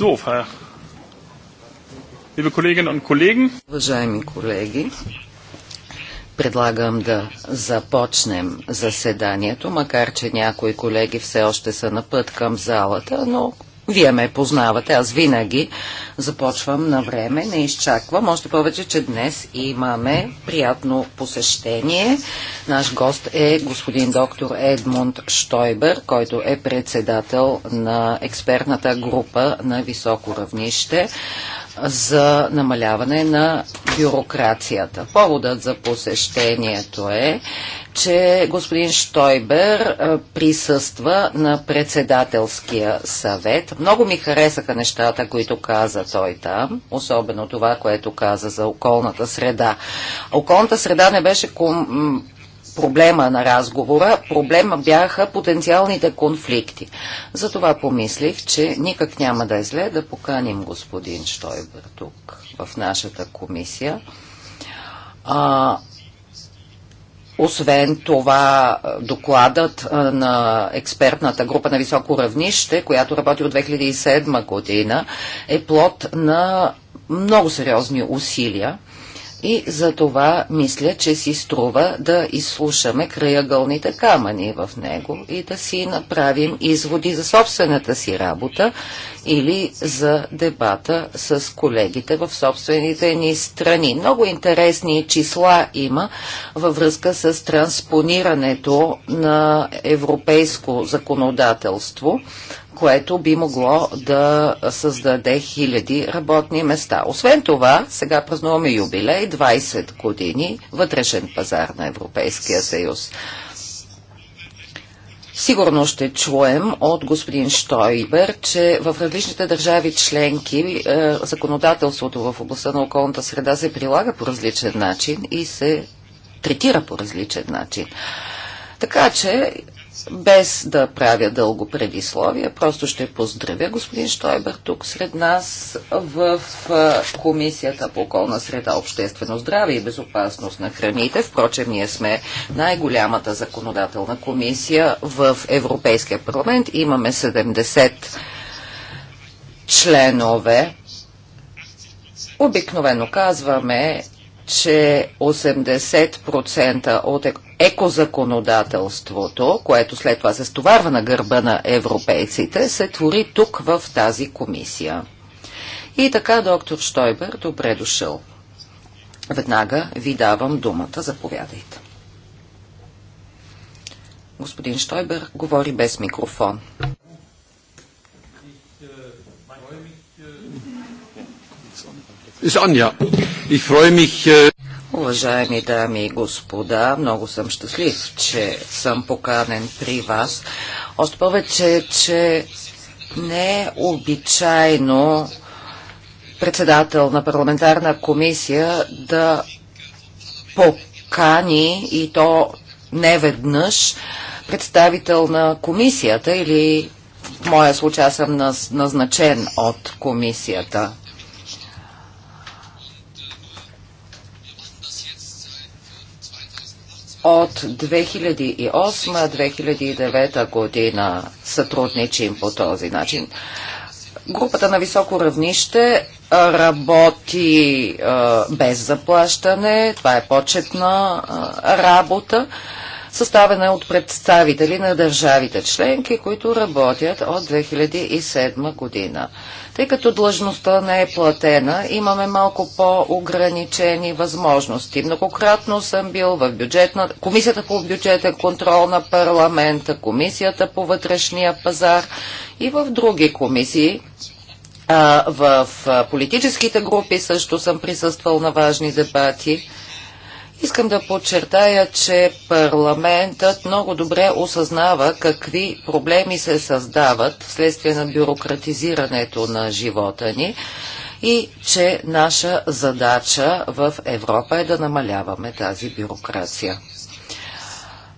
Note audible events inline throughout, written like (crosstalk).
So, liebe Kolleginnen und Kollegen. Уважаеми колеги, предлагам да започнем заседанието, макар че някои колеги все още са на път към залата, но вие ме познавате, аз винаги започвам на време, не изчаквам. Още повече, че днес имаме приятно посещение. Наш гост е господин доктор Едмунд Штойбер, който е председател на експертната група на високо равнище за намаляване на бюрокрацията. Поводът за посещението е, че господин Штойбер присъства на председателския съвет. Много ми харесаха нещата, които каза той там, особено това, което каза за околната среда. Околната среда не беше ком проблема на разговора, проблема бяха потенциалните конфликти. Затова помислих, че никак няма да е зле да поканим господин Штойбер тук в нашата комисия. А, освен това, докладът на експертната група на високо равнище, която работи от 2007 година, е плод на много сериозни усилия и за това мисля, че си струва да изслушаме краягълните камъни в него и да си направим изводи за собствената си работа или за дебата с колегите в собствените ни страни. Много интересни числа има във връзка с транспонирането на европейско законодателство което би могло да създаде хиляди работни места. Освен това, сега празнуваме юбилей 20 години вътрешен пазар на Европейския съюз. Сигурно ще чуем от господин Штойбер, че в различните държави членки е, законодателството в областта на околната среда се прилага по различен начин и се третира по различен начин. Така че без да правя дълго предисловие, просто ще поздравя господин Штойбер тук сред нас в Комисията по околна среда, обществено здраве и безопасност на храните. Впрочем, ние сме най-голямата законодателна комисия в Европейския парламент. Имаме 70 членове. Обикновено казваме, че 80% от е- екозаконодателството, което след това се стоварва на гърба на европейците, се твори тук в тази комисия. И така, доктор Штойбер, добре дошъл. Веднага ви давам думата. Заповядайте. Господин Штойбер говори без микрофон. Äh, Уважаеми дами и господа, много съм щастлив, че съм поканен при вас. Още повече, че не е обичайно председател на парламентарна комисия да покани и то не веднъж представител на комисията или в моя случай аз съм назначен от комисията. От 2008-2009 година сътрудничим по този начин. Групата на високо равнище работи а, без заплащане. Това е почетна а, работа. Съставена от представители на държавите членки, които работят от 2007 година. Тъй като длъжността не е платена, имаме малко по-ограничени възможности. Многократно съм бил в бюджетна, Комисията по бюджетен контрол на парламента, Комисията по вътрешния пазар и в други комисии. В политическите групи също съм присъствал на важни дебати Искам да подчертая, че парламентът много добре осъзнава какви проблеми се създават вследствие на бюрократизирането на живота ни и че наша задача в Европа е да намаляваме тази бюрокрация.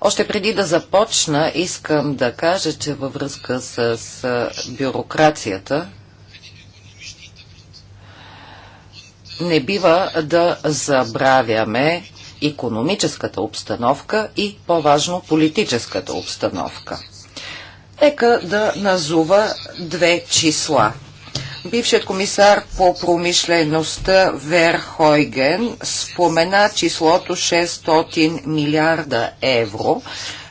Още преди да започна, искам да кажа, че във връзка с бюрокрацията не бива да забравяме економическата обстановка и по-важно политическата обстановка. Нека да назова две числа. Бившият комисар по промишлеността Хойген спомена числото 600 милиарда евро.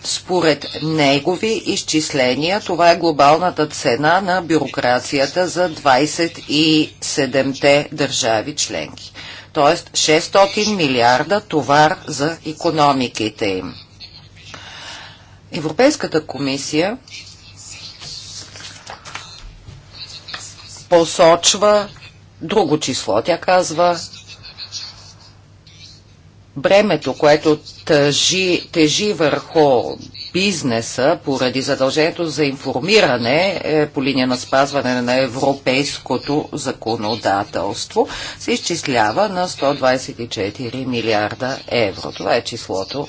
Според негови изчисления, това е глобалната цена на бюрокрацията за 27-те държави членки т.е. 600 милиарда товар за економиките им. Европейската комисия посочва друго число. Тя казва бремето, което тъжи, тежи върху бизнеса поради задължението за информиране е, по линия на спазване на европейското законодателство се изчислява на 124 милиарда евро. Това е числото,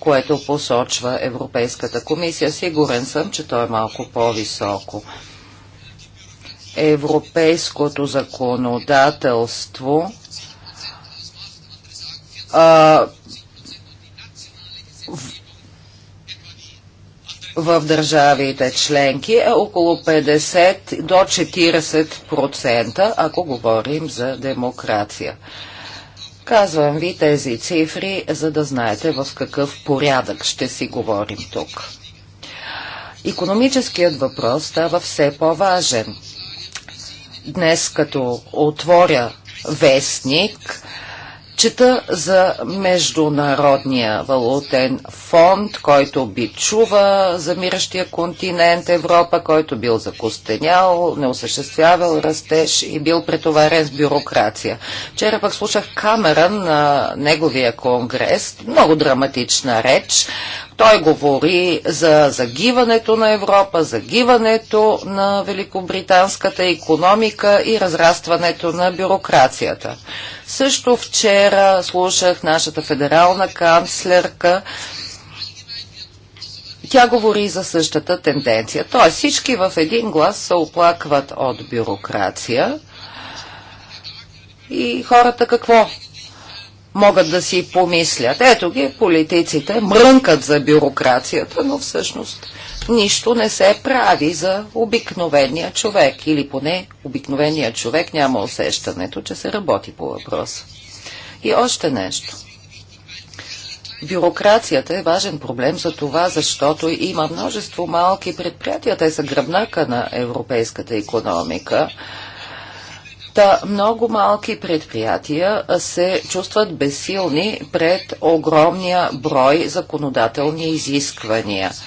което посочва Европейската комисия. Сигурен съм, че то е малко по-високо. Европейското законодателство в, в държавите членки е около 50 до 40%, ако говорим за демокрация. Казвам ви тези цифри, за да знаете в какъв порядък ще си говорим тук. Економическият въпрос става все по-важен. Днес, като отворя вестник, Чета за Международния валутен фонд, който би чува замиращия континент Европа, който бил закостенял, не осъществявал растеж и бил претоварен с бюрокрация. Вчера пък слушах камера на неговия конгрес, много драматична реч, той говори за загиването на Европа, загиването на великобританската економика и разрастването на бюрокрацията. Също вчера слушах нашата федерална канцлерка. Тя говори за същата тенденция. Тоест всички в един глас се оплакват от бюрокрация. И хората какво могат да си помислят. Ето ги, политиците мрънкат за бюрокрацията, но всъщност нищо не се прави за обикновения човек. Или поне обикновения човек няма усещането, че се работи по въпроса. И още нещо. Бюрокрацията е важен проблем за това, защото има множество малки предприятия. Те са гръбнака на европейската економика. Та много малки предприятия се чувстват безсилни пред огромния брой законодателни изисквания –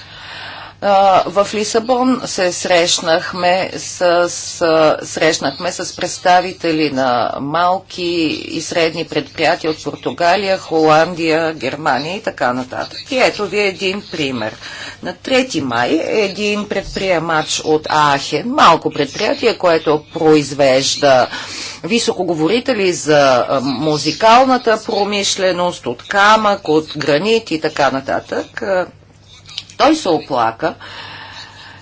в Лисабон се срещнахме с, с, срещнахме с представители на малки и средни предприятия от Португалия, Холандия, Германия и така нататък. И ето ви един пример. На 3 май е един предприемач от Ахен, малко предприятие, което произвежда високоговорители за музикалната промишленост, от камък, от гранит и така нататък, той се оплака,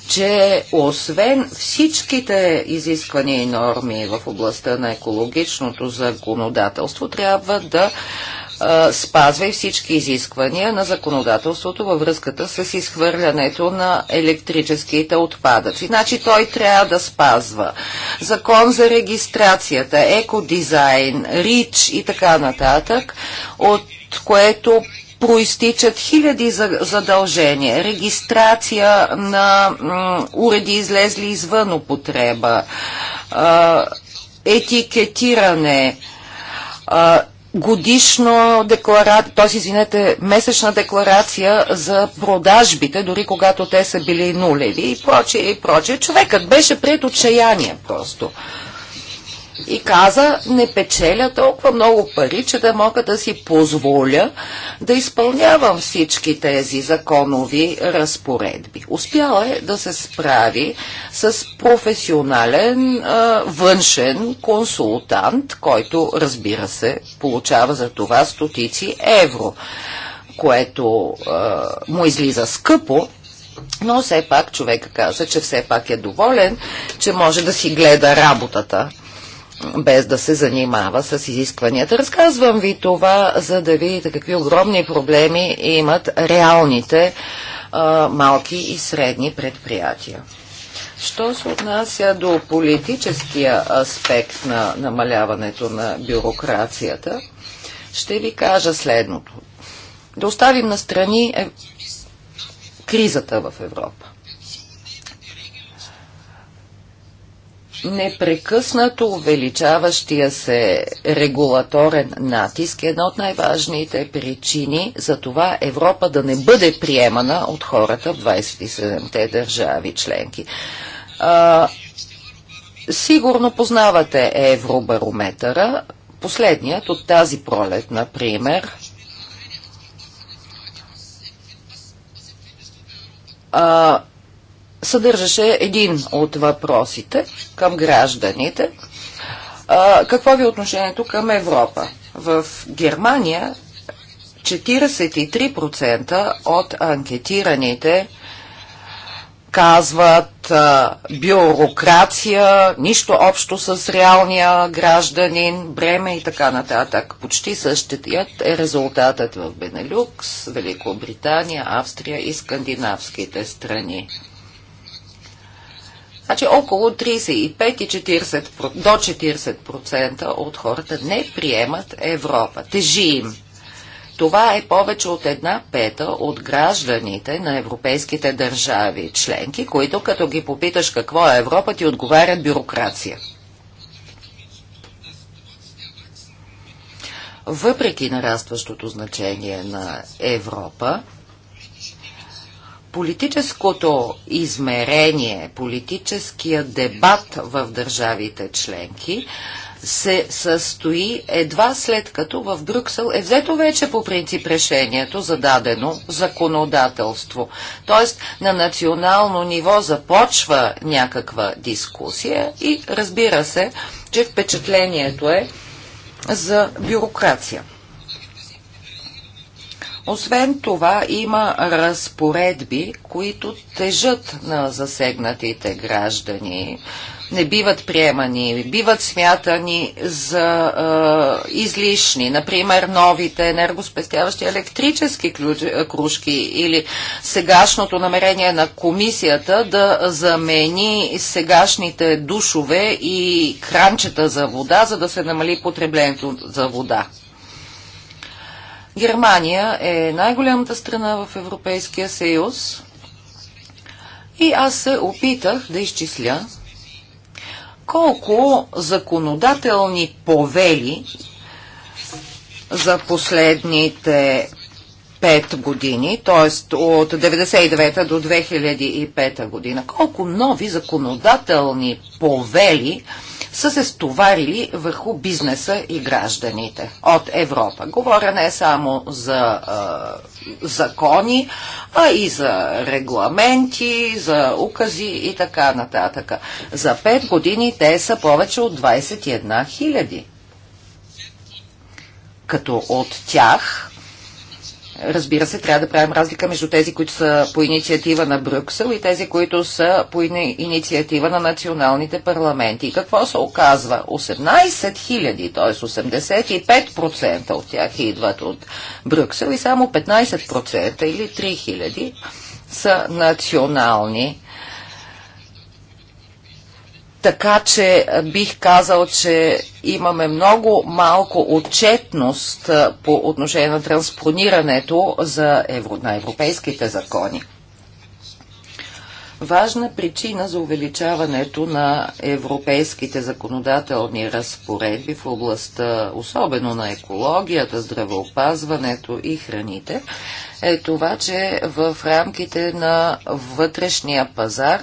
че освен всичките изисквания и норми в областта на екологичното законодателство, трябва да а, спазва и всички изисквания на законодателството във връзката с изхвърлянето на електрическите отпадъци. Значи той трябва да спазва закон за регистрацията, екодизайн, рич и така нататък, от което проистичат хиляди задължения, регистрация на уреди излезли извън употреба, етикетиране, годишно декларация, т.е. извинете, месечна декларация за продажбите, дори когато те са били нулеви и прочее, и прочее. Човекът беше пред отчаяние просто и каза, не печеля толкова много пари, че да мога да си позволя да изпълнявам всички тези законови разпоредби. Успяла е да се справи с професионален а, външен консултант, който разбира се получава за това стотици евро, което а, му излиза скъпо, но все пак човека каза, че все пак е доволен, че може да си гледа работата без да се занимава с изискванията. Разказвам ви това, за да видите какви огромни проблеми имат реалните а, малки и средни предприятия. Що се отнася до политическия аспект на намаляването на бюрокрацията, ще ви кажа следното. Да оставим настрани е... кризата в Европа. непрекъснато увеличаващия се регулаторен натиск е една от най-важните причини за това Европа да не бъде приемана от хората в 27-те държави членки. А, сигурно познавате Евробарометъра. Последният от тази пролет, например, а, съдържаше един от въпросите към гражданите. А, какво ви е отношението към Европа? В Германия 43% от анкетираните казват а, бюрокрация, нищо общо с реалния гражданин, бреме и така нататък. Почти същият е резултатът в Бенелюкс, Великобритания, Австрия и скандинавските страни. Значи около 35 и 40, до 40% от хората не приемат Европа. Тежи им. Това е повече от една пета от гражданите на европейските държави членки, които като ги попиташ какво е Европа, ти отговарят бюрокрация. Въпреки нарастващото значение на Европа, политическото измерение, политическия дебат в държавите членки се състои едва след като в Брюксел е взето вече по принцип решението за дадено законодателство. Тоест на национално ниво започва някаква дискусия и разбира се, че впечатлението е за бюрокрация. Освен това има разпоредби, които тежат на засегнатите граждани, не биват приемани, биват смятани за е, излишни. Например, новите енергоспестяващи електрически ключ, кружки или сегашното намерение на комисията да замени сегашните душове и кранчета за вода, за да се намали потреблението за вода. Германия е най-голямата страна в Европейския съюз и аз се опитах да изчисля колко законодателни повели за последните пет години, т.е. от 1999 до 2005 година, колко нови законодателни повели са се стоварили върху бизнеса и гражданите от Европа. Говоря не само за а, закони, а и за регламенти, за укази и така нататък. За 5 години те са повече от 21 000. Като от тях Разбира се, трябва да правим разлика между тези, които са по инициатива на Брюксел и тези, които са по инициатива на националните парламенти. И какво се оказва? 18 000, т.е. 85% от тях идват от Брюксел и само 15% или 3 000 са национални така че бих казал, че имаме много малко отчетност по отношение на транспонирането за евро, на европейските закони. Важна причина за увеличаването на европейските законодателни разпоредби в областта, особено на екологията, здравеопазването и храните, е това, че в рамките на вътрешния пазар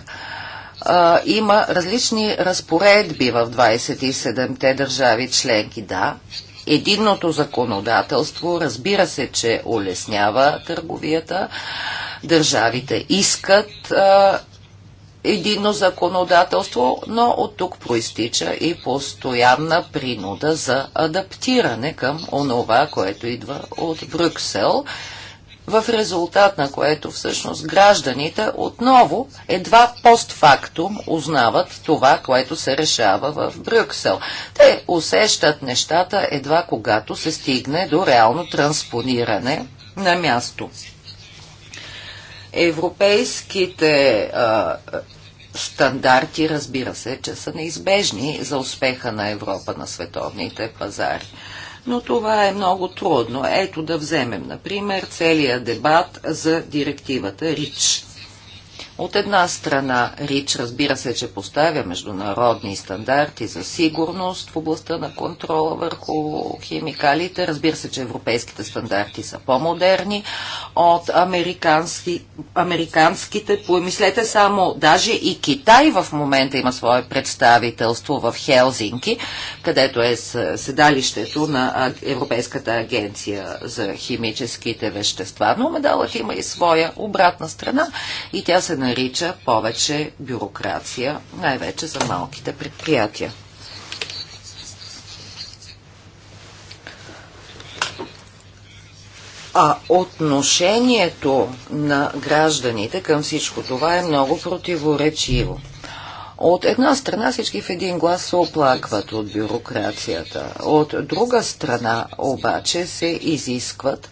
а, има различни разпоредби в 27-те държави членки. Да, единното законодателство разбира се, че улеснява търговията. Държавите искат а, единно законодателство, но от тук проистича и постоянна принуда за адаптиране към онова, което идва от Брюксел в резултат на което всъщност гражданите отново едва постфактум узнават това, което се решава в Брюксел. Те усещат нещата едва когато се стигне до реално транспониране на място. Европейските а, стандарти, разбира се, че са неизбежни за успеха на Европа на световните пазари но това е много трудно. Ето да вземем, например, целият дебат за директивата РИЧ. От една страна, РИЧ разбира се, че поставя международни стандарти за сигурност в областта на контрола върху химикалите. Разбира се, че европейските стандарти са по-модерни от американски, американските. Помислете само, даже и Китай в момента има свое представителство в Хелзинки, където е седалището на Европейската агенция за химическите вещества. Но медалът има и е своя обратна страна и тя се нарича повече бюрокрация, най-вече за малките предприятия. А отношението на гражданите към всичко това е много противоречиво. От една страна всички в един глас се оплакват от бюрокрацията. От друга страна обаче се изискват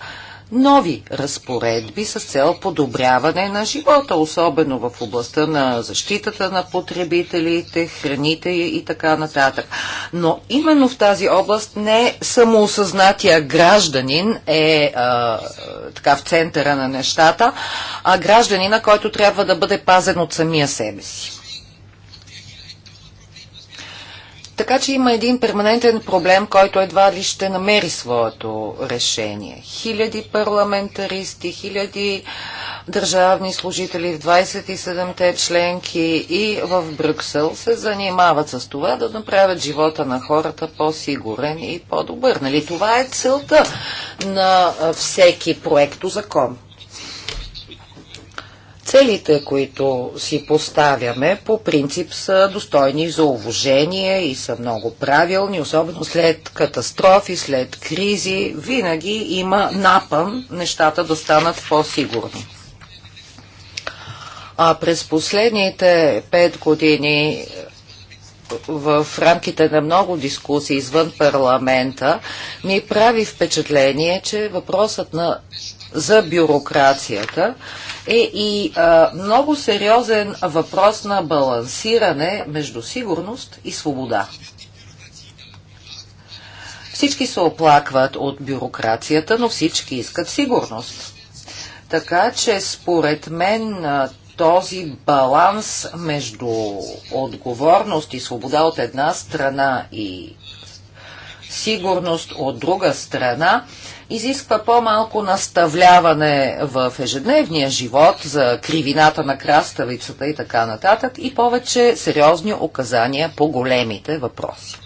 нови разпоредби с цел подобряване на живота, особено в областта на защитата на потребителите, храните и така нататък. Но именно в тази област не самоосъзнатия гражданин е а, така в центъра на нещата, а гражданина, който трябва да бъде пазен от самия себе си. Така че има един перманентен проблем, който едва ли ще намери своето решение. Хиляди парламентаристи, хиляди държавни служители в 27-те членки и в Брюксел се занимават с това да направят живота на хората по-сигурен и по-добър. Нали? Това е целта на всеки проекто закон. Целите, които си поставяме, по принцип са достойни за уважение и са много правилни, особено след катастрофи, след кризи. Винаги има напън нещата да станат по-сигурни. А през последните пет години в рамките на много дискусии извън парламента ми прави впечатление, че въпросът на, за бюрокрацията е и а, много сериозен въпрос на балансиране между сигурност и свобода. Всички се оплакват от бюрокрацията, но всички искат сигурност. Така че според мен този баланс между отговорност и свобода от една страна и сигурност от друга страна изисква по-малко наставляване в ежедневния живот за кривината на краставицата и така нататък и повече сериозни указания по големите въпроси.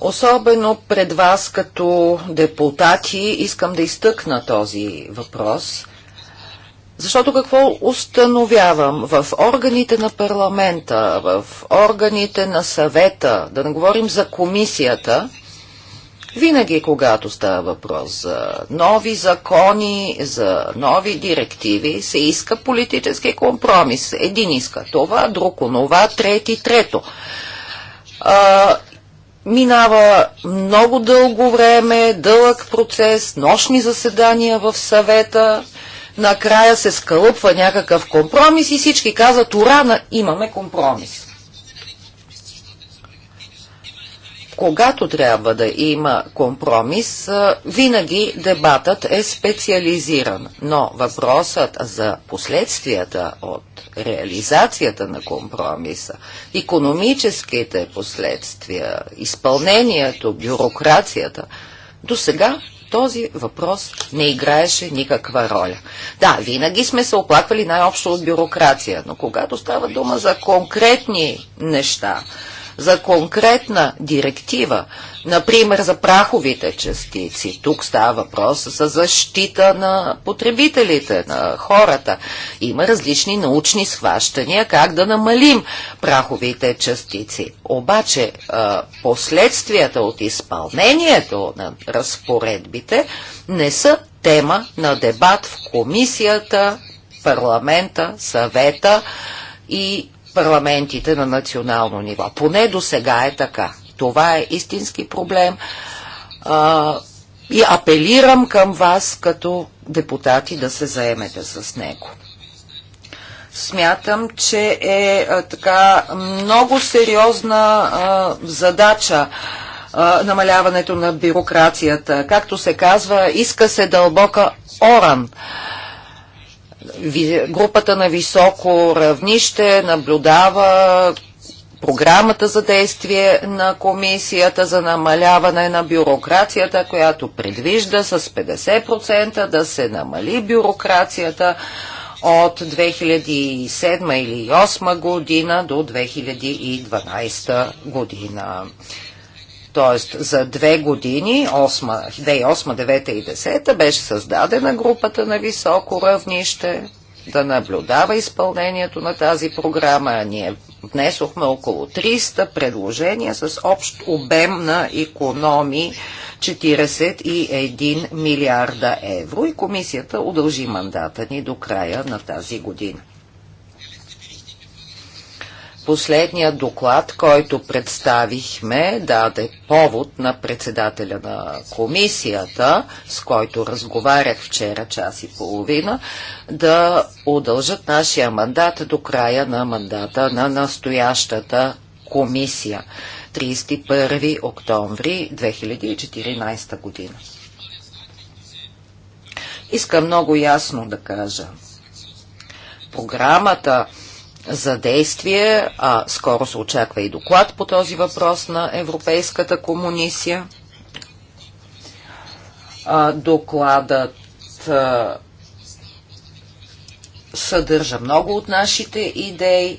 Особено пред вас като депутати искам да изтъкна този въпрос, защото какво установявам в органите на парламента, в органите на съвета, да не говорим за комисията, винаги когато става въпрос за нови закони, за нови директиви, се иска политически компромис. Един иска това, друг онова, трети, трето. А, минава много дълго време, дълъг процес, нощни заседания в съвета, накрая се скълъпва някакъв компромис и всички казват урана, имаме компромис. Когато трябва да има компромис, винаги дебатът е специализиран, но въпросът за последствията от реализацията на компромиса, економическите последствия, изпълнението, бюрокрацията, до сега този въпрос не играеше никаква роля. Да, винаги сме се оплаквали най-общо от бюрокрация, но когато става дума за конкретни неща, за конкретна директива, например за праховите частици. Тук става въпрос за защита на потребителите, на хората. Има различни научни схващания как да намалим праховите частици. Обаче последствията от изпълнението на разпоредбите не са тема на дебат в комисията, парламента, съвета и парламентите на национално ниво. Поне до сега е така. Това е истински проблем. А, и апелирам към вас като депутати да се заемете с него. Смятам, че е а, така много сериозна а, задача а, намаляването на бюрокрацията. Както се казва, иска се дълбока оран. А, групата на високо равнище наблюдава програмата за действие на комисията за намаляване на бюрокрацията, която предвижда с 50% да се намали бюрокрацията от 2007 или 2008 година до 2012 година. Т.е. за две години, 2008, 2009 и 2010, беше създадена групата на високо равнище да наблюдава изпълнението на тази програма. Ние внесохме около 300 предложения с общ обем на економи 41 милиарда евро и комисията удължи мандата ни до края на тази година. Последният доклад, който представихме, даде повод на председателя на комисията, с който разговарях вчера час и половина, да удължат нашия мандат до края на мандата на настоящата комисия. 31 октомври 2014 година. Искам много ясно да кажа. Програмата за действие, а скоро се очаква и доклад по този въпрос на Европейската комисия. Докладът съдържа много от нашите идеи,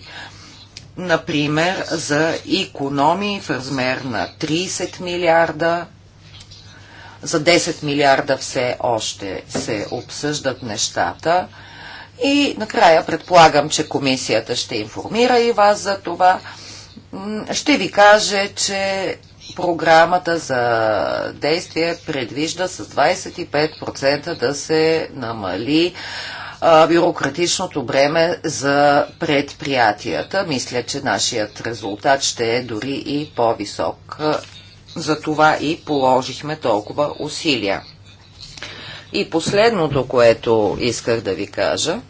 например за економии в размер на 30 милиарда. За 10 милиарда все още се обсъждат нещата. И накрая предполагам, че комисията ще информира и вас за това. Ще ви каже, че програмата за действие предвижда с 25% да се намали бюрократичното бреме за предприятията. Мисля, че нашият резултат ще е дори и по-висок. За това и положихме толкова усилия. И последното, което исках да ви кажа –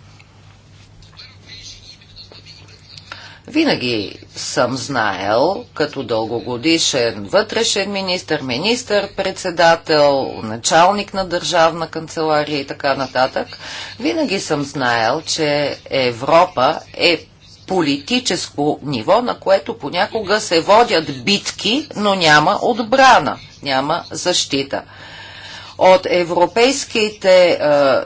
Винаги съм знаел, като дългогодишен вътрешен министр, министър, председател, началник на държавна канцелария и така нататък, винаги съм знаел, че Европа е политическо ниво, на което понякога се водят битки, но няма отбрана, няма защита. От европейските е,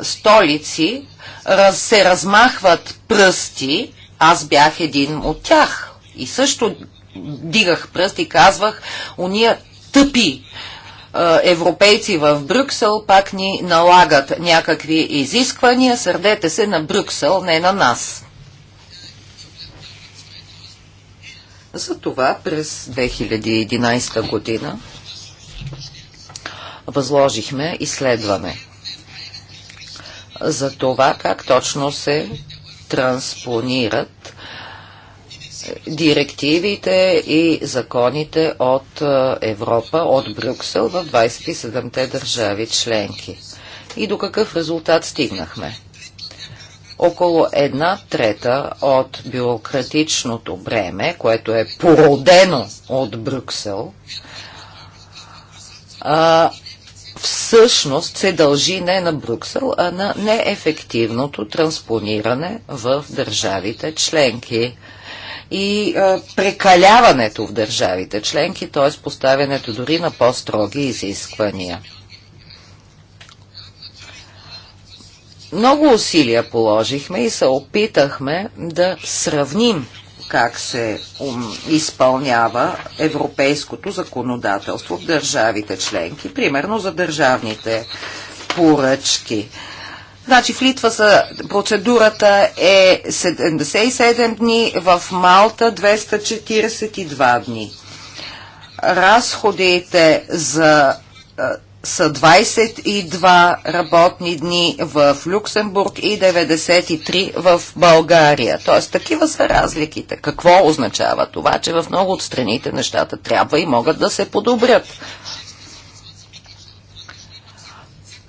столици раз, се размахват пръсти, аз бях един от тях и също дигах пръст и казвах, уния тъпи европейци в Брюксел пак ни налагат някакви изисквания, сърдете се на Брюксел, не на нас. Затова през 2011 година възложихме изследване за това как точно се транспонират директивите и законите от е, Европа, от Брюксел в 27-те държави членки. И до какъв резултат стигнахме? Около една трета от бюрократичното бреме, което е породено от Брюксел, всъщност се дължи не на Брюксел, а на неефективното транспониране в държавите членки и а, прекаляването в държавите членки, т.е. поставянето дори на по-строги изисквания. Много усилия положихме и се опитахме да сравним как се изпълнява европейското законодателство в държавите членки, примерно за държавните поръчки. Значи в Литва са, процедурата е 77 дни, в Малта 242 дни. Разходите за са 22 работни дни в Люксембург и 93 в България. Тоест, такива са разликите. Какво означава това, че в много от страните нещата трябва и могат да се подобрят?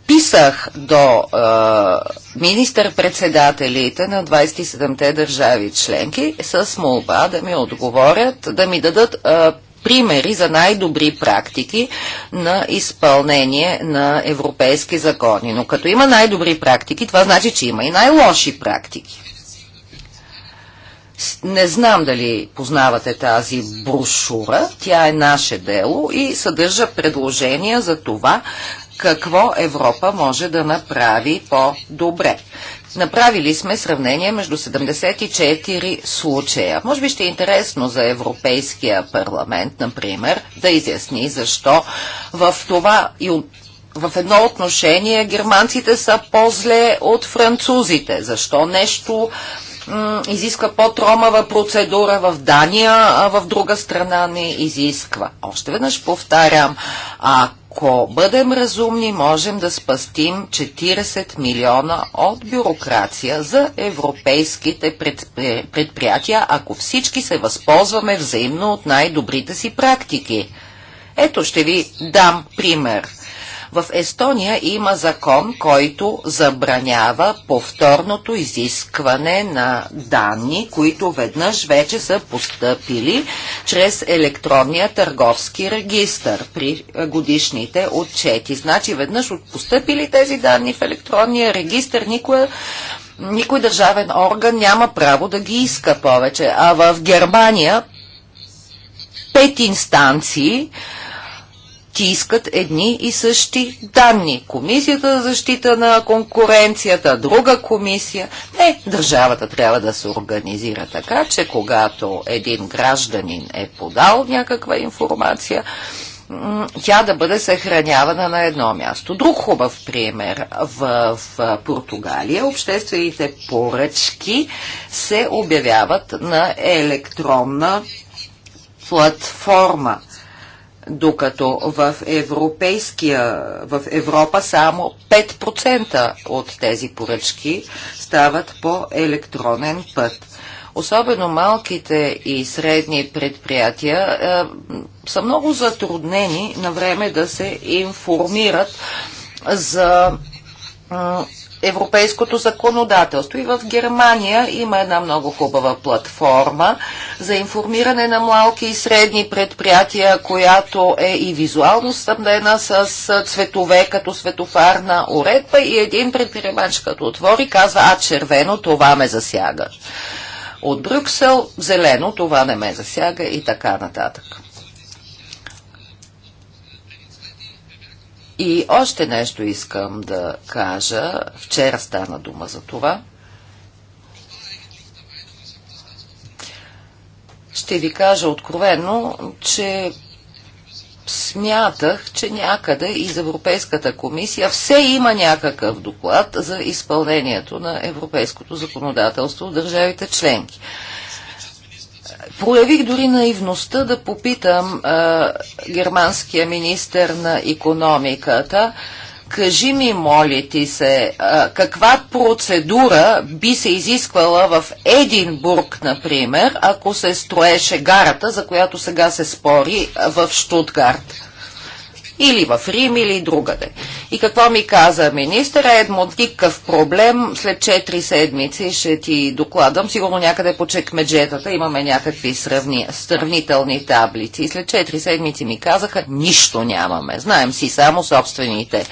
писах до е, министър-председателите на 27-те държави членки с молба да ми отговорят, да ми дадат е, примери за най-добри практики на изпълнение на европейски закони. Но като има най-добри практики, това значи, че има и най-лоши практики. Не знам дали познавате тази брошура, тя е наше дело и съдържа предложения за това какво Европа може да направи по-добре. Направили сме сравнение между 74 случая. Може би ще е интересно за Европейския парламент, например, да изясни защо в това и в едно отношение германците са по-зле от французите. Защо нещо изисква по-тромава процедура в Дания, а в друга страна не изисква. Още веднъж повтарям, а ако бъдем разумни, можем да спастим 40 милиона от бюрокрация за европейските предприятия, ако всички се възползваме взаимно от най-добрите си практики. Ето ще ви дам пример. В Естония има закон, който забранява повторното изискване на данни, които веднъж вече са постъпили чрез електронния търговски регистр при годишните отчети. Значи веднъж от постъпили тези данни в електронния регистр никой никой държавен орган няма право да ги иска повече. А в Германия пет инстанции ти искат едни и същи данни. Комисията за защита на конкуренцията, друга комисия. Не, държавата трябва да се организира така, че когато един гражданин е подал някаква информация, тя да бъде съхранявана на едно място. Друг хубав пример. В, в Португалия обществените поръчки се обявяват на електронна платформа докато в, европейския, в Европа само 5% от тези поръчки стават по електронен път. Особено малките и средни предприятия е, са много затруднени на време да се информират за европейското законодателство. И в Германия има една много хубава платформа за информиране на малки и средни предприятия, която е и визуално съмнена с цветове като светофарна уредба и един предприемач като отвори казва, а червено това ме засяга. От Брюксел зелено това не ме засяга и така нататък. И още нещо искам да кажа. Вчера стана дума за това. Ще ви кажа откровено, че смятах, че някъде из Европейската комисия все има някакъв доклад за изпълнението на европейското законодателство в държавите членки проявих дори наивността да попитам а, германския министр на економиката, кажи ми, моли ти се, а, каква процедура би се изисквала в Единбург, например, ако се строеше гарата, за която сега се спори в Штутгарт? Или в Рим, или другаде. И какво ми каза министъра Едмонд, никакъв проблем, след 4 седмици ще ти докладам, сигурно някъде по чекмеджетата имаме някакви сравни, сравнителни таблици. И след 4 седмици ми казаха, нищо нямаме, знаем си само собствените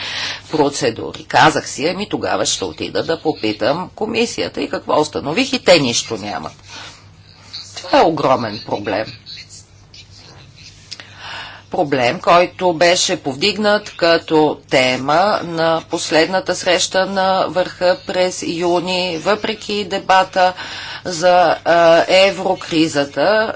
процедури. Казах си, ами тогава ще отида да попитам комисията и какво установих и те нищо нямат. Това е огромен проблем проблем, който беше повдигнат като тема на последната среща на върха през юни, въпреки дебата за еврокризата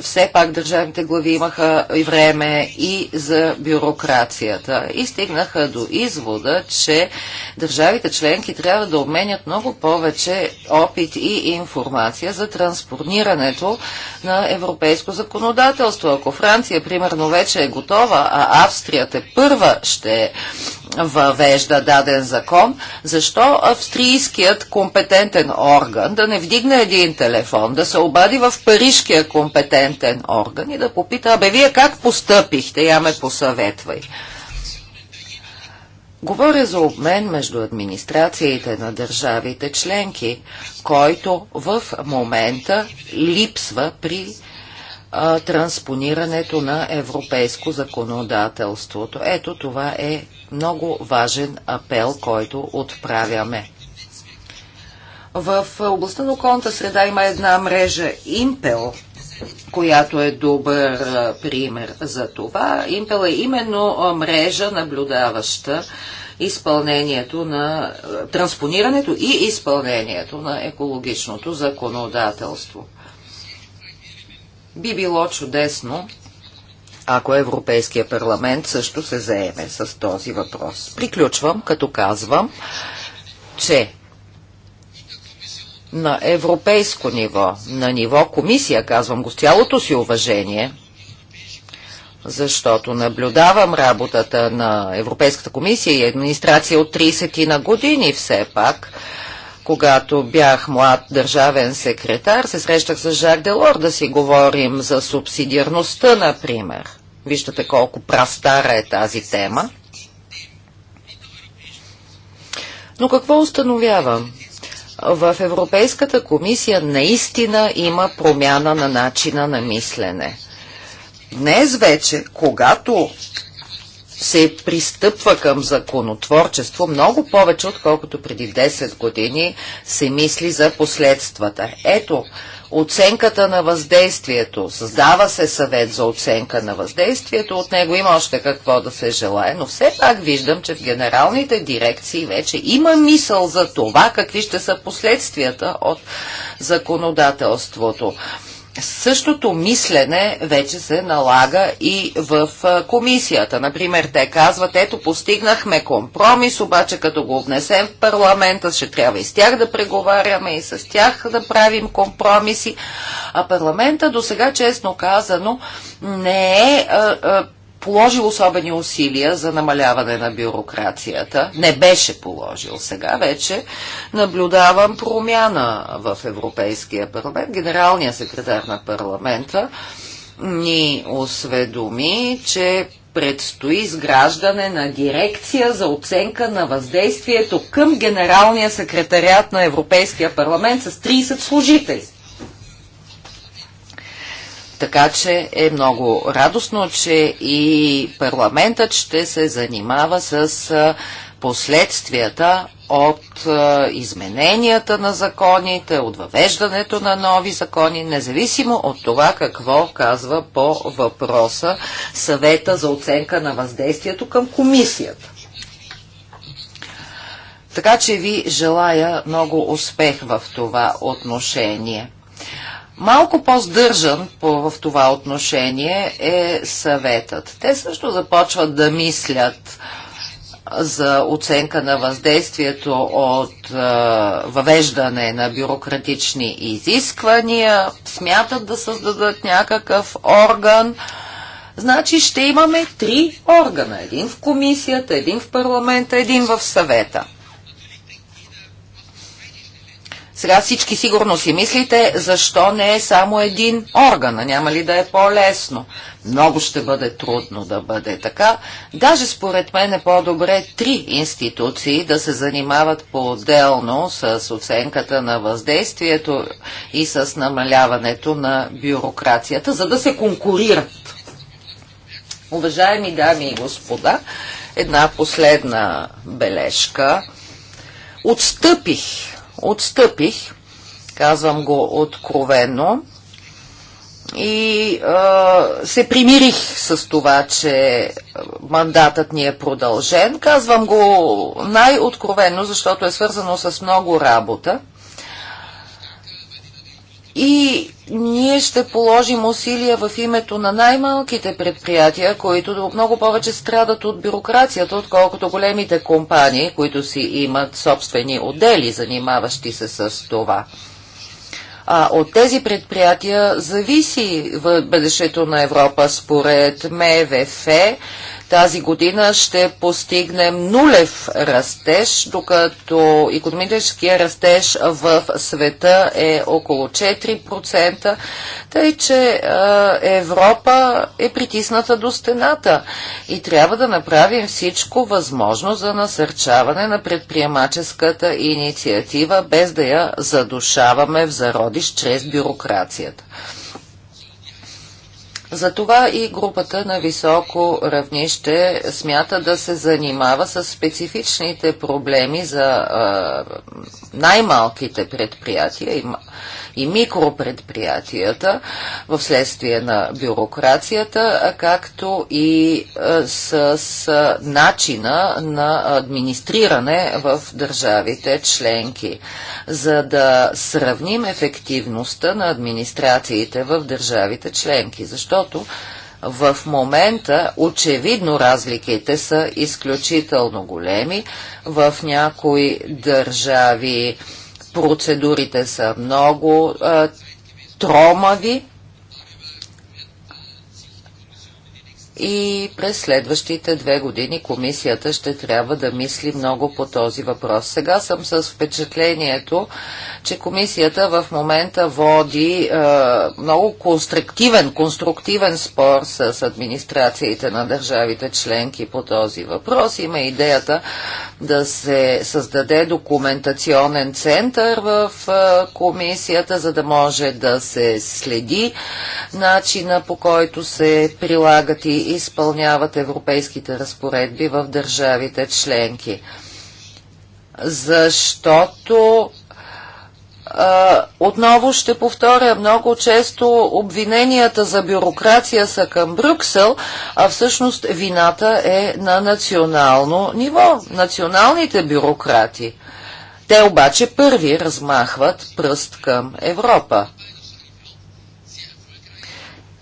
все пак държавните глави имаха и време и за бюрокрацията и стигнаха до извода, че държавите членки трябва да обменят много повече опит и информация за транспонирането на европейско законодателство. Ако Франция, примерно, вече е готова, а Австрия те първа ще въвежда даден закон, защо австрийският компетентен орган да не вдигне един телефон, да се обади в парижкия компетентен компетентен орган и да попита, абе вие как постъпихте, я ме посъветвай. Говоря за обмен между администрациите на държавите членки, който в момента липсва при а, транспонирането на европейско законодателството. Ето това е много важен апел, който отправяме. В областта на околната среда има една мрежа Импел – която е добър пример за това. Импел е именно мрежа наблюдаваща изпълнението на транспонирането и изпълнението на екологичното законодателство. Би било чудесно, ако Европейския парламент също се заеме с този въпрос. Приключвам, като казвам, че на европейско ниво, на ниво комисия, казвам го с цялото си уважение, защото наблюдавам работата на Европейската комисия и администрация от 30 на години все пак. Когато бях млад държавен секретар, се срещах с Жак Делор да си говорим за субсидиарността, например. Виждате колко прастара е тази тема. Но какво установявам? в Европейската комисия наистина има промяна на начина на мислене. Днес вече, когато се пристъпва към законотворчество много повече, отколкото преди 10 години се мисли за последствата. Ето оценката на въздействието. Създава се съвет за оценка на въздействието, от него има още какво да се желае, но все пак виждам, че в генералните дирекции вече има мисъл за това какви ще са последствията от законодателството. Същото мислене вече се налага и в комисията. Например, те казват, ето постигнахме компромис, обаче като го внесем в парламента, ще трябва и с тях да преговаряме, и с тях да правим компромиси. А парламента до сега, честно казано, не е а, а, положил особени усилия за намаляване на бюрокрацията. Не беше положил. Сега вече наблюдавам промяна в Европейския парламент. Генералният секретар на парламента ни осведоми, че предстои изграждане на дирекция за оценка на въздействието към Генералния секретарят на Европейския парламент с 30 служители. Така че е много радостно, че и парламентът ще се занимава с последствията от измененията на законите, от въвеждането на нови закони, независимо от това какво казва по въпроса съвета за оценка на въздействието към комисията. Така че ви желая много успех в това отношение. Малко по-здържан по, в това отношение е съветът. Те също започват да мислят за оценка на въздействието от е, въвеждане на бюрократични изисквания, смятат да създадат някакъв орган. Значи ще имаме три органа. Един в комисията, един в парламента, един в съвета. Сега всички сигурно си мислите, защо не е само един орган, а няма ли да е по-лесно. Много ще бъде трудно да бъде така. Даже според мен е по-добре три институции да се занимават по-отделно с оценката на въздействието и с намаляването на бюрокрацията, за да се конкурират. Уважаеми дами и господа, една последна бележка. Отстъпих отстъпих, казвам го откровено, и а, се примирих с това, че мандатът ни е продължен. Казвам го най откровено защото е свързано с много работа и ние ще положим усилия в името на най-малките предприятия, които много повече страдат от бюрокрацията, отколкото големите компании, които си имат собствени отдели, занимаващи се с това. А от тези предприятия зависи в бъдещето на Европа, според МВФ, тази година ще постигнем нулев растеж, докато економическия растеж в света е около 4%, тъй че Европа е притисната до стената и трябва да направим всичко възможно за насърчаване на предприемаческата инициатива, без да я задушаваме в зародиш чрез бюрокрацията. Затова и групата на високо равнище смята да се занимава с специфичните проблеми за най-малките предприятия и, и микропредприятията в следствие на бюрокрацията, както и с, с начина на администриране в държавите членки. За да сравним ефективността на администрациите в държавите членки. Защо защото в момента очевидно разликите са изключително големи. В някои държави процедурите са много а, тромави, и през следващите две години комисията ще трябва да мисли много по този въпрос. Сега съм с впечатлението, че комисията в момента води е, много конструктивен, конструктивен спор с администрациите на държавите членки по този въпрос. Има идеята да се създаде документационен център в е, комисията, за да може да се следи начина по който се прилагат и изпълняват европейските разпоредби в държавите членки. Защото отново ще повторя, много често обвиненията за бюрокрация са към Брюксел, а всъщност вината е на национално ниво. Националните бюрократи. Те обаче първи размахват пръст към Европа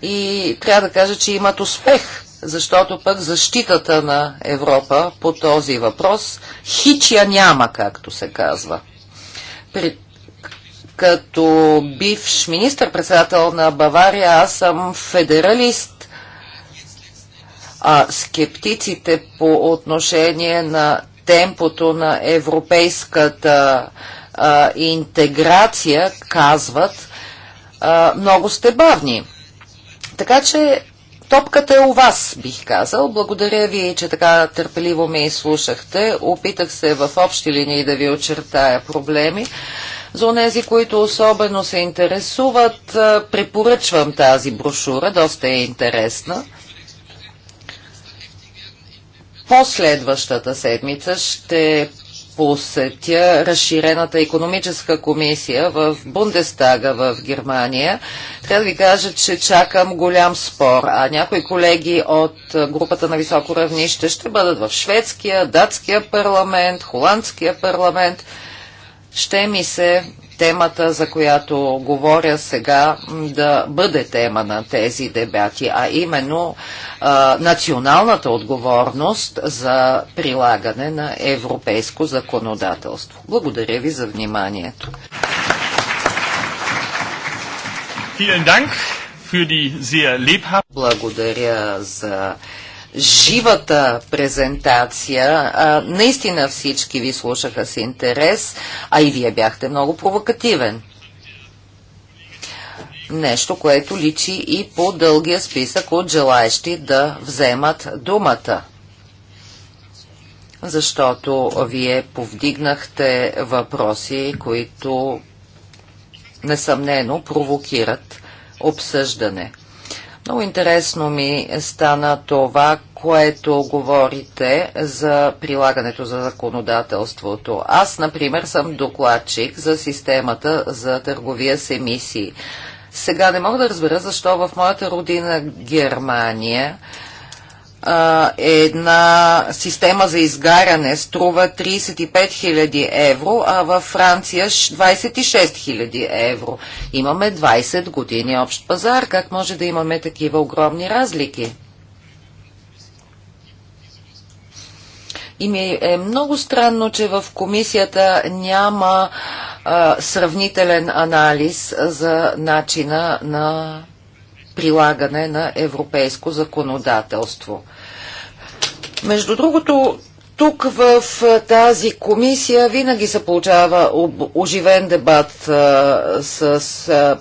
и трябва да кажа, че имат успех, защото пък защитата на Европа по този въпрос хичия няма, както се казва. При, като бивш министър-председател на Бавария, аз съм федералист, а скептиците по отношение на темпото на европейската а, интеграция казват а, много сте бавни. Така че топката е у вас, бих казал. Благодаря ви, че така търпеливо ме изслушахте. Опитах се в общи линии да ви очертая проблеми. За онези, които особено се интересуват, препоръчвам тази брошура, доста е интересна. Последващата седмица ще посетя разширената економическа комисия в Бундестага в Германия. Трябва да ви кажа, че чакам голям спор, а някои колеги от групата на високо равнище ще бъдат в шведския, датския парламент, холандския парламент. Ще ми се темата, за която говоря сега, да бъде тема на тези дебати, а именно а, националната отговорност за прилагане на европейско законодателство. Благодаря ви за вниманието. Благодаря за живата презентация. А, наистина всички ви слушаха с интерес, а и вие бяхте много провокативен. Нещо, което личи и по дългия списък от желаещи да вземат думата защото вие повдигнахте въпроси, които несъмнено провокират обсъждане. Много интересно ми стана това, което говорите за прилагането за законодателството. Аз, например, съм докладчик за системата за търговия с емисии. Сега не мога да разбера защо в моята родина Германия една система за изгаряне струва 35 000 евро, а във Франция 26 000 евро. Имаме 20 години общ пазар. Как може да имаме такива огромни разлики? И ми е много странно, че в комисията няма а, сравнителен анализ за начина на прилагане на европейско законодателство. Между другото, тук в тази комисия винаги се получава оживен дебат с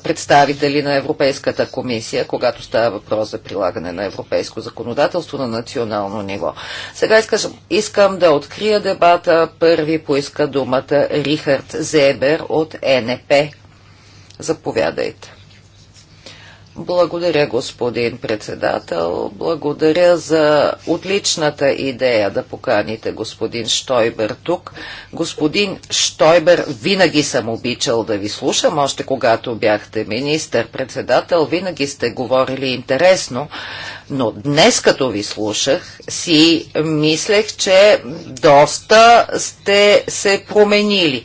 представители на Европейската комисия, когато става въпрос за прилагане на европейско законодателство на национално ниво. Сега искам, искам да открия дебата. Първи поиска думата Рихард Зебер от НП. Заповядайте. Благодаря, господин председател. Благодаря за отличната идея да поканите господин Штойбер тук. Господин Штойбер, винаги съм обичал да ви слушам, още когато бяхте министър-председател. Винаги сте говорили интересно, но днес като ви слушах, си мислех, че доста сте се променили.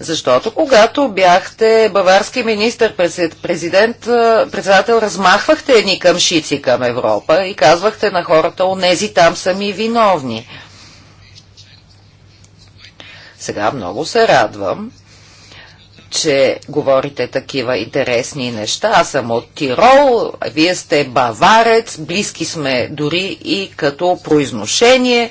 Защото когато бяхте баварски министр президент, председател, размахвахте едни къмшици към Европа и казвахте на хората, онези там са ми виновни. Сега много се радвам, че говорите такива интересни неща. Аз съм от Тирол, вие сте баварец, близки сме дори и като произношение.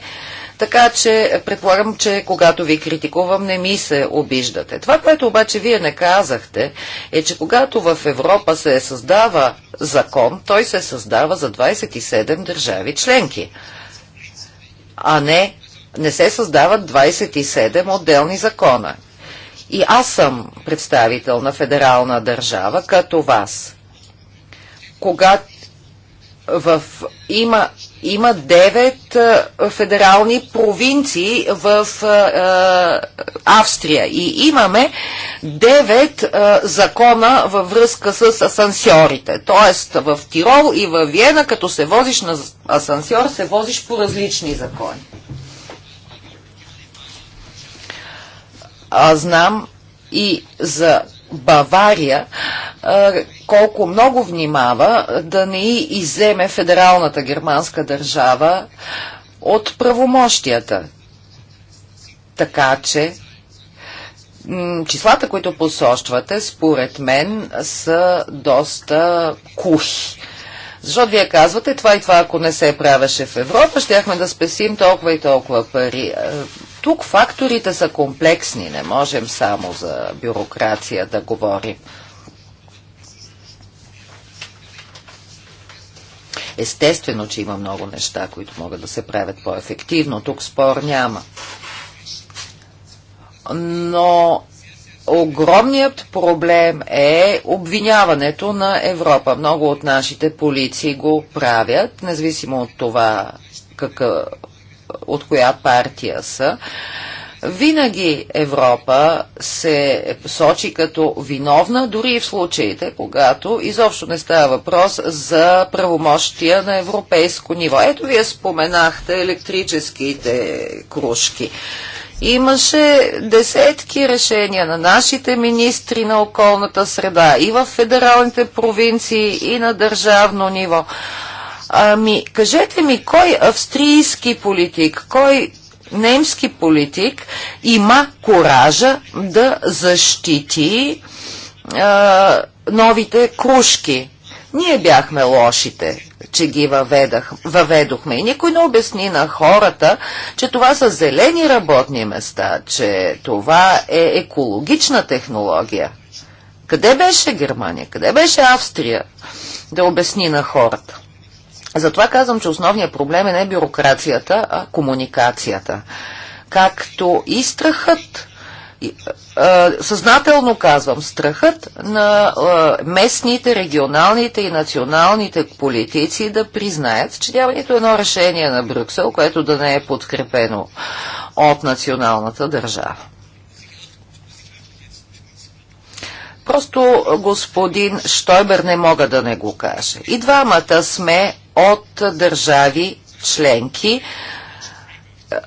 Така че предполагам, че когато ви критикувам, не ми се обиждате. Това, което обаче вие не казахте, е, че когато в Европа се създава закон, той се създава за 27 държави членки, а не, не се създават 27 отделни закона. И аз съм представител на федерална държава, като вас. Когато в, има има 9 е, федерални провинции в е, е, Австрия и имаме 9 закона във връзка с асансьорите. Тоест в Тирол и в Виена, като се возиш на асансьор, се возиш по различни закони. Аз знам и за Бавария колко много внимава да не иземе федералната германска държава от правомощията. Така че числата, които посочвате, според мен са доста кухи. Защото вие казвате, това и това, ако не се правеше в Европа, щяхме да спесим толкова и толкова пари. Е, тук факторите са комплексни, не можем само за бюрокрация да говорим. Естествено, че има много неща, които могат да се правят по-ефективно. Тук спор няма. Но огромният проблем е обвиняването на Европа. Много от нашите полиции го правят, независимо от това какъв от коя партия са, винаги Европа се сочи като виновна, дори и в случаите, когато изобщо не става въпрос за правомощия на европейско ниво. Ето вие споменахте електрическите кружки. Имаше десетки решения на нашите министри на околната среда и в федералните провинции и на държавно ниво. Ами, кажете ми, кой австрийски политик, кой немски политик има коража да защити а, новите кружки? Ние бяхме лошите, че ги въведах, въведохме. И никой не обясни на хората, че това са зелени работни места, че това е екологична технология. Къде беше Германия? Къде беше Австрия? Да обясни на хората. Затова казвам, че основният проблем е не бюрокрацията, а комуникацията. Както и страхът, съзнателно казвам, страхът на местните, регионалните и националните политици да признаят, че няма нито едно решение на Брюксел, което да не е подкрепено от националната държава. Просто господин Штойбер не мога да не го каже. И двамата сме от държави членки.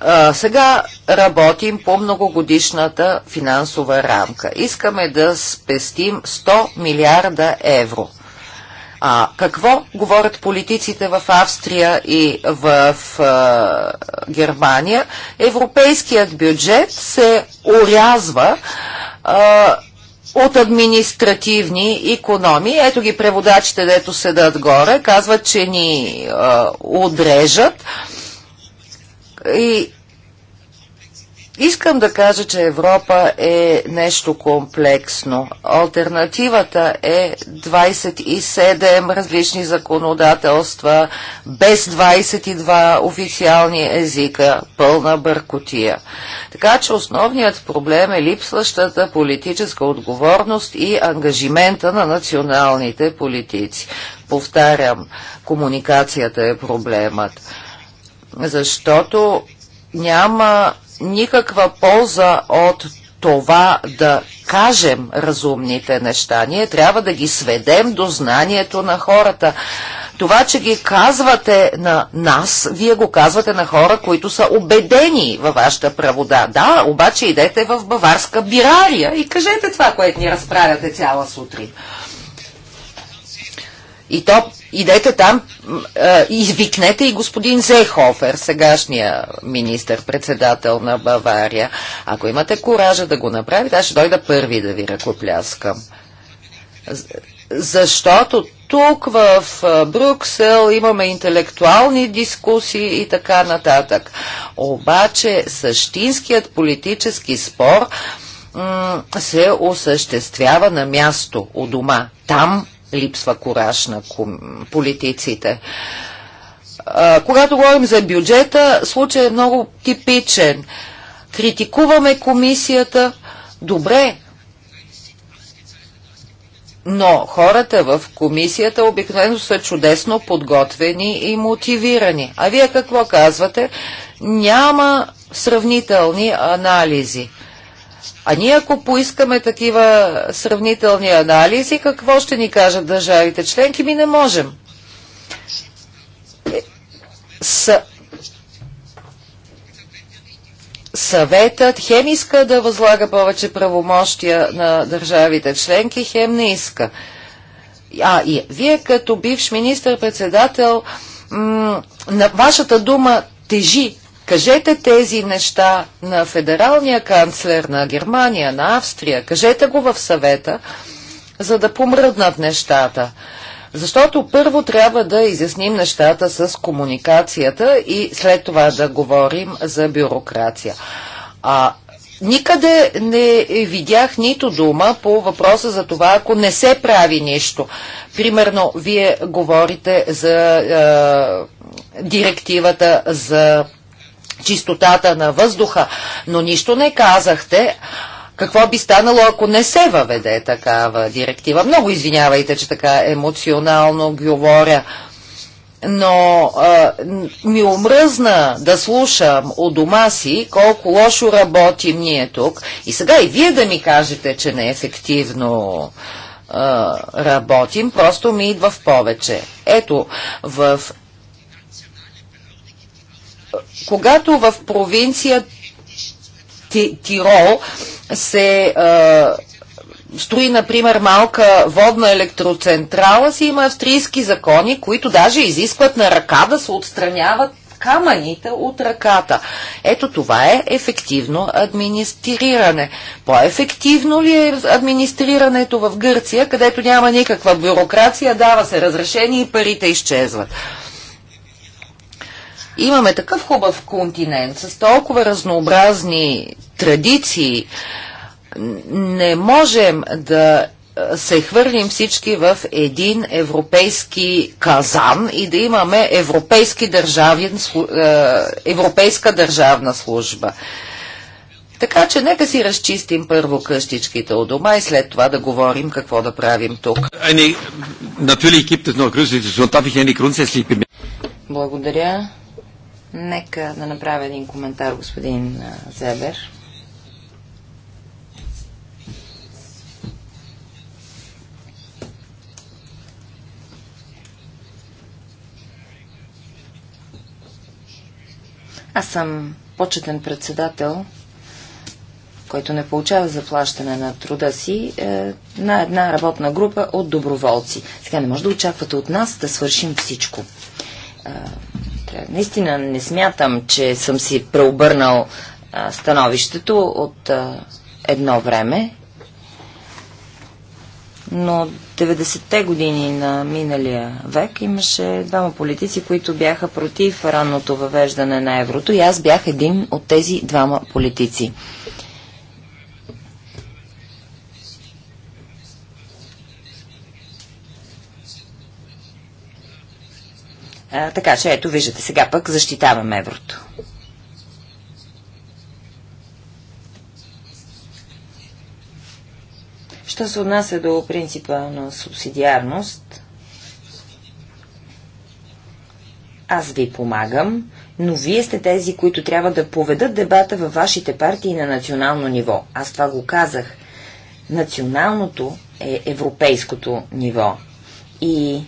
А, сега работим по многогодишната финансова рамка. Искаме да спестим 100 милиарда евро. А какво говорят политиците в Австрия и в а, Германия? Европейският бюджет се урязва а, от административни економии. Ето ги преводачите, дето седат горе, казват, че ни а, отрежат. И Искам да кажа, че Европа е нещо комплексно. Альтернативата е 27 различни законодателства, без 22 официални езика, пълна бъркотия. Така че основният проблем е липсващата политическа отговорност и ангажимента на националните политици. Повтарям, комуникацията е проблемът. Защото няма никаква полза от това да кажем разумните неща. Ние трябва да ги сведем до знанието на хората. Това, че ги казвате на нас, вие го казвате на хора, които са убедени във вашата правода. Да, обаче идете в баварска бирария и кажете това, което ни разправяте цяла сутрин. И то идете там а, извикнете и господин Зехофер, сегашния министър-председател на Бавария. Ако имате коража да го направите, аз ще дойда първи да ви ръкопляскам. Защото тук в Брюксел имаме интелектуални дискусии и така нататък. Обаче същинският политически спор се осъществява на място у дома. Там липсва кураж на политиците. А, когато говорим за бюджета, случай е много типичен. Критикуваме комисията, добре, но хората в комисията обикновено са чудесно подготвени и мотивирани. А вие какво казвате? Няма сравнителни анализи. А ние ако поискаме такива сравнителни анализи, какво ще ни кажат държавите членки? Ми не можем. Е, С... Съветът хем иска да възлага повече правомощия на държавите членки, хем не иска. А, и вие като бивш министър-председател, на вашата дума тежи Кажете тези неща на федералния канцлер на Германия, на Австрия. Кажете го в съвета, за да помръднат нещата. Защото първо трябва да изясним нещата с комуникацията и след това да говорим за бюрокрация. А Никъде не видях нито дума по въпроса за това, ако не се прави нищо. Примерно, вие говорите за е, директивата за чистотата на въздуха, но нищо не казахте какво би станало, ако не се въведе такава директива. Много извинявайте, че така емоционално говоря, но а, ми омръзна да слушам у дома си колко лошо работим ние тук. И сега и вие да ми кажете, че неефективно а, работим, просто ми идва в повече. Ето, в когато в провинция Тирол се а, строи, например, малка водна електроцентрала, си има австрийски закони, които даже изискват на ръка да се отстраняват камъните от ръката. Ето това е ефективно администриране. По-ефективно ли е администрирането в Гърция, където няма никаква бюрокрация, дава се разрешение и парите изчезват? Имаме такъв хубав континент с толкова разнообразни традиции. Не можем да се хвърлим всички в един европейски казан и да имаме европейски държавен, европейска държавна служба. Така че нека си разчистим първо къщичките от дома и след това да говорим какво да правим тук. Благодаря. Нека да направя един коментар, господин Зебер. Аз съм почетен председател, който не получава заплащане на труда си, е, на една работна група от доброволци. Сега не може да очаквате от нас да свършим всичко. Е, е, наистина не смятам, че съм си преобърнал а, становището от а, едно време, но 90-те години на миналия век имаше двама политици, които бяха против ранното въвеждане на еврото и аз бях един от тези двама политици. А, така че ето, виждате, сега пък защитавам еврото. Що се отнася до принципа на субсидиарност, аз ви помагам, но вие сте тези, които трябва да поведат дебата във вашите партии на национално ниво. Аз това го казах. Националното е европейското ниво. И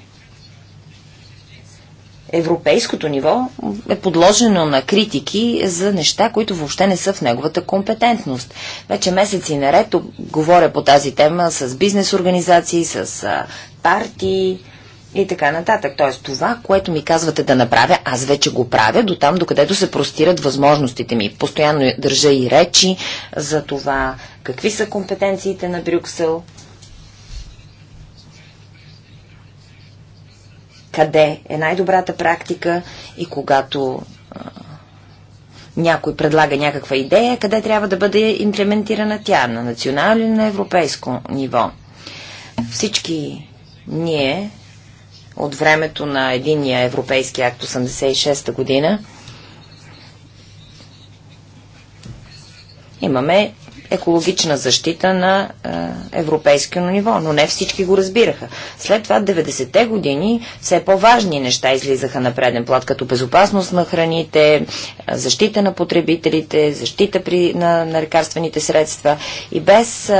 европейското ниво е подложено на критики за неща, които въобще не са в неговата компетентност. Вече месеци наред говоря по тази тема с бизнес организации, с партии и така нататък. Тоест това, което ми казвате да направя, аз вече го правя до там, докъдето се простират възможностите ми. Постоянно държа и речи за това какви са компетенциите на Брюксел, къде е най-добрата практика и когато а, някой предлага някаква идея, къде трябва да бъде имплементирана тя, на национално или на европейско ниво. Всички ние от времето на единия европейски акт 86-та година имаме екологична защита на европейско ниво, но не всички го разбираха. След това 90-те години все по-важни неща излизаха на преден плат, като безопасност на храните, защита на потребителите, защита при, на, на лекарствените средства и без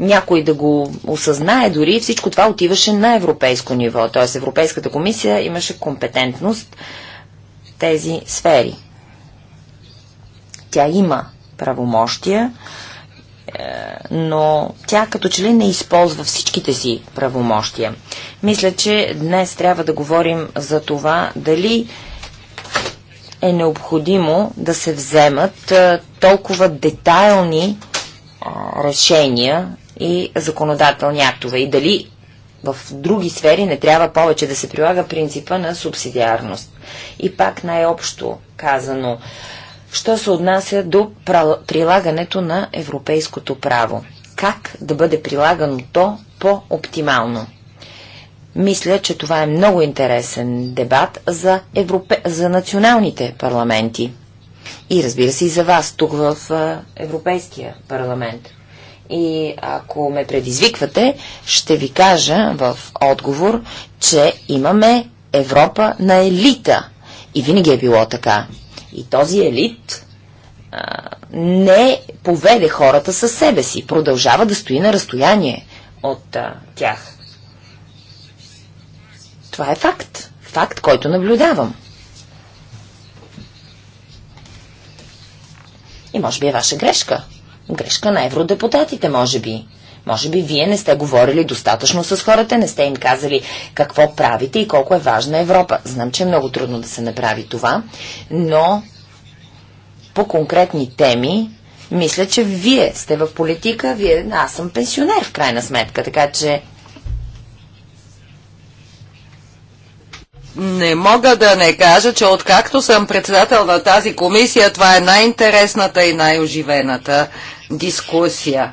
някой да го осъзнае дори, всичко това отиваше на европейско ниво. Т.е. Европейската комисия имаше компетентност в тези сфери. Тя има правомощия, е, но тя като че ли не използва всичките си правомощия. Мисля, че днес трябва да говорим за това дали е необходимо да се вземат е, толкова детайлни е, решения и законодателни актове и дали в други сфери не трябва повече да се прилага принципа на субсидиарност. И пак най-общо казано, що се отнася до прилагането на европейското право. Как да бъде прилагано то по-оптимално? Мисля, че това е много интересен дебат за, европе... за националните парламенти. И разбира се и за вас, тук в Европейския парламент. И ако ме предизвиквате, ще ви кажа в отговор, че имаме Европа на елита. И винаги е било така. И този елит а, не поведе хората със себе си, продължава да стои на разстояние от а, тях. Това е факт. Факт, който наблюдавам. И може би е ваша грешка. Грешка на евродепутатите, може би. Може би вие не сте говорили достатъчно с хората, не сте им казали какво правите и колко е важна Европа. Знам, че е много трудно да се направи това, но по конкретни теми мисля, че вие сте в политика, вие, аз съм пенсионер в крайна сметка, така че Не мога да не кажа, че откакто съм председател на тази комисия, това е най-интересната и най-оживената дискусия.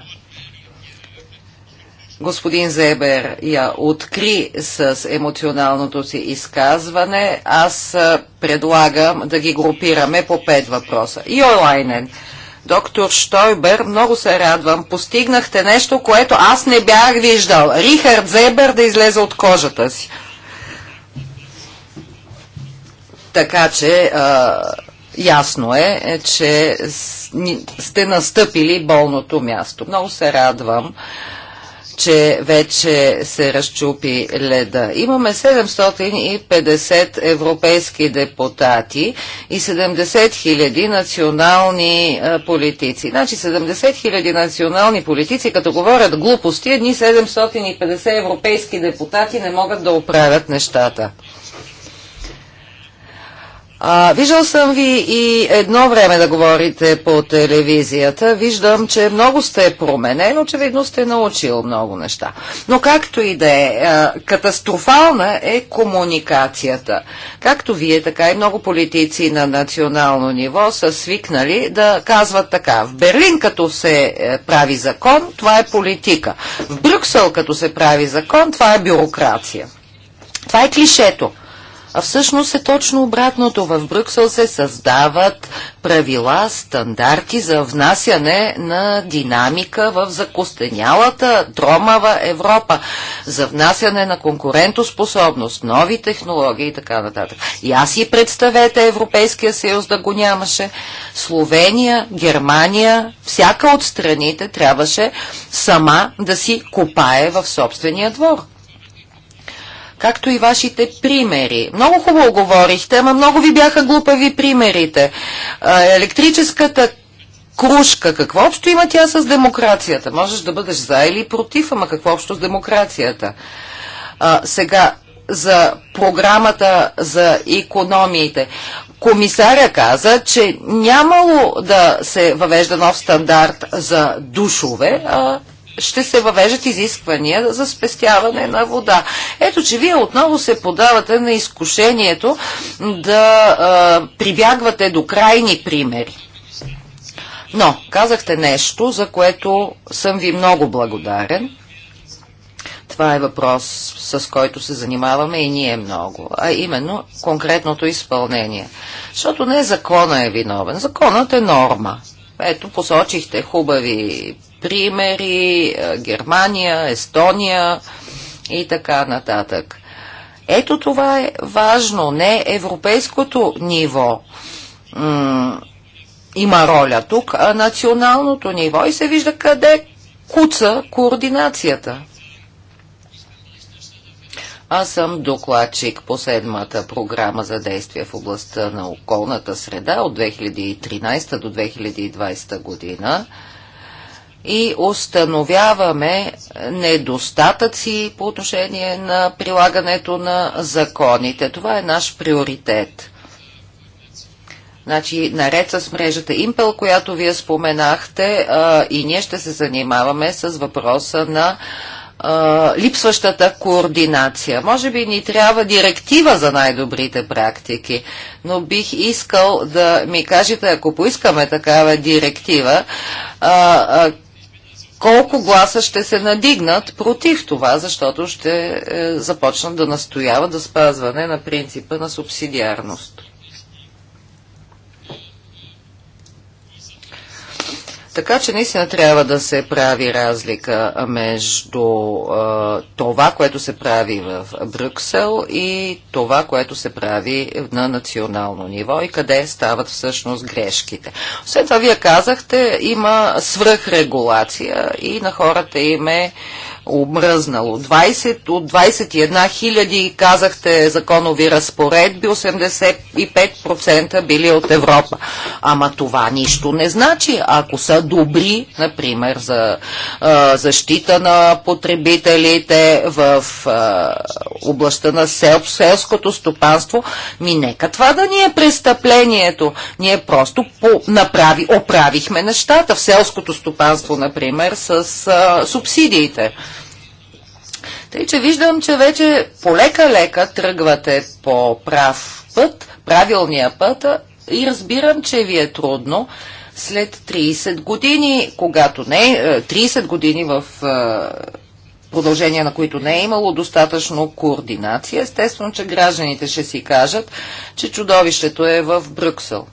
Господин Зебер я откри с емоционалното си изказване. Аз предлагам да ги групираме по пет въпроса. Йолайнен, доктор Штойбер, много се радвам. Постигнахте нещо, което аз не бях виждал. Рихард Зебер да излезе от кожата си. Така че а, ясно е, е че сте настъпили болното място. Много се радвам че вече се разчупи леда. Имаме 750 европейски депутати и 70 000 национални политици. Значи 70 000 национални политици, като говорят глупости, едни 750 европейски депутати не могат да оправят нещата. А, виждал съм ви и едно време да говорите по телевизията. Виждам, че много сте променен, очевидно сте научил много неща. Но както и да е, катастрофална е комуникацията. Както вие, така и много политици на национално ниво са свикнали да казват така. В Берлин, като се е, прави закон, това е политика. В Брюксел, като се прави закон, това е бюрокрация. Това е клишето. А всъщност е точно обратното. В Брюксел се създават правила, стандарти за внасяне на динамика в закостенялата, тромава Европа, за внасяне на конкурентоспособност, нови технологии и така нататък. И аз и представете Европейския съюз да го нямаше. Словения, Германия, всяка от страните трябваше сама да си копае в собствения двор както и вашите примери. Много хубаво говорихте, ама много ви бяха глупави примерите. Електрическата кружка, какво общо има тя с демокрацията? Можеш да бъдеш за или против, ама какво общо с демокрацията? А, сега, за програмата за економиите. Комисаря каза, че нямало да се въвежда нов стандарт за душове, а ще се въвежат изисквания за спестяване на вода. Ето, че вие отново се подавате на изкушението да а, прибягвате до крайни примери. Но, казахте нещо, за което съм ви много благодарен. Това е въпрос, с който се занимаваме и ние много, а именно конкретното изпълнение. Защото не закона е виновен, законът е норма. Ето, посочихте хубави примери Германия, Естония и така нататък. Ето това е важно, не европейското ниво има роля тук, а националното ниво и се вижда къде куца координацията. Аз съм докладчик по седмата програма за действие в областта на околната среда от 2013 до 2020 година и установяваме недостатъци по отношение на прилагането на законите. Това е наш приоритет. Значи, наред с мрежата Impel, която вие споменахте, а, и ние ще се занимаваме с въпроса на а, липсващата координация. Може би ни трябва директива за най-добрите практики, но бих искал да ми кажете, ако поискаме такава директива, а, а, колко гласа ще се надигнат против това, защото ще е, започнат да настояват за да спазване на принципа на субсидиарност. Така че наистина трябва да се прави разлика между а, това, което се прави в Брюксел и това, което се прави на национално ниво и къде стават всъщност грешките. След това, вие казахте, има свръхрегулация и на хората им е обръзнало 20, от 21 хиляди, казахте, законови разпоредби, 85% били от Европа. Ама това нищо не значи. Ако са добри, например, за а, защита на потребителите в а, областта на сел, селското стопанство, ми нека това да ни е престъплението. Ние просто по, направи, оправихме нещата в селското стопанство, например, с а, субсидиите. Тъй, че виждам, че вече полека-лека тръгвате по прав път, правилния път и разбирам, че ви е трудно след 30 години, когато не, 30 е, години в е, продължение на които не е имало достатъчно координация. Естествено, че гражданите ще си кажат, че чудовището е в Брюксел.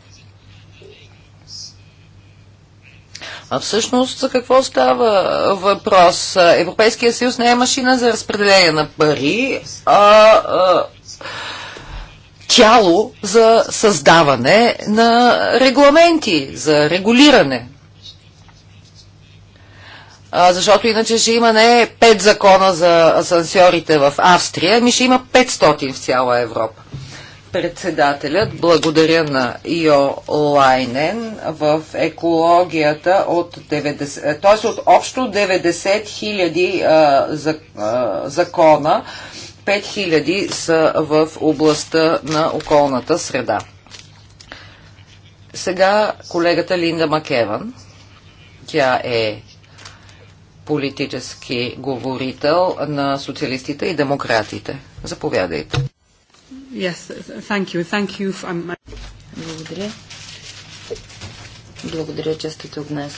А всъщност за какво става въпрос? Европейския съюз не е машина за разпределение на пари, а, а тяло за създаване на регламенти, за регулиране. А, защото иначе ще има не 5 закона за асансьорите в Австрия, ами ще има 500 в цяла Европа. Председателят благодаря на Ио Лайнен в екологията от 90, е, т.е. от общо 90 хиляди е, е, закона, 5 хиляди са в областта на околната среда. Сега колегата Линда Макеван, тя е политически говорител на социалистите и демократите. Заповядайте. Yes, thank you. Thank you for... Благодаря. Благодаря, че сте тук днес.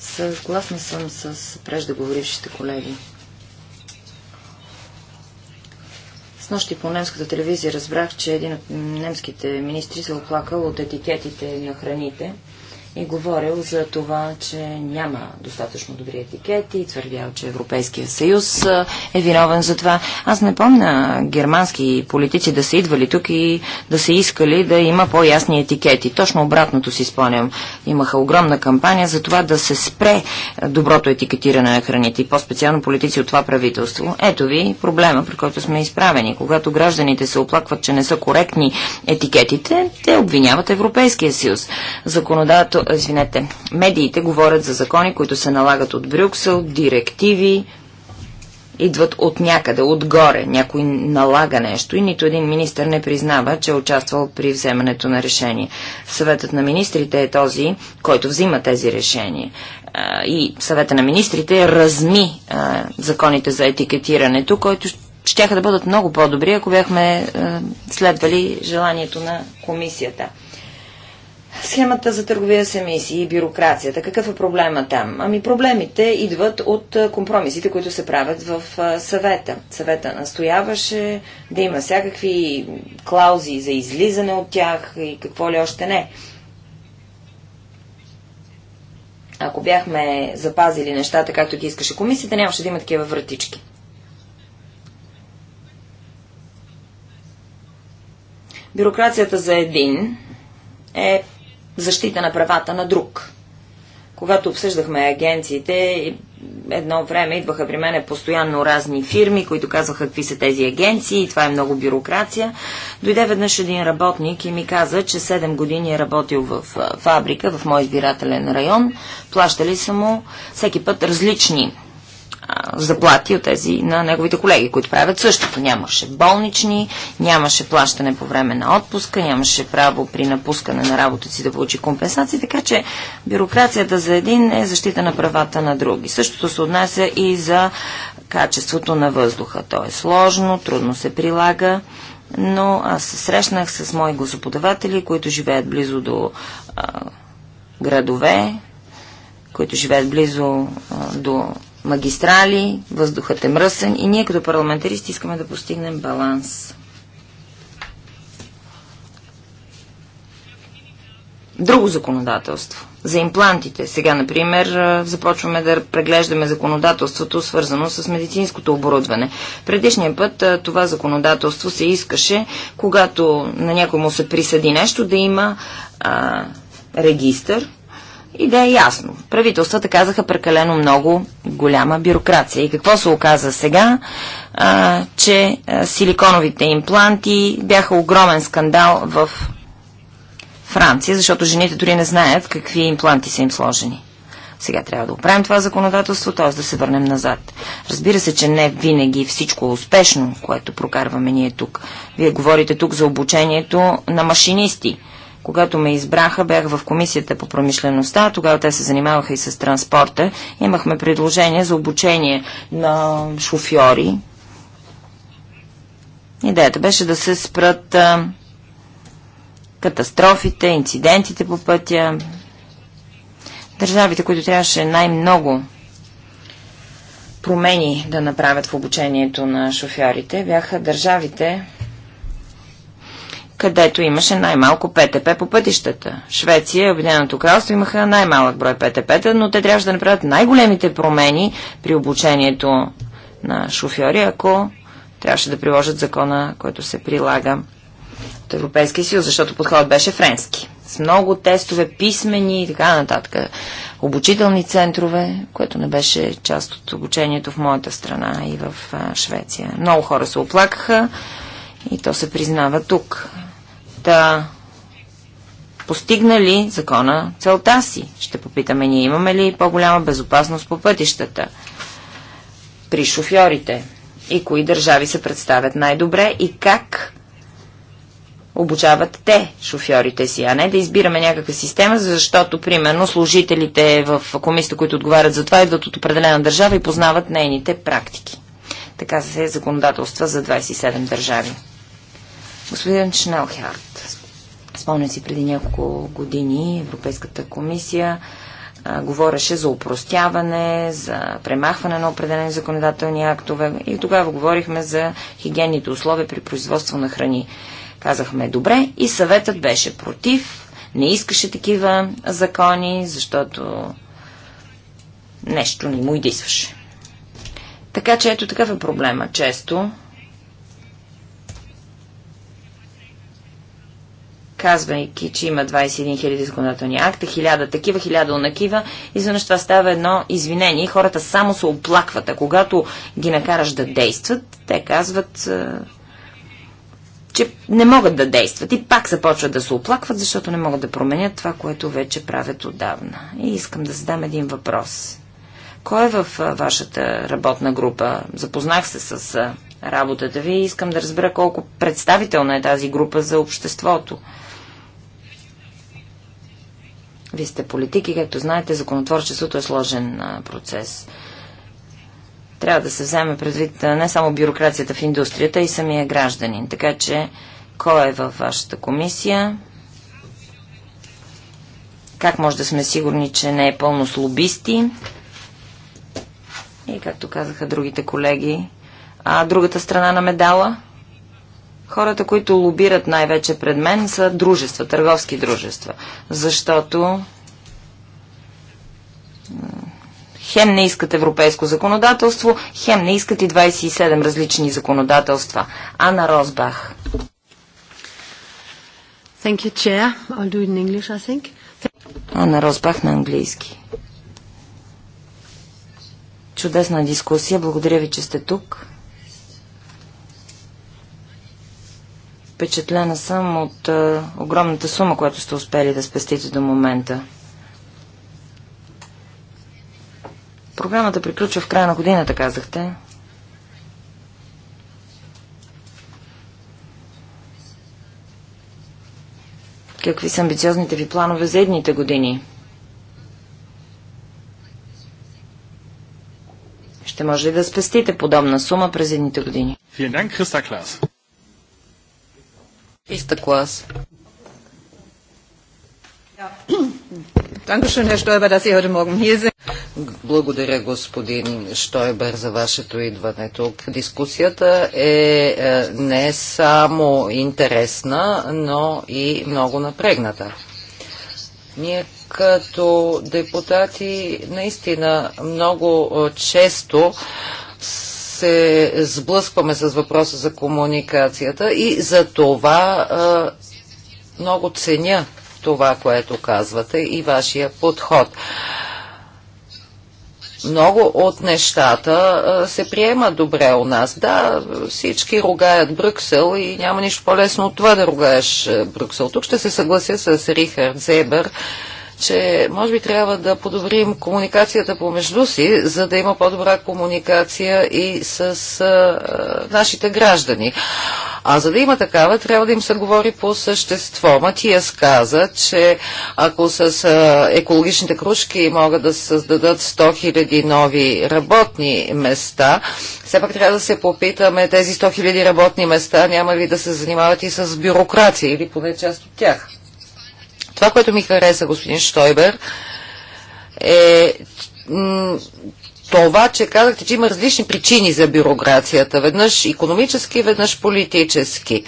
Съгласна съм с преждеговорившите колеги. С нощи по немската телевизия разбрах, че един от немските министри се оплакал от етикетите на храните е говорил за това, че няма достатъчно добри етикети и твърдял, че Европейския съюз е виновен за това. Аз не помня германски политици да са идвали тук и да са искали да има по-ясни етикети. Точно обратното си спомням. Имаха огромна кампания за това да се спре доброто етикетиране на храните и по-специално политици от това правителство. Ето ви проблема, при който сме изправени. Когато гражданите се оплакват, че не са коректни етикетите, те обвиняват Европейския съюз. Законодател е, извинете, медиите говорят за закони, които се налагат от Брюксел, директиви, идват от някъде, отгоре. Някой налага нещо и нито един министр не признава, че е участвал при вземането на решение. Съветът на министрите е този, който взима тези решения. И съвета на министрите разми законите за етикетирането, който щяха да бъдат много по-добри, ако бяхме следвали желанието на комисията. Схемата за търговия с емисии и бюрокрацията. Какъв е проблема там? Ами проблемите идват от компромисите, които се правят в съвета. Съвета настояваше да има всякакви клаузи за излизане от тях и какво ли още не. Ако бяхме запазили нещата, както ги искаше комисията, нямаше да има такива вратички. Бюрокрацията за един е защита на правата на друг. Когато обсъждахме агенциите, едно време идваха при мене постоянно разни фирми, които казваха какви са тези агенции и това е много бюрокрация. Дойде веднъж един работник и ми каза, че 7 години е работил в фабрика, в мой избирателен район. Плащали са му всеки път различни заплати от тези на неговите колеги, които правят същото. Нямаше болнични, нямаше плащане по време на отпуска, нямаше право при напускане на работа си да получи компенсации, така че бюрокрацията за един е защита на правата на други. Същото се отнася и за качеството на въздуха. То е сложно, трудно се прилага, но аз се срещнах с мои гласоподаватели, които живеят близо до а, градове, които живеят близо а, до магистрали, въздухът е мръсен и ние като парламентаристи искаме да постигнем баланс. Друго законодателство. За имплантите. Сега, например, започваме да преглеждаме законодателството, свързано с медицинското оборудване. Предишния път това законодателство се искаше, когато на някой му се присъди нещо, да има а, регистър, и да е ясно. Правителствата казаха прекалено много голяма бюрокрация. И какво се оказа сега? А, че а, силиконовите импланти бяха огромен скандал в Франция, защото жените дори не знаят какви импланти са им сложени. Сега трябва да оправим това законодателство, т.е. да се върнем назад. Разбира се, че не винаги всичко е успешно, което прокарваме ние тук. Вие говорите тук за обучението на машинисти. Когато ме избраха, бях в комисията по промишлеността, тогава те се занимаваха и с транспорта. Имахме предложение за обучение на шофьори. Идеята беше да се спрат а, катастрофите, инцидентите по пътя. Държавите, които трябваше най-много промени да направят в обучението на шофьорите, бяха държавите, където имаше най-малко ПТП по пътищата. Швеция и Обединеното кралство имаха най-малък брой ПТП-та, но те трябваше да направят най-големите промени при обучението на шофьори, ако трябваше да приложат закона, който се прилага от Европейския съюз, защото подходът беше френски. С много тестове, писмени и така нататък. Обучителни центрове, което не беше част от обучението в моята страна и в Швеция. Много хора се оплакаха и то се признава тук да постигна ли закона целта си? Ще попитаме ние имаме ли по-голяма безопасност по пътищата при шофьорите и кои държави се представят най-добре и как обучават те шофьорите си, а не да избираме някаква система, защото, примерно, служителите в комисията, които отговарят за това, идват от определена държава и познават нейните практики. Така се законодателства за 27 държави. Господин Шнелхарт, спомня си преди няколко години Европейската комисия а, говореше за упростяване, за премахване на определени законодателни актове и тогава говорихме за хигиенните условия при производство на храни. Казахме добре и съветът беше против, не искаше такива закони, защото нещо не му и действаше. Така че ето такъв е проблема. Често казвайки, че има 21 000 законодателни акта, 1000 такива, 1000 онакива, изведнъж това става едно извинение хората само се оплакват. А когато ги накараш да действат, те казват, че не могат да действат и пак започват да се оплакват, защото не могат да променят това, което вече правят отдавна. И искам да задам един въпрос. Кой е в вашата работна група? Запознах се с работата ви и искам да разбера колко представителна е тази група за обществото. Вие сте политики, както знаете, законотворчеството е сложен процес. Трябва да се вземе предвид не само бюрокрацията в индустрията и самия гражданин. Така че, кой е във вашата комисия? Как може да сме сигурни, че не е пълно с лобисти? И както казаха другите колеги, а другата страна на медала – Хората, които лобират най-вече пред мен, са дружества, търговски дружества. Защото хем не искат европейско законодателство, хем не искат и 27 различни законодателства. Ана Розбах. Thank you, Chair. I'll do it in English, I think. Ана Розбах на английски. Чудесна дискусия. Благодаря ви, че сте тук. Впечатлена съм от а, е, огромната сума, която сте успели да спестите до момента. Програмата приключва в края на годината, казахте. Какви са амбициозните ви планове за едните години? Ще може ли да спестите подобна сума през едните години? Благодаря, Христа Клас. Чиста клас. Благодаря, господин Штойбер, за вашето идване тук. Дискусията е, е не само интересна, но и много напрегната. Ние като депутати наистина много е, често се сблъскваме с въпроса за комуникацията и за това а, много ценя това, което казвате и вашия подход. Много от нещата се приема добре у нас. Да, всички ругаят Брюксел и няма нищо по-лесно от това да ругаеш Брюксел. Тук ще се съглася с Рихард Зебър, че може би трябва да подобрим комуникацията помежду си, за да има по-добра комуникация и с а, нашите граждани. А за да има такава, трябва да им се говори по същество. Матиас каза, че ако с а, екологичните кружки могат да създадат 100 000 нови работни места, все пак трябва да се попитаме тези 100 000 работни места няма ли да се занимават и с бюрокрация или поне част от тях. Това, което ми хареса, господин Штойбер, е това, че казахте, че има различни причини за бюрокрацията. Веднъж економически, веднъж политически.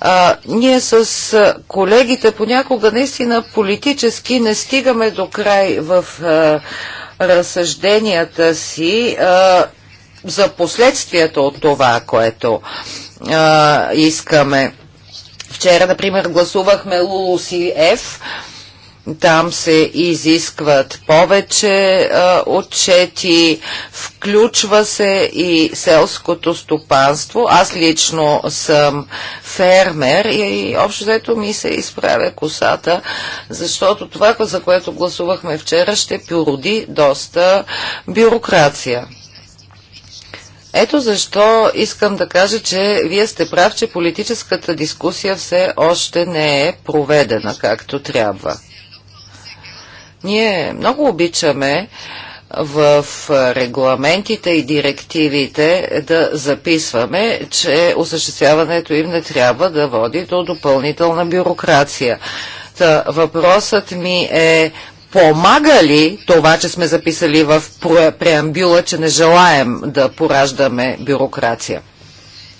А, ние с колегите понякога наистина политически не стигаме до край в а, разсъжденията си а, за последствията от това, което а, искаме. Вчера, например, гласувахме ЛУЛУСИФ. Там се изискват повече а, отчети, включва се и селското стопанство. Аз лично съм фермер и общо взето ми се изправя косата, защото това, за което гласувахме вчера, ще породи доста бюрокрация. Ето защо искам да кажа, че вие сте прав, че политическата дискусия все още не е проведена както трябва. Ние много обичаме в регламентите и директивите да записваме, че осъществяването им не трябва да води до допълнителна бюрокрация. Та, въпросът ми е помага ли това, че сме записали в преамбюла, че не желаем да пораждаме бюрокрация?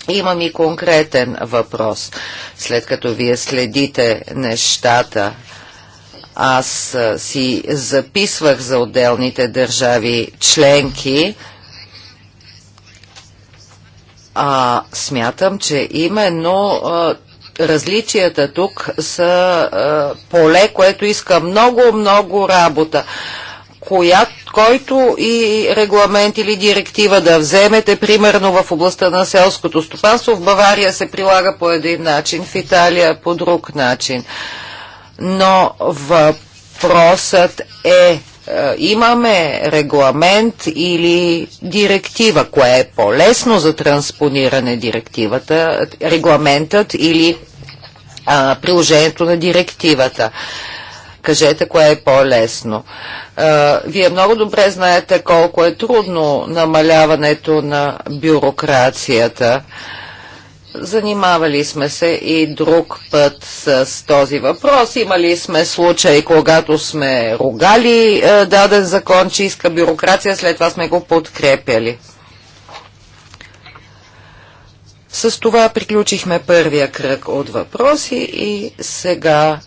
Имам и конкретен въпрос. След като вие следите нещата, аз си записвах за отделните държави членки, а смятам, че именно а, различията тук са а, е, поле, което иска много-много работа, Коя, който и регламент или директива да вземете, примерно в областта на селското стопанство, в Бавария се прилага по един начин, в Италия по друг начин. Но въпросът е е, имаме регламент или директива, кое е по-лесно за транспониране директивата, регламентът или а, приложението на директивата. Кажете, кое е по-лесно. Е, вие много добре знаете колко е трудно намаляването на бюрокрацията. А, Занимавали сме се и друг път с, този въпрос. Имали сме случаи, когато сме ругали е, даден закон, че иска бюрокрация, след това сме го подкрепяли. С това приключихме първия кръг от въпроси и сега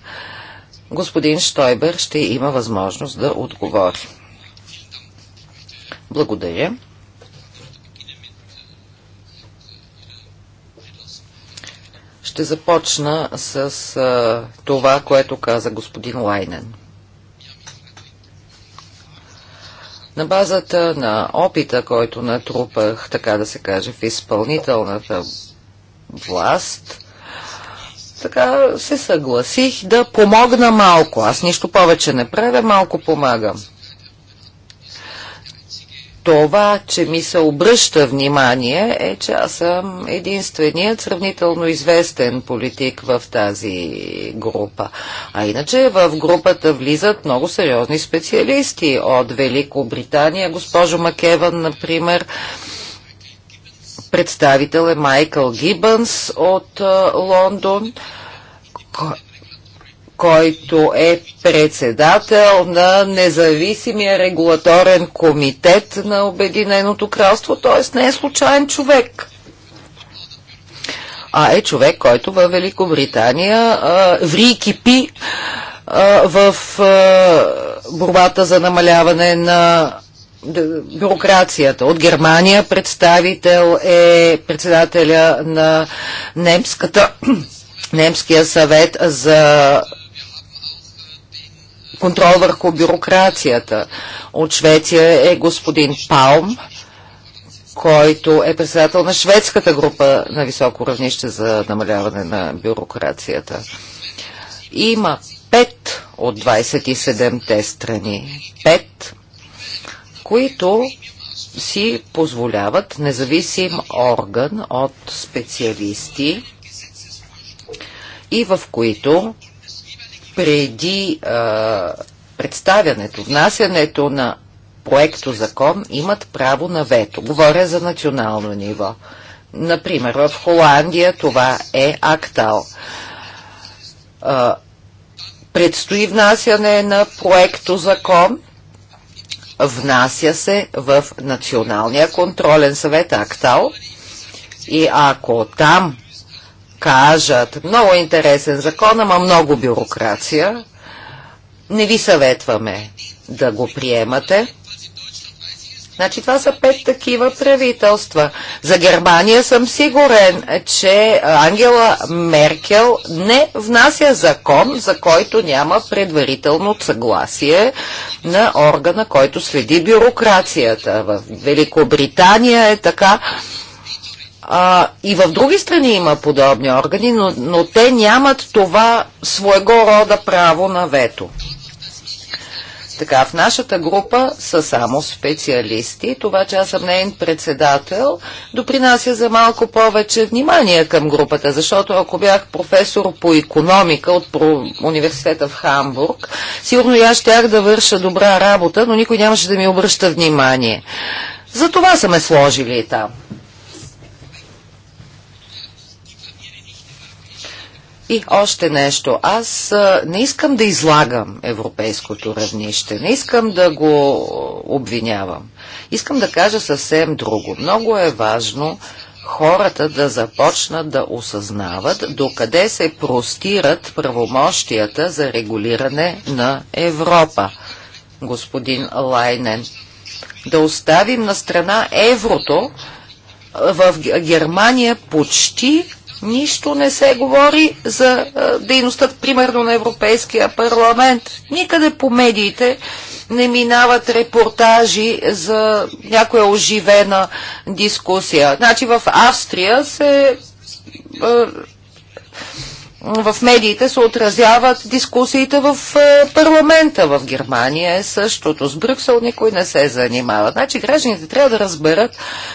господин Штойбер ще има възможност да отговори. Благодаря. Ще започна с това, което каза господин Лайнен. На базата на опита, който натрупах, така да се каже, в изпълнителната власт, така се съгласих да помогна малко. Аз нищо повече не правя, малко помагам това, че ми се обръща внимание, е, че аз съм единственият сравнително известен политик в тази група. А иначе в групата влизат много сериозни специалисти от Великобритания. Госпожо Макеван, например, представител е Майкъл Гибънс от Лондон който е председател на независимия регулаторен комитет на Обединеното кралство, т.е. не е случайен човек а е човек, който във Великобритания а, ври кипи а, в а, борбата за намаляване на бюрокрацията. От Германия представител е председателя на немската (clears throat) немския съвет за контрол върху бюрокрацията. От Швеция е господин Палм, който е председател на шведската група на високо равнище за намаляване на бюрокрацията. Има пет от 27-те страни, пет, които си позволяват независим орган от специалисти и в които преди а, представянето, внасянето на проекто закон имат право на вето. Говоря за национално ниво. Например, в Холандия това е актал. А, предстои внасяне на проекто закон. Внася се в Националния контролен съвет Актал и ако там кажат, много интересен закон, ама много бюрокрация. Не ви съветваме да го приемате. Значи това са пет такива правителства. За Германия съм сигурен, че Ангела Меркел не внася закон, за който няма предварително съгласие на органа, който следи бюрокрацията. В Великобритания е така. А, и в други страни има подобни органи, но, но те нямат това своего рода право на вето. Така, в нашата група са само специалисти. Това, че аз съм нейн председател, допринася за малко повече внимание към групата, защото ако бях професор по економика от университета в Хамбург, сигурно и аз щях да върша добра работа, но никой нямаше да ми обръща внимание. За това са ме сложили и там. И още нещо. Аз не искам да излагам европейското равнище. Не искам да го обвинявам. Искам да кажа съвсем друго. Много е важно хората да започнат да осъзнават докъде се простират правомощията за регулиране на Европа. Господин Лайнен, да оставим на страна еврото, в Германия почти Нищо не се говори за дейността, примерно, на Европейския парламент. Никъде по медиите не минават репортажи за някоя оживена дискусия. Значи в Австрия се в медиите се отразяват дискусиите в е, парламента в Германия е същото. С Брюксел никой не се занимава. Значи гражданите трябва да разберат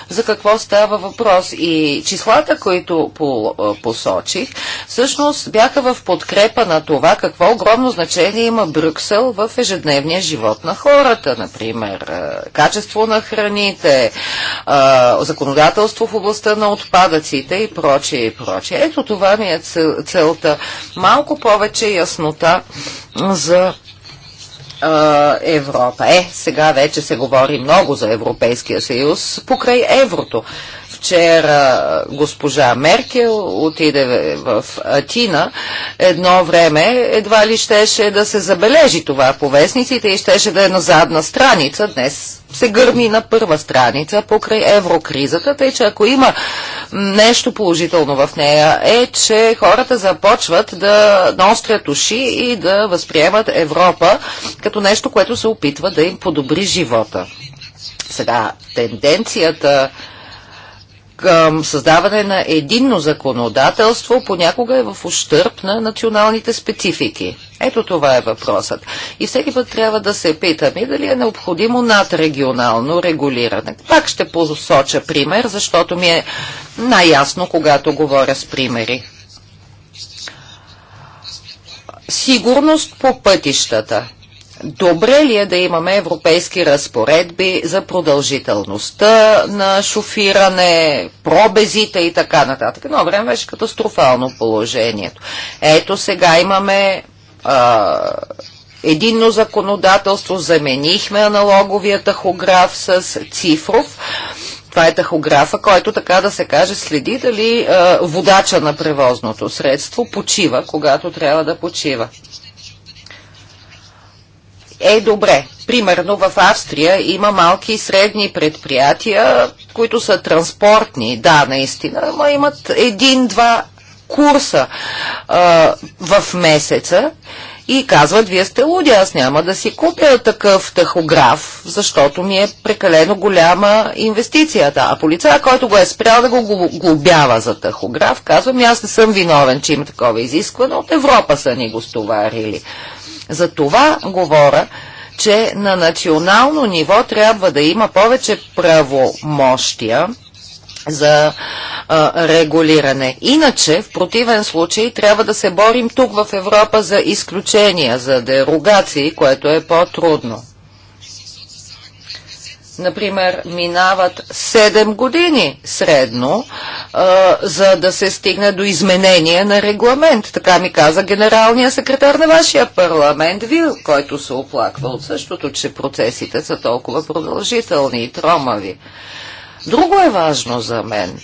за какво става въпрос. И числата, които е, посочих, всъщност бяха в подкрепа на това какво огромно значение има Брюксел в ежедневния живот на хората. Например, е, качество на храните, законодателство в областта на отпадъците и прочее и прочее. Ето това ми е цел целта. Малко повече яснота за Европа. Е, сега вече се говори много за Европейския съюз покрай еврото. Вчера госпожа Меркел отиде в Атина. Едно време едва ли щеше да се забележи това по вестниците и щеше да е на задна страница. Днес се гърми на първа страница покрай еврокризата, тъй че ако има нещо положително в нея е, че хората започват да наострят уши и да възприемат Европа като нещо, което се опитва да им подобри живота. Сега, тенденцията към създаване на единно законодателство понякога е в ущърп на националните специфики. Ето това е въпросът. И всеки път трябва да се питаме дали е необходимо надрегионално регулиране. Пак ще посоча пример, защото ми е най-ясно, когато говоря с примери. Сигурност по пътищата – Добре ли е да имаме европейски разпоредби за продължителността на шофиране, пробезите и така нататък? Едно време беше катастрофално положението. Ето сега имаме а, единно законодателство, заменихме аналоговия тахограф с цифров. Това е тахографа, който така да се каже следи дали а, водача на превозното средство почива, когато трябва да почива е добре. Примерно в Австрия има малки и средни предприятия, които са транспортни, да, наистина, но имат един-два курса а, в месеца и казват, вие сте луди, аз няма да си купя такъв тахограф, защото ми е прекалено голяма инвестицията. А полицая, който го е спрял да го глобява за тахограф, казвам, аз не съм виновен, че има такова изискване, от Европа са ни го стоварили. За това говоря, че на национално ниво трябва да има повече правомощия за а, регулиране. Иначе, в противен случай, трябва да се борим тук в Европа за изключения, за дерогации, което е по-трудно. Например, минават 7 години средно, а, за да се стигне до изменение на регламент. Така ми каза генералният секретар на вашия парламент Ви, който се оплаква от същото, че процесите са толкова продължителни и тромави. Друго е важно за мен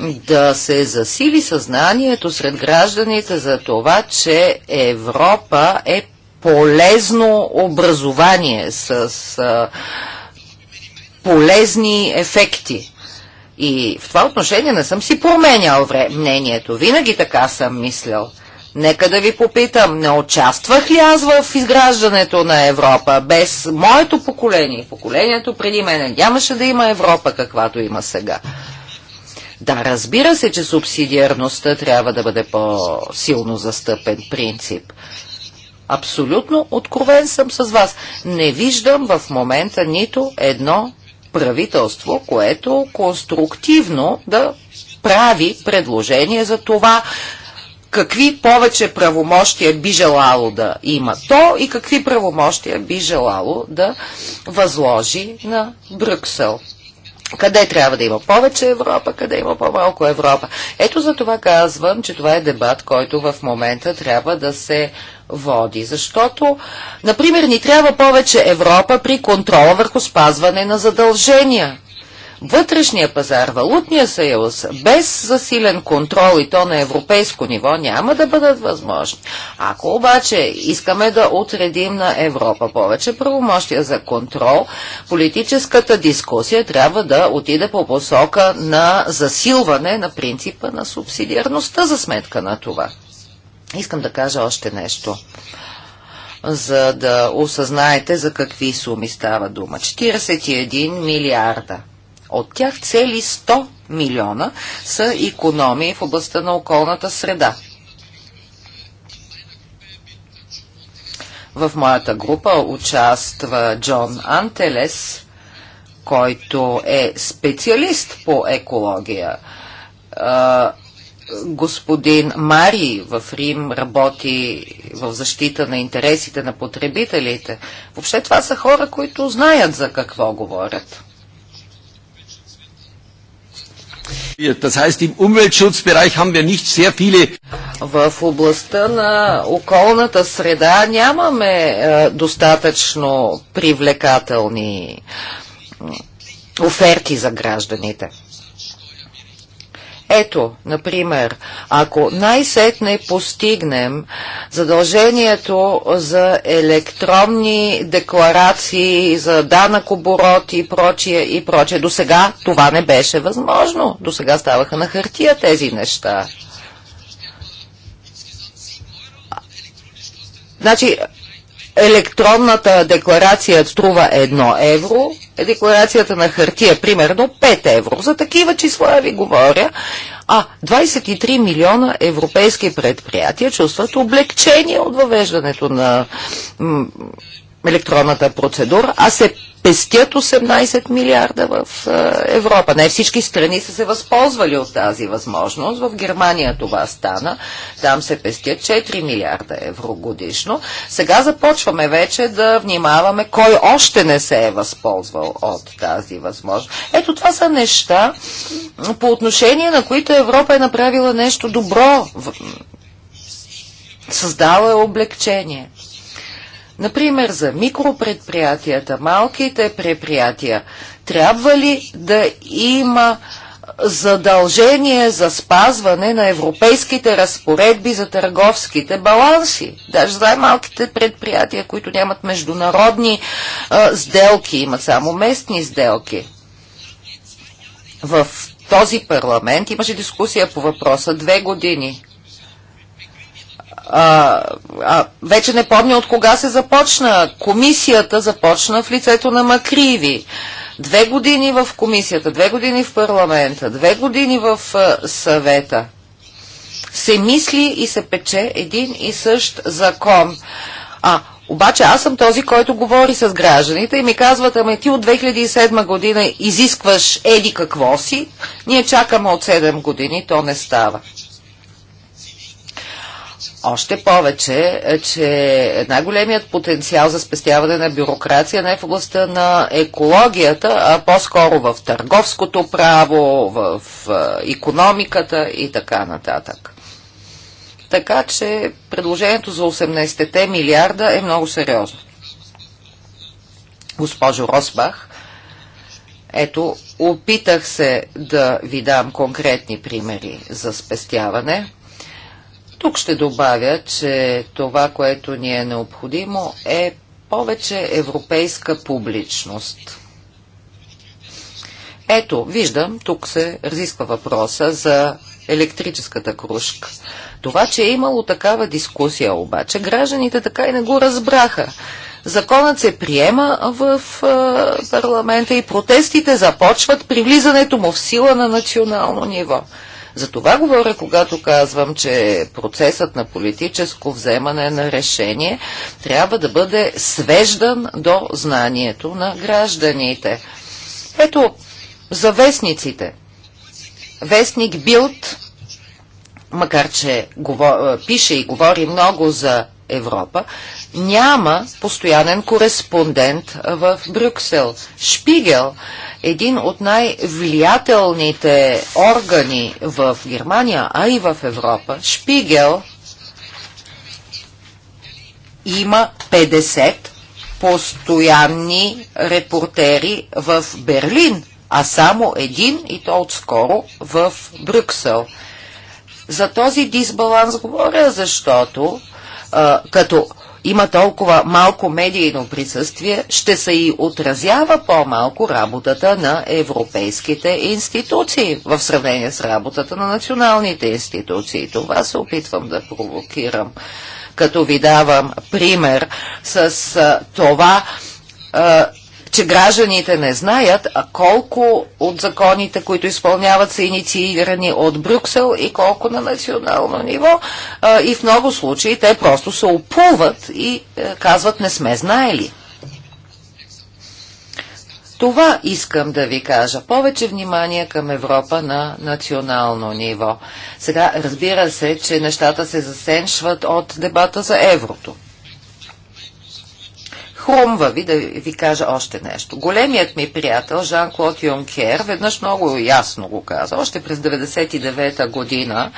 да се засили съзнанието сред гражданите за това, че Европа е полезно образование с а, полезни ефекти. И в това отношение не съм си променял мнението. Винаги така съм мислял. Нека да ви попитам, не участвах ли аз в изграждането на Европа? Без моето поколение, поколението преди мен, нямаше да има Европа, каквато има сега. Да, разбира се, че субсидиарността трябва да бъде по-силно застъпен принцип. Абсолютно откровен съм с вас. Не виждам в момента нито едно правителство, което конструктивно да прави предложение за това какви повече правомощия би желало да има то и какви правомощия би желало да възложи на Брюксел. Къде трябва да има повече Европа, къде има по-малко Европа. Ето за това казвам, че това е дебат, който в момента трябва да се води. Защото, например, ни трябва повече Европа при контрола върху спазване на задължения. Вътрешния пазар, валутния съюз, без засилен контрол и то на европейско ниво, няма да бъдат възможни. Ако обаче искаме да отредим на Европа повече правомощия за контрол, политическата дискусия трябва да отиде по посока на засилване на принципа на субсидиарността за сметка на това. Искам да кажа още нещо за да осъзнаете за какви суми става дума. 41 милиарда. От тях цели 100 милиона са економии в областта на околната среда. В моята група участва Джон Антелес, който е специалист по екология господин Мари в Рим работи в защита на интересите на потребителите. Въобще това са хора, които знаят за какво говорят. В областта на околната среда нямаме е, достатъчно привлекателни оферти за гражданите. Ето, например, ако най-сетне постигнем задължението за електронни декларации, за данък оборот и прочие и прочие, до сега това не беше възможно. До сега ставаха на хартия тези неща. Значи, електронната декларация струва 1 евро, декларацията на хартия, е примерно 5 евро. За такива числа ви говоря. А 23 милиона европейски предприятия чувстват облегчение от въвеждането на електронната процедура, а се пестят 18 милиарда в е, Европа. Не всички страни са се възползвали от тази възможност. В Германия това стана. Там се пестят 4 милиарда евро годишно. Сега започваме вече да внимаваме кой още не се е възползвал от тази възможност. Ето това са неща, по отношение на които Европа е направила нещо добро. Създала е облегчение. Например, за микропредприятията, малките предприятия, трябва ли да има задължение за спазване на европейските разпоредби за търговските баланси. Даже за малките предприятия, които нямат международни а, сделки, имат само местни сделки. В този парламент имаше дискусия по въпроса две години а, а, вече не помня от кога се започна. Комисията започна в лицето на Макриви. Две години в комисията, две години в парламента, две години в а, съвета. Се мисли и се пече един и същ закон. А, обаче аз съм този, който говори с гражданите и ми казват, ами ти от 2007 година изискваш еди какво си, ние чакаме от 7 години, то не става. Още повече, е, че най-големият потенциал за спестяване на бюрокрация не е в областта на екологията, а по-скоро в търговското право, в економиката и така нататък. Така че предложението за 18-те милиарда е много сериозно. Госпожо Росбах, ето, опитах се да ви дам конкретни примери за спестяване тук ще добавя, че това, което ни е необходимо е повече европейска публичност. Ето, виждам, тук се разисква въпроса за електрическата кружка. Това, че е имало такава дискусия обаче, гражданите така и не го разбраха. Законът се приема в е, парламента и протестите започват при влизането му в сила на национално ниво. За това говоря, когато казвам, че процесът на политическо вземане на решение трябва да бъде свеждан до знанието на гражданите. Ето, за вестниците. Вестник Билд, макар че говор... пише и говори много за Европа, няма постоянен кореспондент в Брюксел. Шпигел, един от най-влиятелните органи в Германия, а и в Европа, Шпигел има 50 постоянни репортери в Берлин, а само един и то отскоро в Брюксел. За този дисбаланс говоря, защото като има толкова малко медийно присъствие, ще се и отразява по-малко работата на европейските институции в сравнение с работата на националните институции. Това се опитвам да провокирам, като ви давам пример с това, че гражданите не знаят а колко от законите, които изпълняват, са инициирани от Брюксел и колко на национално ниво. А, и в много случаи те просто се опуват и а, е, казват не сме знаели. Това искам да ви кажа. Повече внимание към Европа на национално ниво. Сега разбира се, че нещата се засеншват от дебата за еврото. Хрумва ви да ви кажа още нещо. Големият ми приятел Жан-Клод Юнкер веднъж много ясно го каза. Още през 99-та година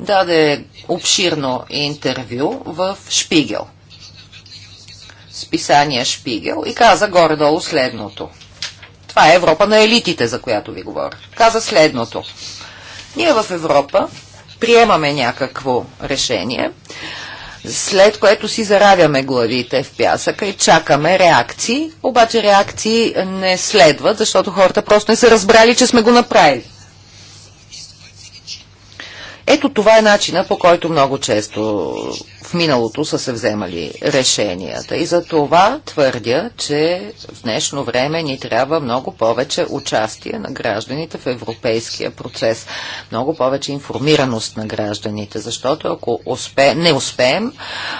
даде обширно интервю в Шпигел. Списание Шпигел и каза горе-долу следното. Това е Европа на елитите, за която ви говоря. Каза следното. Ние в Европа приемаме някакво решение, след което си заравяме главите в пясъка и чакаме реакции, обаче реакции не следват, защото хората просто не са разбрали, че сме го направили. Ето това е начина, по който много често в миналото са се вземали решенията. И за това твърдя, че в днешно време ни трябва много повече участие на гражданите в европейския процес, много повече информираност на гражданите, защото ако успе, не успеем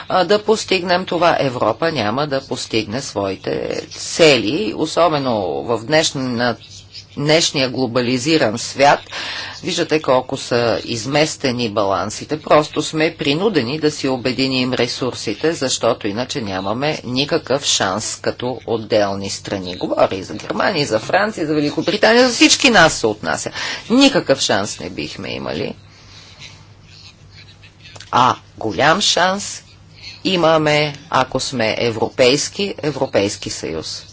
а, да постигнем това, Европа няма да постигне своите цели, особено в днешната днешния глобализиран свят, виждате колко са изместени балансите. Просто сме принудени да си обединим ресурсите, защото иначе нямаме никакъв шанс като отделни страни. Говори и за Германия, и за Франция, за Великобритания, за всички нас се отнася. Никакъв шанс не бихме имали. А голям шанс имаме, ако сме европейски, Европейски съюз.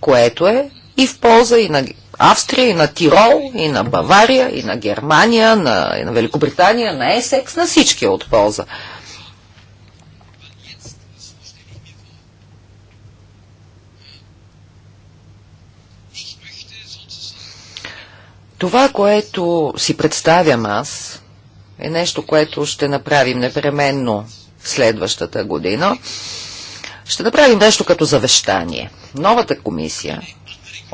Което е и в полза и на Австрия, и на Тирол, и на Бавария, и на Германия, на, и на Великобритания, на Есекс, на всички е от полза. Това, което си представям аз, е нещо, което ще направим непременно следващата година. Ще направим нещо като завещание. Новата комисия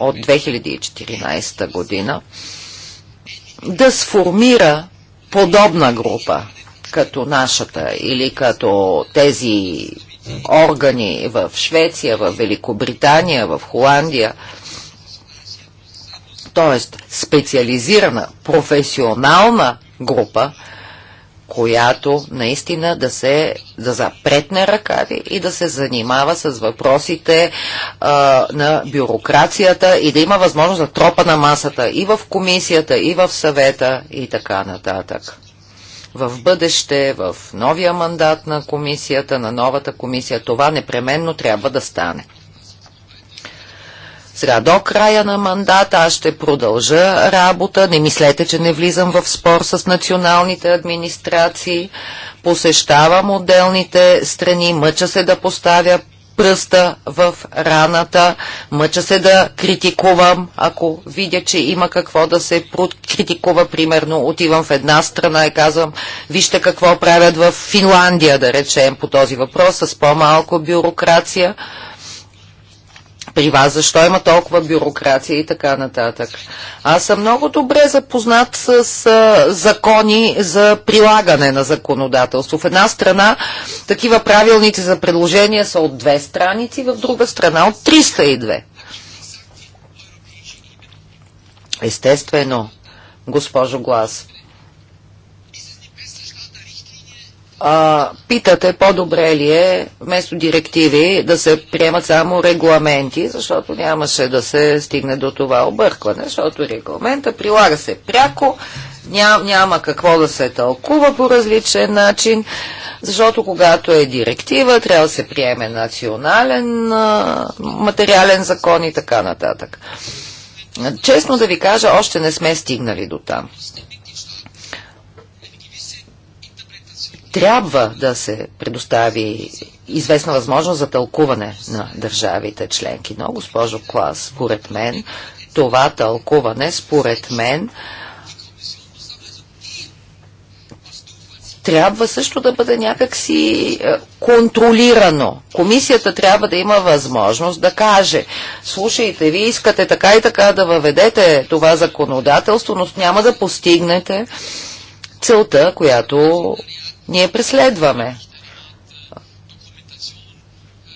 от 2014 година да сформира подобна група като нашата или като тези органи в Швеция, в Великобритания, в Холандия, т.е. специализирана професионална група, която наистина да се да запретне ръкави и да се занимава с въпросите а, на бюрокрацията и да има възможност за тропа на масата и в комисията, и в съвета и така нататък. В бъдеще, в новия мандат на комисията, на новата комисия, това непременно трябва да стане. Сега до края на мандата аз ще продължа работа. Не мислете, че не влизам в спор с националните администрации. Посещавам отделните страни, мъча се да поставя пръста в раната, мъча се да критикувам, ако видя, че има какво да се критикува, примерно отивам в една страна и казвам, вижте какво правят в Финландия, да речем, по този въпрос, с по-малко бюрокрация при вас, защо има толкова бюрокрация и така нататък. Аз съм много добре запознат с, с закони за прилагане на законодателство. В една страна такива правилници за предложения са от две страници, в друга страна от 302. Естествено, госпожо Глас, а, питате по-добре ли е вместо директиви да се приемат само регламенти, защото нямаше да се стигне до това объркване, защото регламента прилага се пряко, ням, няма какво да се тълкува по различен начин, защото когато е директива, трябва да се приеме национален а, материален закон и така нататък. Честно да ви кажа, още не сме стигнали до там. трябва да се предостави известна възможност за тълкуване на държавите членки. Но, госпожо Клас, според мен, това тълкуване, според мен, трябва също да бъде някакси е, контролирано. Комисията трябва да има възможност да каже, слушайте, вие искате така и така да въведете това законодателство, но няма да постигнете целта, която ние преследваме.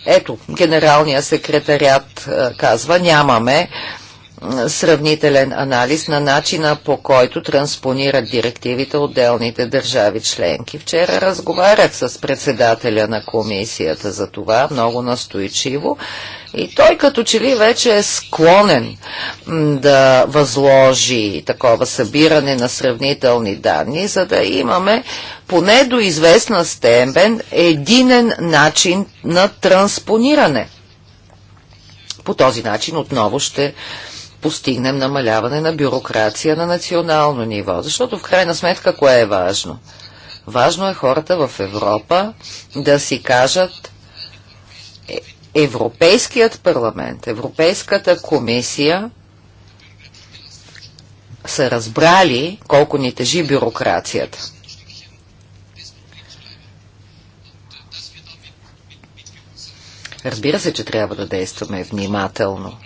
Ето, генералният секретарят е, казва, нямаме сравнителен анализ на начина по който транспонират директивите отделните държави членки. Вчера разговарях с председателя на комисията за това, много настойчиво, и той като че ли вече е склонен да възложи такова събиране на сравнителни данни, за да имаме поне до известна степен единен начин на транспониране. По този начин отново ще постигнем намаляване на бюрокрация на национално ниво. Защото в крайна сметка кое е важно? Важно е хората в Европа да си кажат е, Европейският парламент, Европейската комисия са разбрали колко ни тежи бюрокрацията. Разбира се, че трябва да действаме внимателно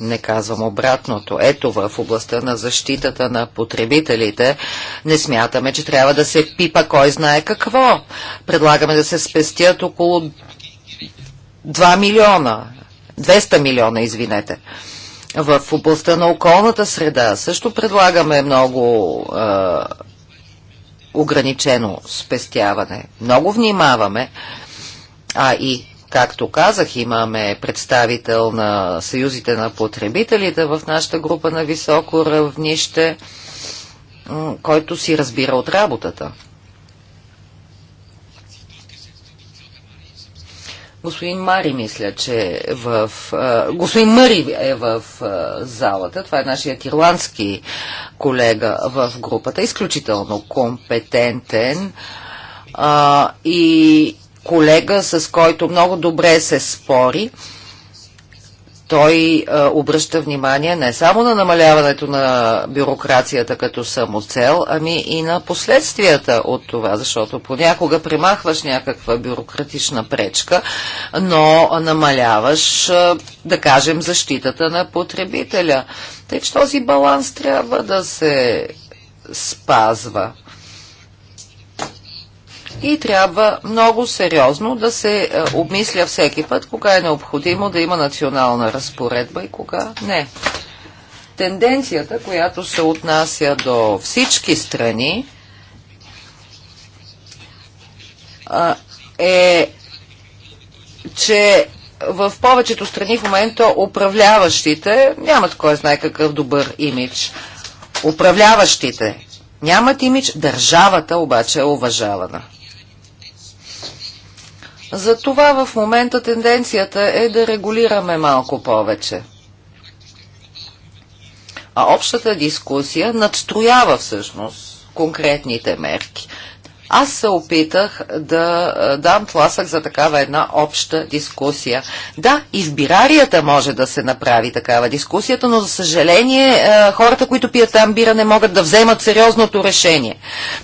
не казвам обратното. Ето в областта на защитата на потребителите не смятаме, че трябва да се пипа кой знае какво. Предлагаме да се спестят около 2 милиона, 200 милиона, извинете. В областта на околната среда също предлагаме много е, ограничено спестяване. Много внимаваме, а и Както казах, имаме представител на съюзите на потребителите в нашата група на високо равнище, който си разбира от работата. Господин Мари, мисля, че е в... господин Мари е в залата. Това е нашият ирландски колега в групата. Изключително компетентен а, и колега, с който много добре се спори. Той а, е, обръща внимание не само на намаляването на бюрокрацията като самоцел, ами и на последствията от това, защото понякога примахваш някаква бюрократична пречка, но намаляваш, а, е, да кажем, защитата на потребителя. Тъй, че този баланс трябва да се спазва и трябва много сериозно да се е, обмисля всеки път, кога е необходимо да има национална разпоредба и кога не. Тенденцията, която се отнася до всички страни, е, че в повечето страни в момента управляващите нямат кой знае какъв добър имидж. Управляващите нямат имидж, държавата обаче е уважавана. Затова в момента тенденцията е да регулираме малко повече. А общата дискусия надстроява всъщност конкретните мерки. Аз се опитах да е, дам тласък за такава една обща дискусия. Да, и може да се направи такава дискусията, но за съжаление е, хората, които пият там бира, не могат да вземат сериозното решение.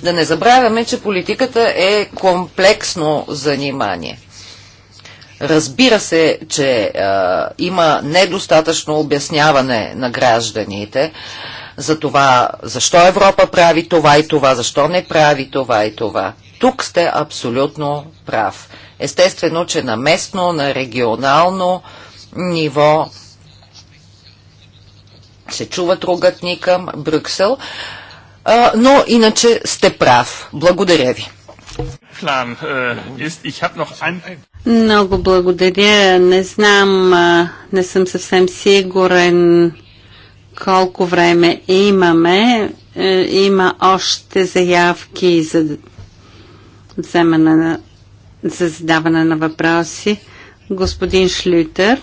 Да не забравяме, че политиката е комплексно занимание. Разбира се, че а, е, има недостатъчно обясняване на гражданите. А, за това, защо Европа прави това и това, защо не прави това и това. Тук сте абсолютно прав. Естествено, че на местно, на регионално ниво се чува другът ни към Брюксел, а, но иначе сте прав. Благодаря ви. Э, Много благодаря. Не знам, не съм съвсем сигурен колко време имаме. Е, има още заявки за вземане на, за задаване на въпроси. Господин Шлютер.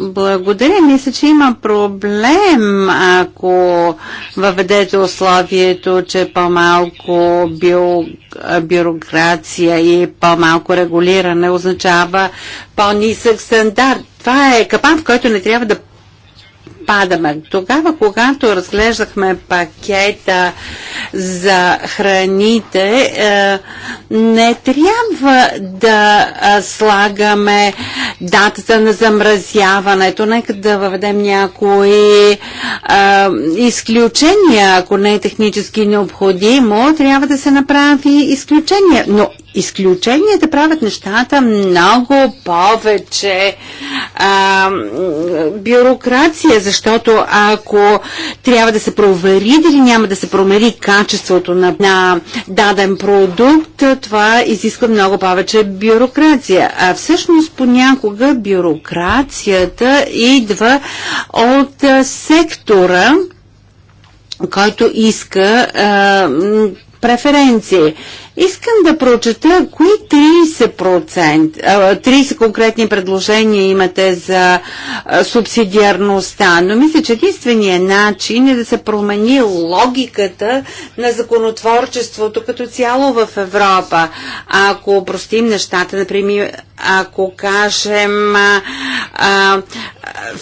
Благодаря. Мисля, че има проблем, ако въведете условието, че по-малко бю... бюрокрация и по-малко регулиране означава по-нисък стандарт. Това е капан, в който не трябва да падаме. Тогава, когато разглеждахме пакета за храните, е, не трябва да е, слагаме датата на замразяването. Нека да въведем някои е, изключения, ако не е технически необходимо, трябва да се направи изключения. Но изключенията правят нещата много повече а, бюрокрация, защото ако трябва да се провери дали няма да се промери качеството на, на даден продукт, това изисква много повече бюрокрация. А всъщност понякога бюрокрацията идва от а, сектора, който иска а, преференции. Искам да прочета кои 30%, 30 конкретни предложения имате за субсидиарността, но мисля, че единственият начин е да се промени логиката на законотворчеството като цяло в Европа. Ако простим нещата, например, ако кажем а, а,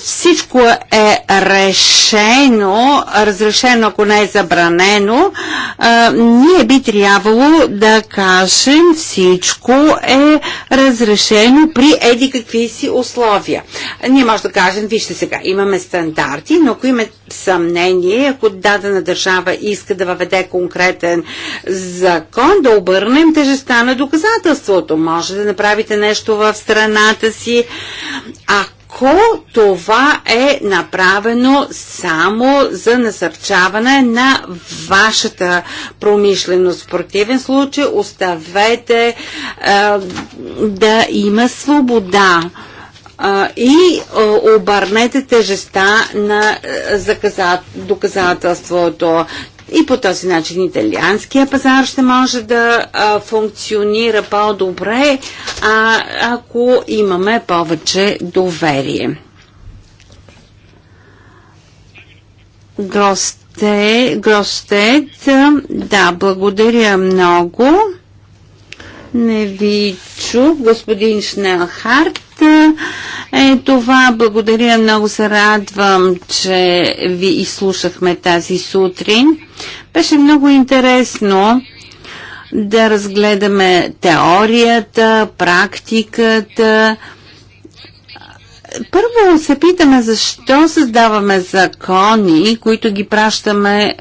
всичко е решено, разрешено, ако не е забранено, а, ние би трябвало да кажем всичко е разрешено при еди какви си условия. Ние може да кажем, вижте сега, имаме стандарти, но ако има съмнение, ако дадена държава иска да въведе конкретен закон, да обърнем тежеста на доказателството. Може да направите нещо в страната си, ако ако това е направено само за насърчаване на вашата промишленост. В противен случай оставете а, да има свобода и обърнете тежеста на доказателството. И по този начин италианския пазар ще може да а, функционира по-добре, а, ако имаме повече доверие. Гросте, Гростет, да, благодаря много. Не ви чу, господин Шнелхарт е това. Благодаря, много се радвам, че ви изслушахме тази сутрин. Беше много интересно да разгледаме теорията, практиката, първо се питаме защо създаваме закони, които ги пращаме е,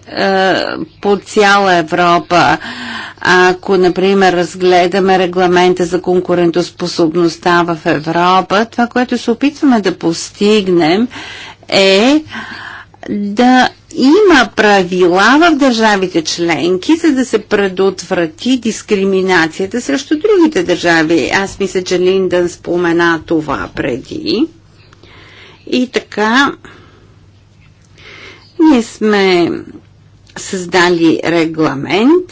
по цяла Европа. Ако, например, разгледаме регламента за конкурентоспособността в Европа, това, което се опитваме да постигнем е да има правила в държавите членки, за да се предотврати дискриминацията срещу другите държави. Аз мисля, че Линдън спомена това преди. И така, ние сме създали регламент.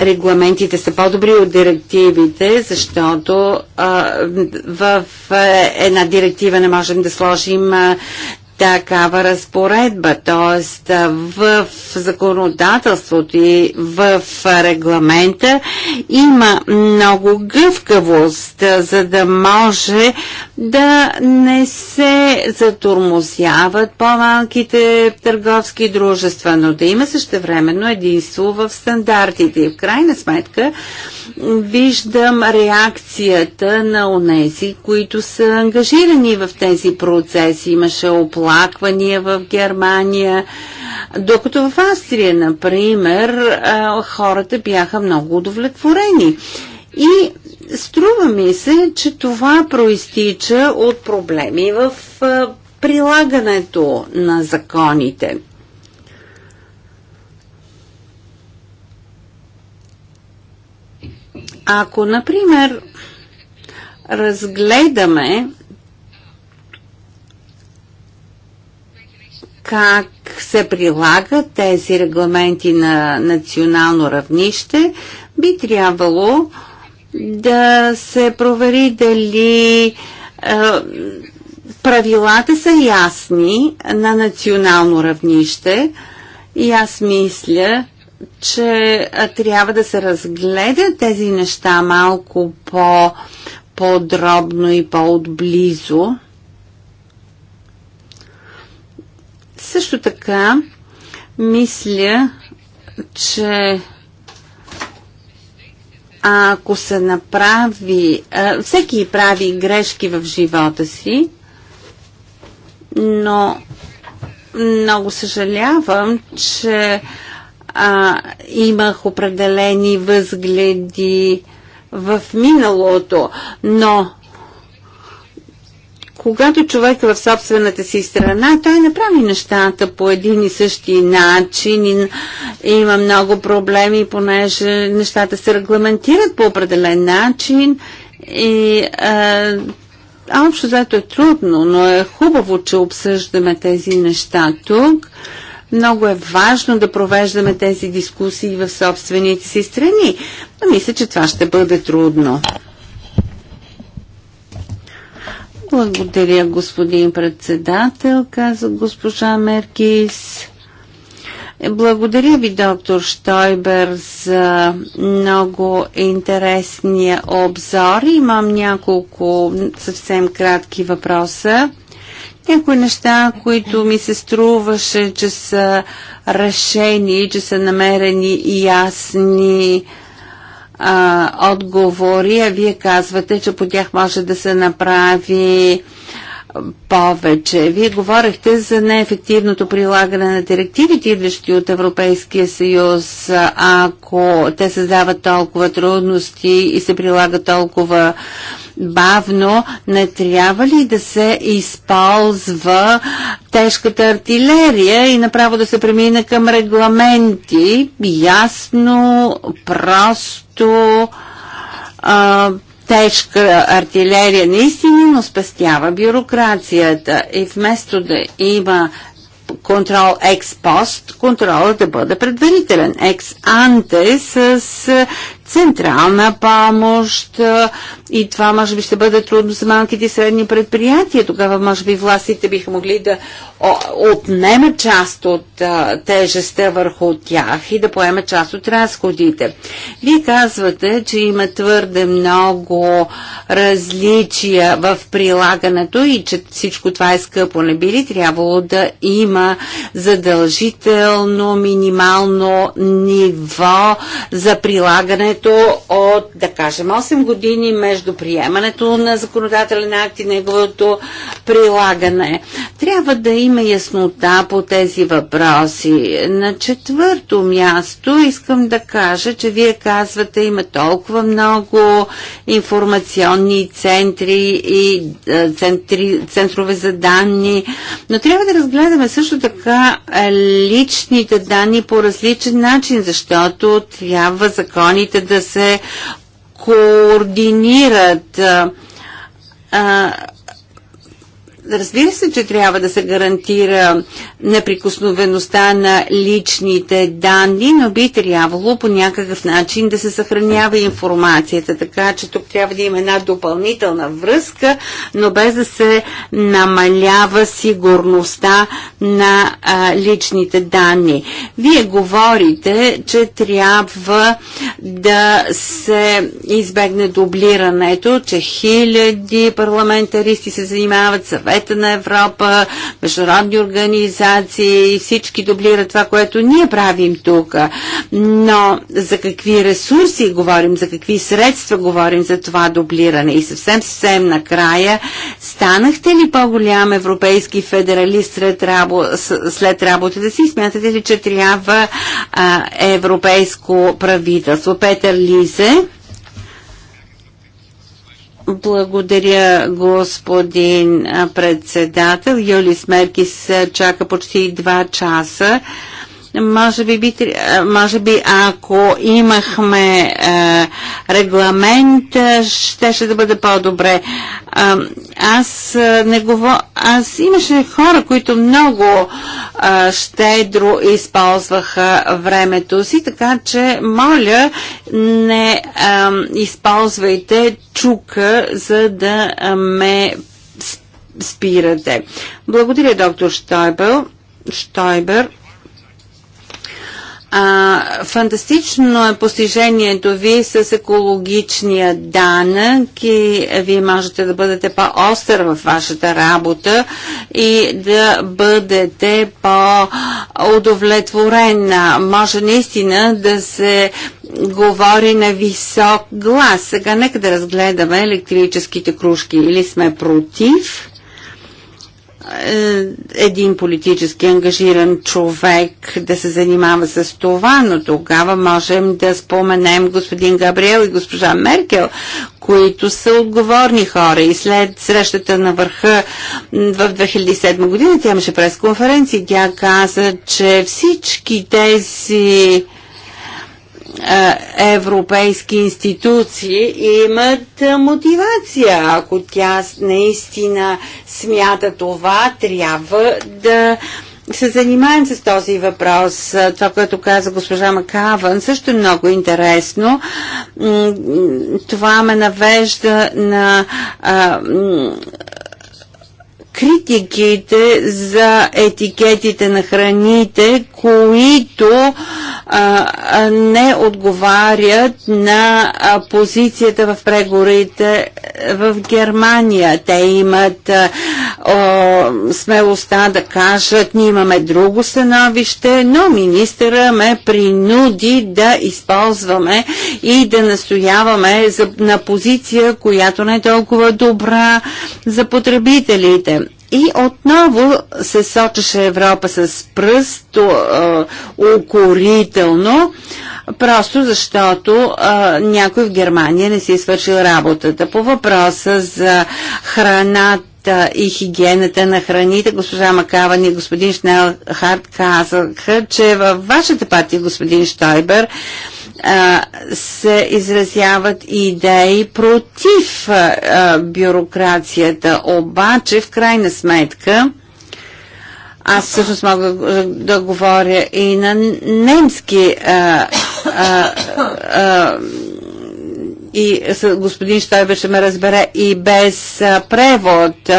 Регламентите са по-добри от директивите, защото а, в в е, една директива не можем да сложим а, такава разпоредба, т.е. в законодателството и в регламента има много гъвкавост, за да може да не се затурмосяват по-малките търговски дружества, но да има същевременно единство в стандартите. И в крайна сметка виждам реакцията на онези, които са ангажирани в тези процеси. Имаше оплакване оплаквания в Германия, докато в Австрия, например, хората бяха много удовлетворени. И струва ми се, че това проистича от проблеми в прилагането на законите. Ако, например, разгледаме как се прилагат тези регламенти на национално равнище, би трябвало да се провери дали е, правилата са ясни на национално равнище и аз мисля, че е, трябва да се разгледат тези неща малко по-подробно и по-отблизо. Също така, мисля, че ако се направи, а, всеки прави грешки в живота си, но много съжалявам, че а, имах определени възгледи в миналото, но когато човек е в собствената си страна, той не прави нещата по един и същи начин. И, има много проблеми, понеже нещата се регламентират по определен начин. И а, общо заето е трудно, но е хубаво, че обсъждаме тези неща тук. Много е важно да провеждаме тези дискусии в собствените си страни. Но мисля, че това ще бъде трудно. Благодаря, господин председател, каза госпожа Меркис. Благодаря ви, доктор Штойбер, за много интересния обзор. Имам няколко съвсем кратки въпроса. Някои неща, които ми се струваше, че са решени, че са намерени ясни а, отговори, а вие казвате, че по тях може да се направи повече. Вие говорихте за неефективното прилагане на директивите, идващи от Европейския съюз, ако те създават толкова трудности и се прилагат толкова бавно, не трябва ли да се използва тежката артилерия и направо да се премина към регламенти, ясно, просто, а, тежка артилерия наистина, но спестява бюрокрацията и вместо да има контрол екс пост, контролът да бъде предварителен. Екс анте с централна помощ и това може би ще бъде трудно за малките и средни предприятия. Тогава може би властите биха могли да отнемат част от тежестта върху тях и да поемат част от разходите. Вие казвате, че има твърде много различия в прилагането и че всичко това е скъпо. Не би ли трябвало да има задължително минимално ниво за прилагане времето от, да кажем, 8 години между приемането на законодателен акт и неговото прилагане. Трябва да има яснота по тези въпроси. На четвърто място искам да кажа, че вие казвате, има толкова много информационни центри и е, центри, центрове за данни, но трябва да разгледаме също така личните данни по различен начин, защото трябва законите да се координират а, Разбира се, че трябва да се гарантира неприкосновеността на личните данни, но би трябвало по някакъв начин да се съхранява информацията, така че тук трябва да има една допълнителна връзка, но без да се намалява сигурността на а, личните данни. Вие говорите, че трябва да се избегне дублирането, че хиляди парламентаристи се занимават съвет съвета на Европа, международни организации, всички дублират това, което ние правим тук. Но за какви ресурси говорим, за какви средства говорим за това дублиране? И съвсем, съвсем накрая, станахте ли по-голям европейски федералист след, рабо, след работата си? Смятате ли, че трябва а, европейско правителство? Петър Лизе? Благодаря, господин председател. Юлис Меркис чака почти два часа може би, би, може би ако имахме е, регламент, ще ще да бъде по-добре. Аз не говоря. Аз имаше хора, които много е, щедро използваха времето си, така че, моля, не е, използвайте чука, за да ме спирате. Благодаря, доктор Штойбел. Штойбер. А, фантастично е постижението ви с екологичния данък и вие можете да бъдете по-остър в вашата работа и да бъдете по-удовлетворена. Може наистина да се говори на висок глас. Сега нека да разгледаме електрическите кружки. Или сме против е, един политически ангажиран човек да се занимава с това, но тогава можем да споменем господин Габриел и госпожа Меркел, които са отговорни хора. И след срещата на върха в 2007 година тя имаше пресконференция. Тя каза, че всички тези е, европейски институции имат е, мотивация. Ако тя наистина смята това, трябва да се занимаем с този въпрос. Е, това, което каза госпожа Макаван, също е много интересно. Това ме навежда на критиките за етикетите на храните, които не отговарят на позицията в преговорите е, в Германия. Те имат смелостта да кажат, ние имаме друго становище, но министъра ме принуди да използваме и да настояваме на позиция, която не е толкова добра за потребителите. И отново се сочеше Европа с пръст а, укорително, просто защото а, някой в Германия не си е свършил работата. По въпроса за храната и хигиената на храните. Госпожа Макаван и господин Шнелхарт казаха, че във вашата партия, господин Штойбер, а, се изразяват идеи против а, бюрокрацията. Обаче, в крайна сметка, аз всъщност мога да говоря и на немски. А, а, а, и господин Штойбе ще ме разбере и без превод.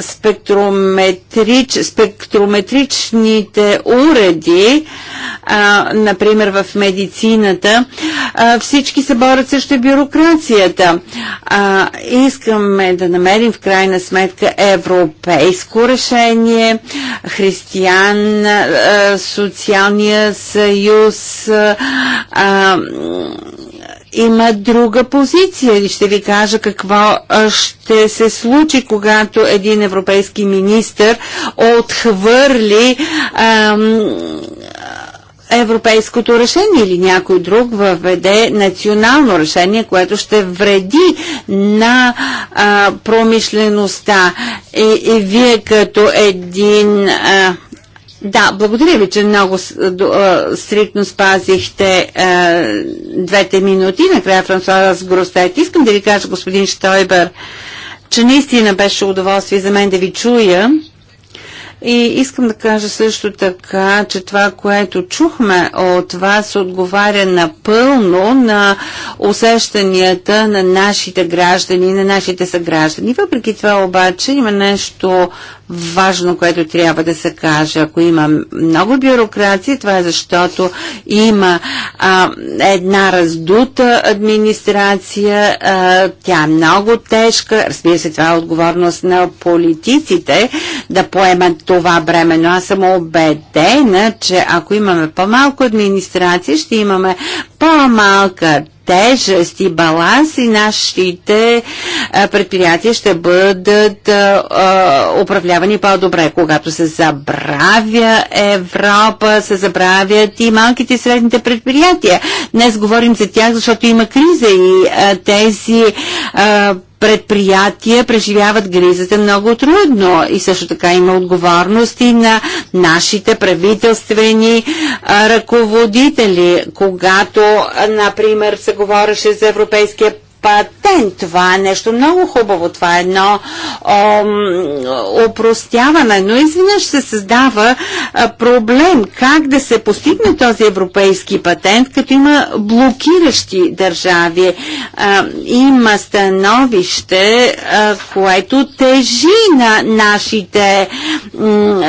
спектрометрич, спектрометричните уреди, а, например в медицината, а, всички се борят срещу бюрокрацията. А, искаме да намерим в крайна сметка европейско решение, християн, а, социалния съюз, а, има друга позиция. И ще ви кажа какво ще се случи, когато един европейски министр отхвърли ам, европейското решение или някой друг въведе национално решение, което ще вреди на а, промишлеността. И, и вие като един а, да, благодаря ви, че много е, е, стриктно спазихте е, двете минути. Накрая с Гростет. Искам да ви кажа, господин Штойбер, че наистина беше удоволствие за мен да ви чуя. И искам да кажа също така, че това, което чухме от вас, отговаря напълно на усещанията на нашите граждани, на нашите съграждани. Въпреки това обаче има нещо важно, което трябва да се каже. Ако има много бюрокрация, това е защото има а, една раздута администрация, а, тя е много тежка. Разбира се, това е отговорност на политиците да поемат това бреме, но аз съм убедена, че ако имаме по-малко администрация, ще имаме по-малка тежест и баланс и нашите предприятия ще бъдат управлявани по-добре. Когато се забравя Европа, се забравят и малките и средните предприятия. Днес говорим за тях, защото има криза и тези предприятия преживяват гризата много трудно и също така има отговорности на нашите правителствени ръководители. Когато, например, се говореше за Европейския патент. Това е нещо много хубаво. Това е едно опростяване. Но изведнъж се създава а, проблем как да се постигне този европейски патент, като има блокиращи държави. А, има становище, а, което тежи на нашите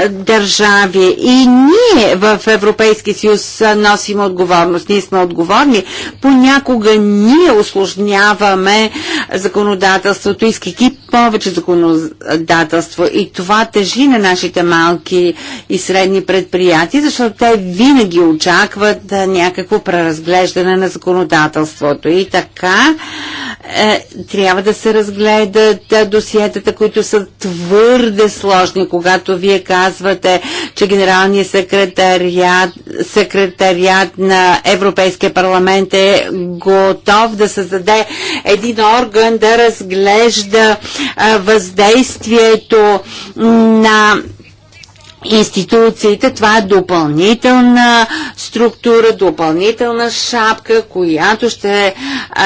държави. И ние в Европейския съюз носим отговорност. Ние сме отговорни. Понякога ние осложняваме разширяваме законодателството, искайки повече законодателство. И това тежи на нашите малки и средни предприятия, защото те винаги очакват някакво преразглеждане на законодателството. И така, е, трябва да се разгледат досиетата, които са твърде сложни, когато вие казвате, че генералният секретариат, секретарият на Европейския парламент е готов да създаде един орган да разглежда е, въздействието на институциите. Това е допълнителна структура, допълнителна шапка, която ще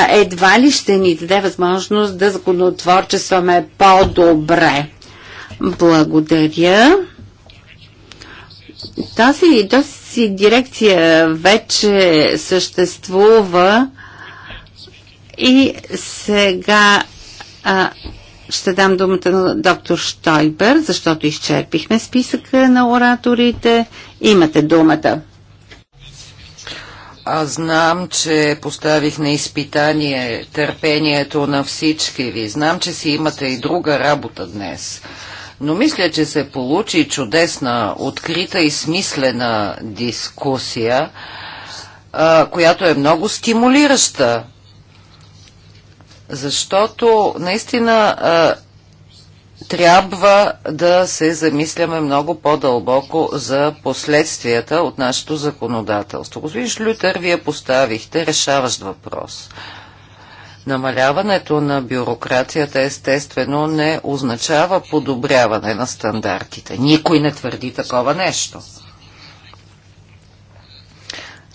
едва ли ще ни даде възможност да законотворчестваме по-добре. Благодаря. Тази, тази дирекция вече съществува и сега а, ще дам думата на доктор Штойбер, защото изчерпихме списъка на ораторите. Имате думата. Аз знам, че поставих на изпитание търпението на всички ви. Знам, че си имате и друга работа днес. Но мисля, че се получи чудесна, открита и смислена дискусия, която е много стимулираща защото наистина а, трябва да се замисляме много по-дълбоко за последствията от нашето законодателство. Господин Шлютер, вие поставихте решаващ въпрос. Намаляването на бюрокрацията естествено не означава подобряване на стандартите. Никой не твърди такова нещо.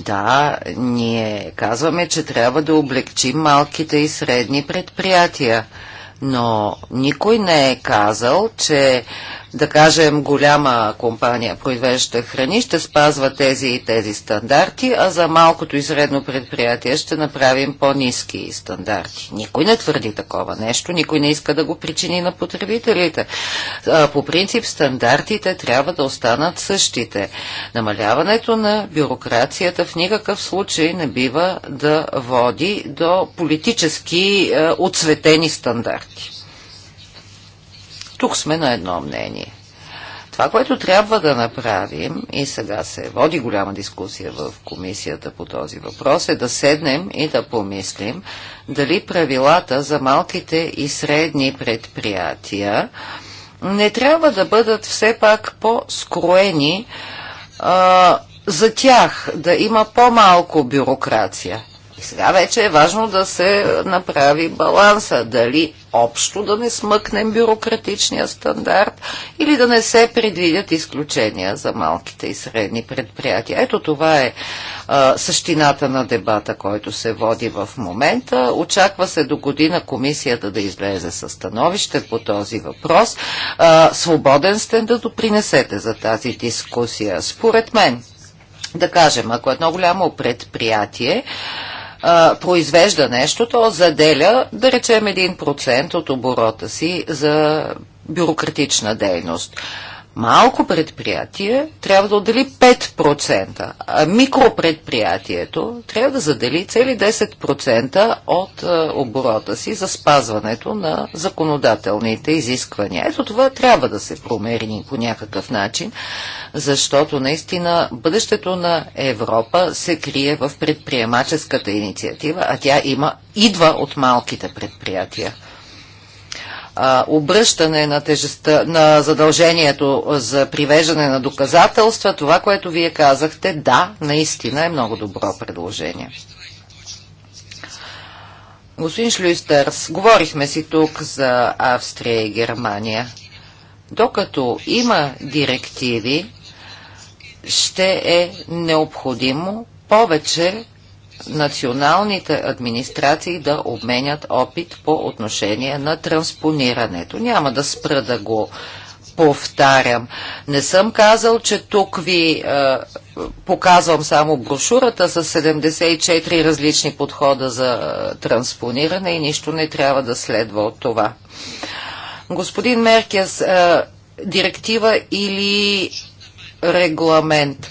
Да, ние казваме, че трябва да облегчим малките и средни предприятия, но никой не е казал, че да кажем, голяма компания произвежда храни, ще спазва тези и тези стандарти, а за малкото и средно предприятие ще направим по-низки стандарти. Никой не твърди такова нещо, никой не иска да го причини на потребителите. По принцип стандартите трябва да останат същите. Намаляването на бюрокрацията в никакъв случай не бива да води до политически отцветени стандарти. Тук сме на едно мнение. Това, което трябва да направим, и сега се води голяма дискусия в комисията по този въпрос, е да седнем и да помислим дали правилата за малките и средни предприятия не трябва да бъдат все пак по-скроени за тях, да има по-малко бюрокрация. И сега вече е важно да се направи баланса. Дали общо да не смъкнем бюрократичния стандарт или да не се предвидят изключения за малките и средни предприятия. Ето това е а, същината на дебата, който се води в момента. Очаква се до година комисията да излезе със становище по този въпрос. А, свободен сте да допринесете за тази дискусия. Според мен, да кажем, ако едно голямо предприятие а, произвежда нещо, то заделя, да речем, 1% от оборота си за бюрократична дейност малко предприятие трябва да отдели 5%, а микропредприятието трябва да задели цели 10% от е, оборота си за спазването на законодателните изисквания. Ето това трябва да се промери по някакъв начин, защото наистина бъдещето на Европа се крие в предприемаческата инициатива, а тя има, идва от малките предприятия обръщане на, тежеста, на задължението за привеждане на доказателства, това, което вие казахте, да, наистина е много добро предложение. Господин Шлюстерс, говорихме си тук за Австрия и Германия. Докато има директиви, ще е необходимо повече националните администрации да обменят опит по отношение на транспонирането. Няма да спра да го повтарям. Не съм казал, че тук ви е, показвам само брошурата с 74 различни подхода за е, транспониране и нищо не трябва да следва от това. Господин Меркес, е, директива или регламент?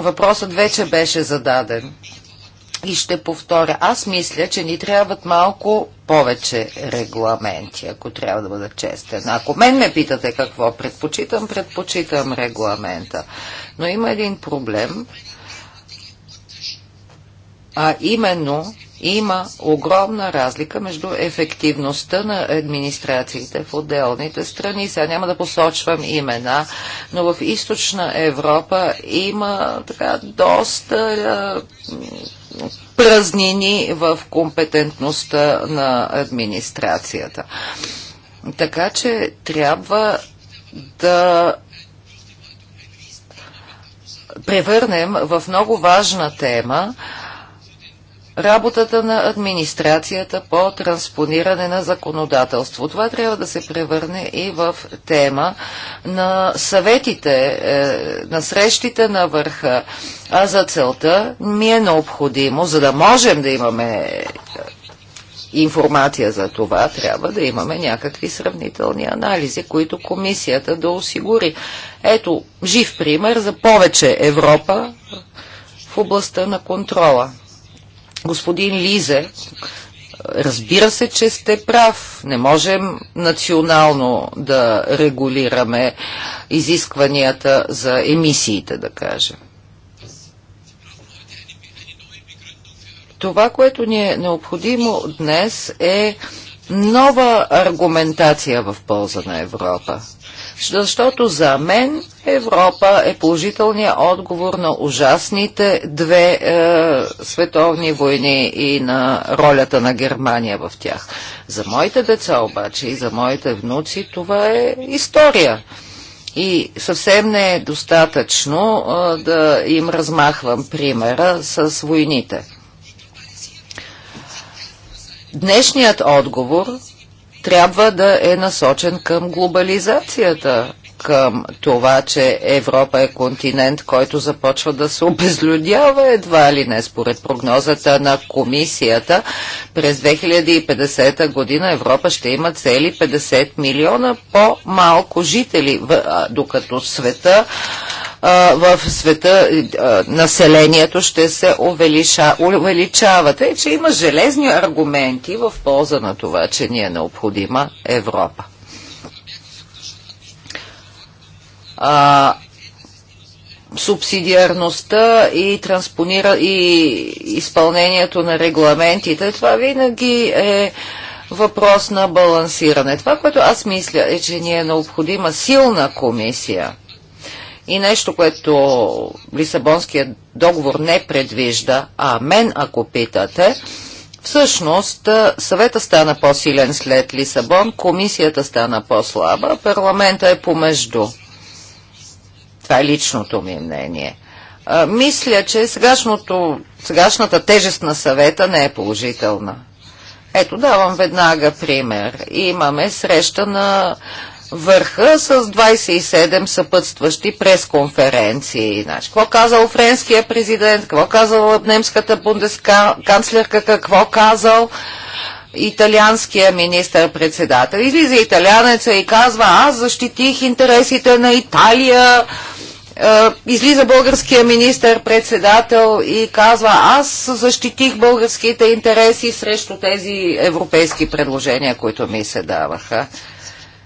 Въпросът вече беше зададен. И ще повторя, аз мисля, че ни трябват малко повече регламенти, ако трябва да бъда честен. Ако мен ме питате какво предпочитам, предпочитам регламента. Но има един проблем, а именно има огромна разлика между ефективността на администрациите в отделните страни. Сега няма да посочвам имена, но в източна Европа има така доста празнини в компетентността на администрацията. Така че трябва да превърнем в много важна тема работата на администрацията по транспониране на законодателство. Това трябва да се превърне и в тема на съветите, е, на срещите на върха. А за целта ми е необходимо, за да можем да имаме информация за това, трябва да имаме някакви сравнителни анализи, които комисията да осигури. Ето, жив пример за повече Европа в областта на контрола господин Лизе, разбира се, че сте прав. Не можем национално да регулираме изискванията за емисиите, да кажем. Това, което ни е необходимо днес е нова аргументация в полза на Европа. Защото за мен Европа е положителният отговор на ужасните две е, световни войни и на ролята на Германия в тях. За моите деца обаче и за моите внуци това е история. И съвсем не е достатъчно е, да им размахвам примера с войните. Днешният отговор трябва да е насочен към глобализацията, към това, че Европа е континент, който започва да се обезлюдява едва ли не. Според прогнозата на комисията, през 2050 година Европа ще има цели 50 милиона по-малко жители, докато света в света населението ще се увеличава. Тъй, че има железни аргументи в полза на това, че ни е необходима Европа. А, субсидиарността и, транспонира, и изпълнението на регламентите, това винаги е въпрос на балансиране. Това, което аз мисля, е, че ни е необходима силна комисия – и нещо, което Лисабонският договор не предвижда, а мен, ако питате, Всъщност, съвета стана по-силен след Лисабон, комисията стана по-слаба, парламента е помежду. Това е личното ми мнение. мисля, че сегашната тежест на съвета не е положителна. Ето, давам веднага пример. Имаме среща на върха с 27 съпътстващи пресконференции. Значи, какво казал френския президент, какво казал немската бундесканцлерка, какво казал италианския министър-председател. Излиза италянеца и казва, аз защитих интересите на Италия, е, излиза българския министър-председател и казва аз защитих българските интереси срещу тези европейски предложения, които ми се даваха.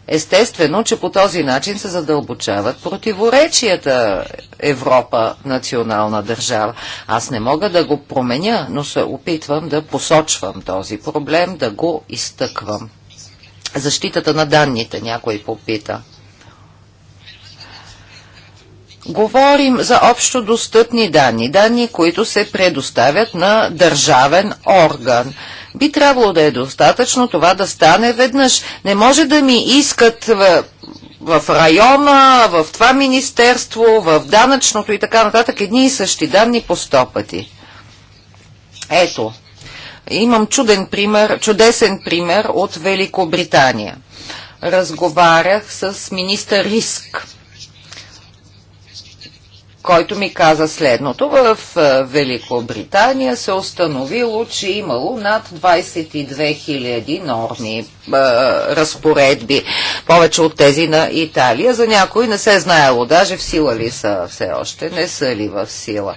Естествено, че по този начин се задълбочават противоречията Европа национална държава. Аз не мога да го променя, но се опитвам да посочвам този проблем, да го изтъквам. Защитата на данните, някой попита. Говорим за общо достъпни данни, данни, които се предоставят на държавен орган. Би трябвало да е достатъчно това да стане веднъж. Не може да ми искат в, в района, в това министерство, в данъчното и така нататък едни и същи данни по сто пъти. Ето, имам чуден пример, чудесен пример от Великобритания. Разговарях с министър Риск който ми каза следното. В е, Великобритания се е установило, че е имало над 22 000 норми, разпоредби, повече от тези на Италия. За някои не се знаело даже в сила ли са все още, не са ли в сила.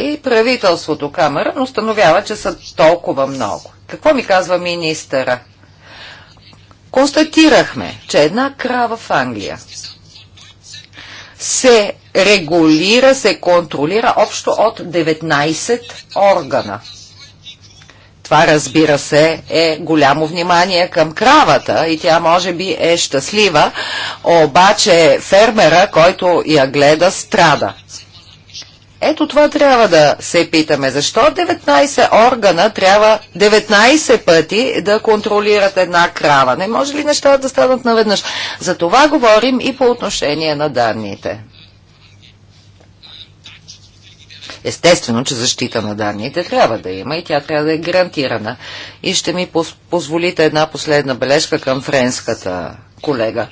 и правителството Камерън установява, че са толкова много. Какво ми казва министъра? Констатирахме, че една крава в Англия се регулира, се контролира общо от 19 органа. Това, разбира се, е голямо внимание към кравата и тя може би е щастлива, обаче фермера, който я гледа, страда. Ето това трябва да се питаме. Защо 19 органа трябва 19 пъти да контролират една крава? Не може ли нещата да станат наведнъж? За това говорим и по отношение на данните. Естествено, че защита на данните трябва да има и тя трябва да е гарантирана. И ще ми позволите една последна бележка към френската колега.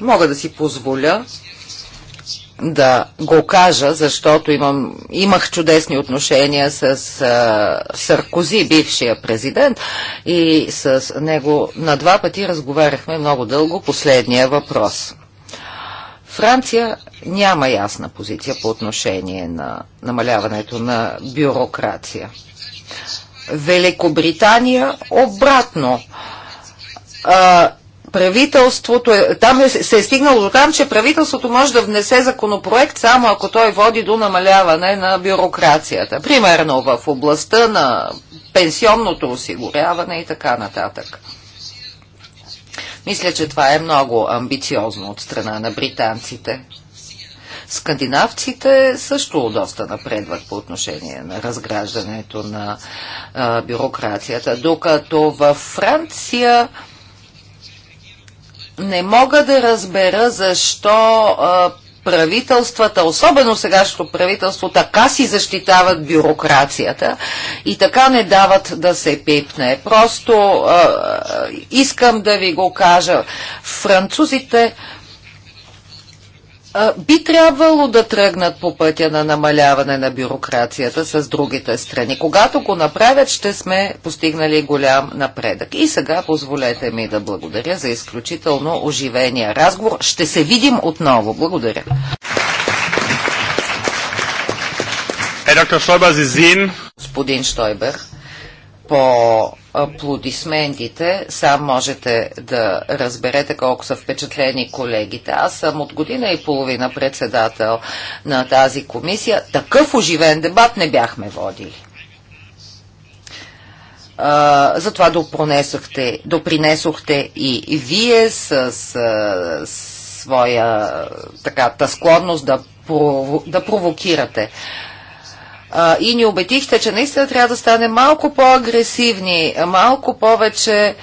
Мога да си позволя да го кажа, защото имам, имах чудесни отношения с а, Саркози, бившия президент, и с него на два пъти разговаряхме много дълго последния въпрос. Франция няма ясна позиция по отношение на намаляването на бюрокрация. Великобритания обратно. А, правителството, е, там е, се е стигнало до там, че правителството може да внесе законопроект само ако той води до намаляване на бюрокрацията. Примерно в областта на пенсионното осигуряване и така нататък. Мисля, че това е много амбициозно от страна на британците. Скандинавците също доста напредват по отношение на разграждането на а, бюрокрацията, докато във Франция не мога да разбера защо а, правителствата, особено сегашното правителство, така си защитават бюрокрацията и така не дават да се пипне. Просто а, искам да ви го кажа. Французите би трябвало да тръгнат по пътя на намаляване на бюрокрацията с другите страни. Когато го направят, ще сме постигнали голям напредък. И сега позволете ми да благодаря за изключително оживения разговор. Ще се видим отново. Благодаря. Господин Штойбер, по аплодисментите, сам можете да разберете колко са впечатлени колегите. Аз съм от година и половина председател на тази комисия. Такъв оживен дебат не бяхме водили. А, затова допринесохте и вие с, с своя така, склонност да, прово, да провокирате а, и ни убедихте, че наистина трябва да стане малко по-агресивни, малко повече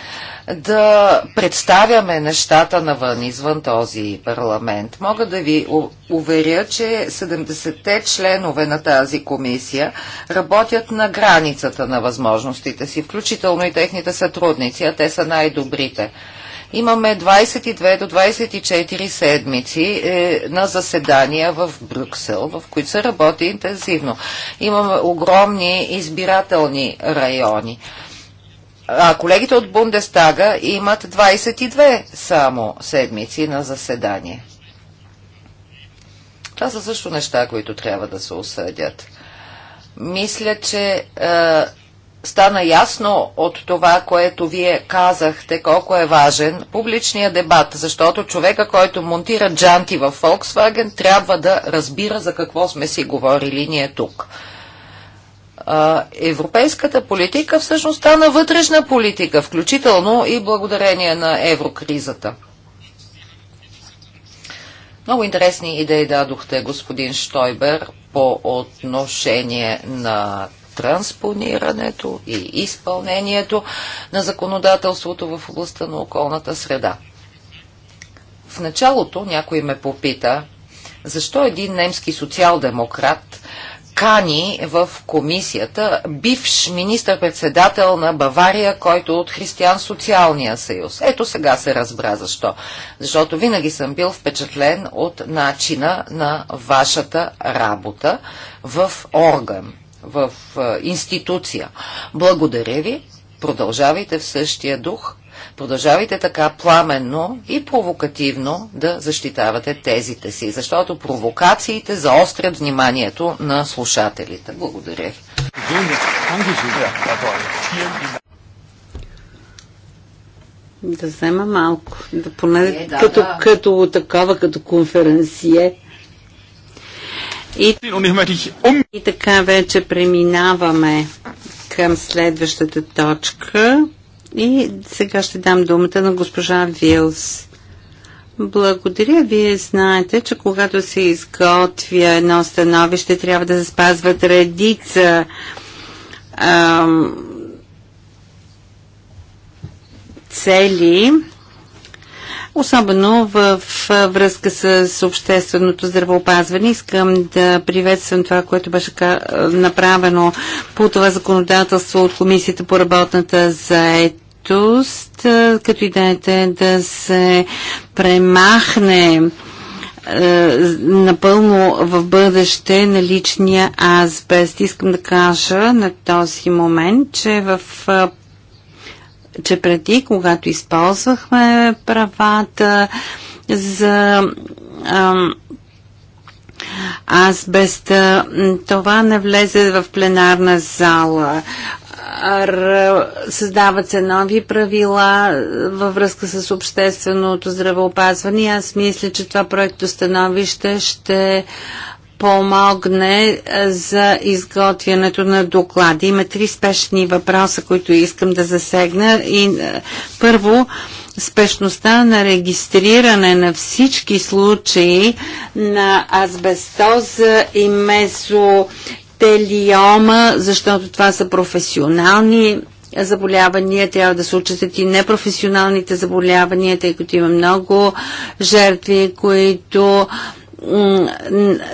да представяме нещата навън, извън този парламент. Мога да ви уверя, че 70-те членове на тази комисия работят на границата на възможностите си, включително и техните сътрудници, а те са най-добрите. Имаме 22 до 24 седмици е, на заседания в Брюксел, в които се работи интензивно. Имаме огромни избирателни райони. А колегите от Бундестага имат 22 само седмици на заседание. Това са също неща, които трябва да се осъдят. Мисля, че е, стана ясно от това, което вие казахте, колко е важен публичния дебат, защото човека, който монтира джанти в Volkswagen, трябва да разбира за какво сме си говорили ние тук. европейската политика всъщност стана вътрешна политика, включително и благодарение на еврокризата. Много интересни идеи дадохте, господин Штойбер, по отношение на транспонирането и изпълнението на законодателството в областта на околната среда. В началото някой ме попита, защо един немски социал-демократ кани в комисията бивш министър-председател на Бавария, който от Християн-социалния съюз. Ето сега се разбра защо. Защото винаги съм бил впечатлен от начина на вашата работа в орган в институция. Благодаря ви, продължавайте в същия дух, продължавайте така пламенно и провокативно да защитавате тезите си, защото провокациите заострят вниманието на слушателите. Благодаря ви. Да взема малко. Да поне е, да, като, да. като такава, като конференция. И, um- и така вече преминаваме към следващата точка. И сега ще дам думата на госпожа Вилс. Благодаря. Вие знаете, че когато се изготвя едно становище, трябва да се спазват редица ам, цели особено в връзка с общественото здравеопазване. Искам да приветствам това, което беше направено по това законодателство от Комисията по работната заетост, е, като идеята е да се премахне е, напълно в бъдеще на личния азбест. Искам да кажа на този момент, че в е, че преди, когато използвахме правата за азбеста, това не влезе в пленарна зала. Създават се нови правила във връзка с общественото здравеопазване. Аз мисля, че това проекто становище ще помогне за изготвянето на доклади. Има три спешни въпроса, които искам да засегна. И, първо, спешността на регистриране на всички случаи на азбестоза и мезотелиома, защото това са професионални заболявания, трябва да се учат и непрофесионалните заболявания, тъй като има много жертви, които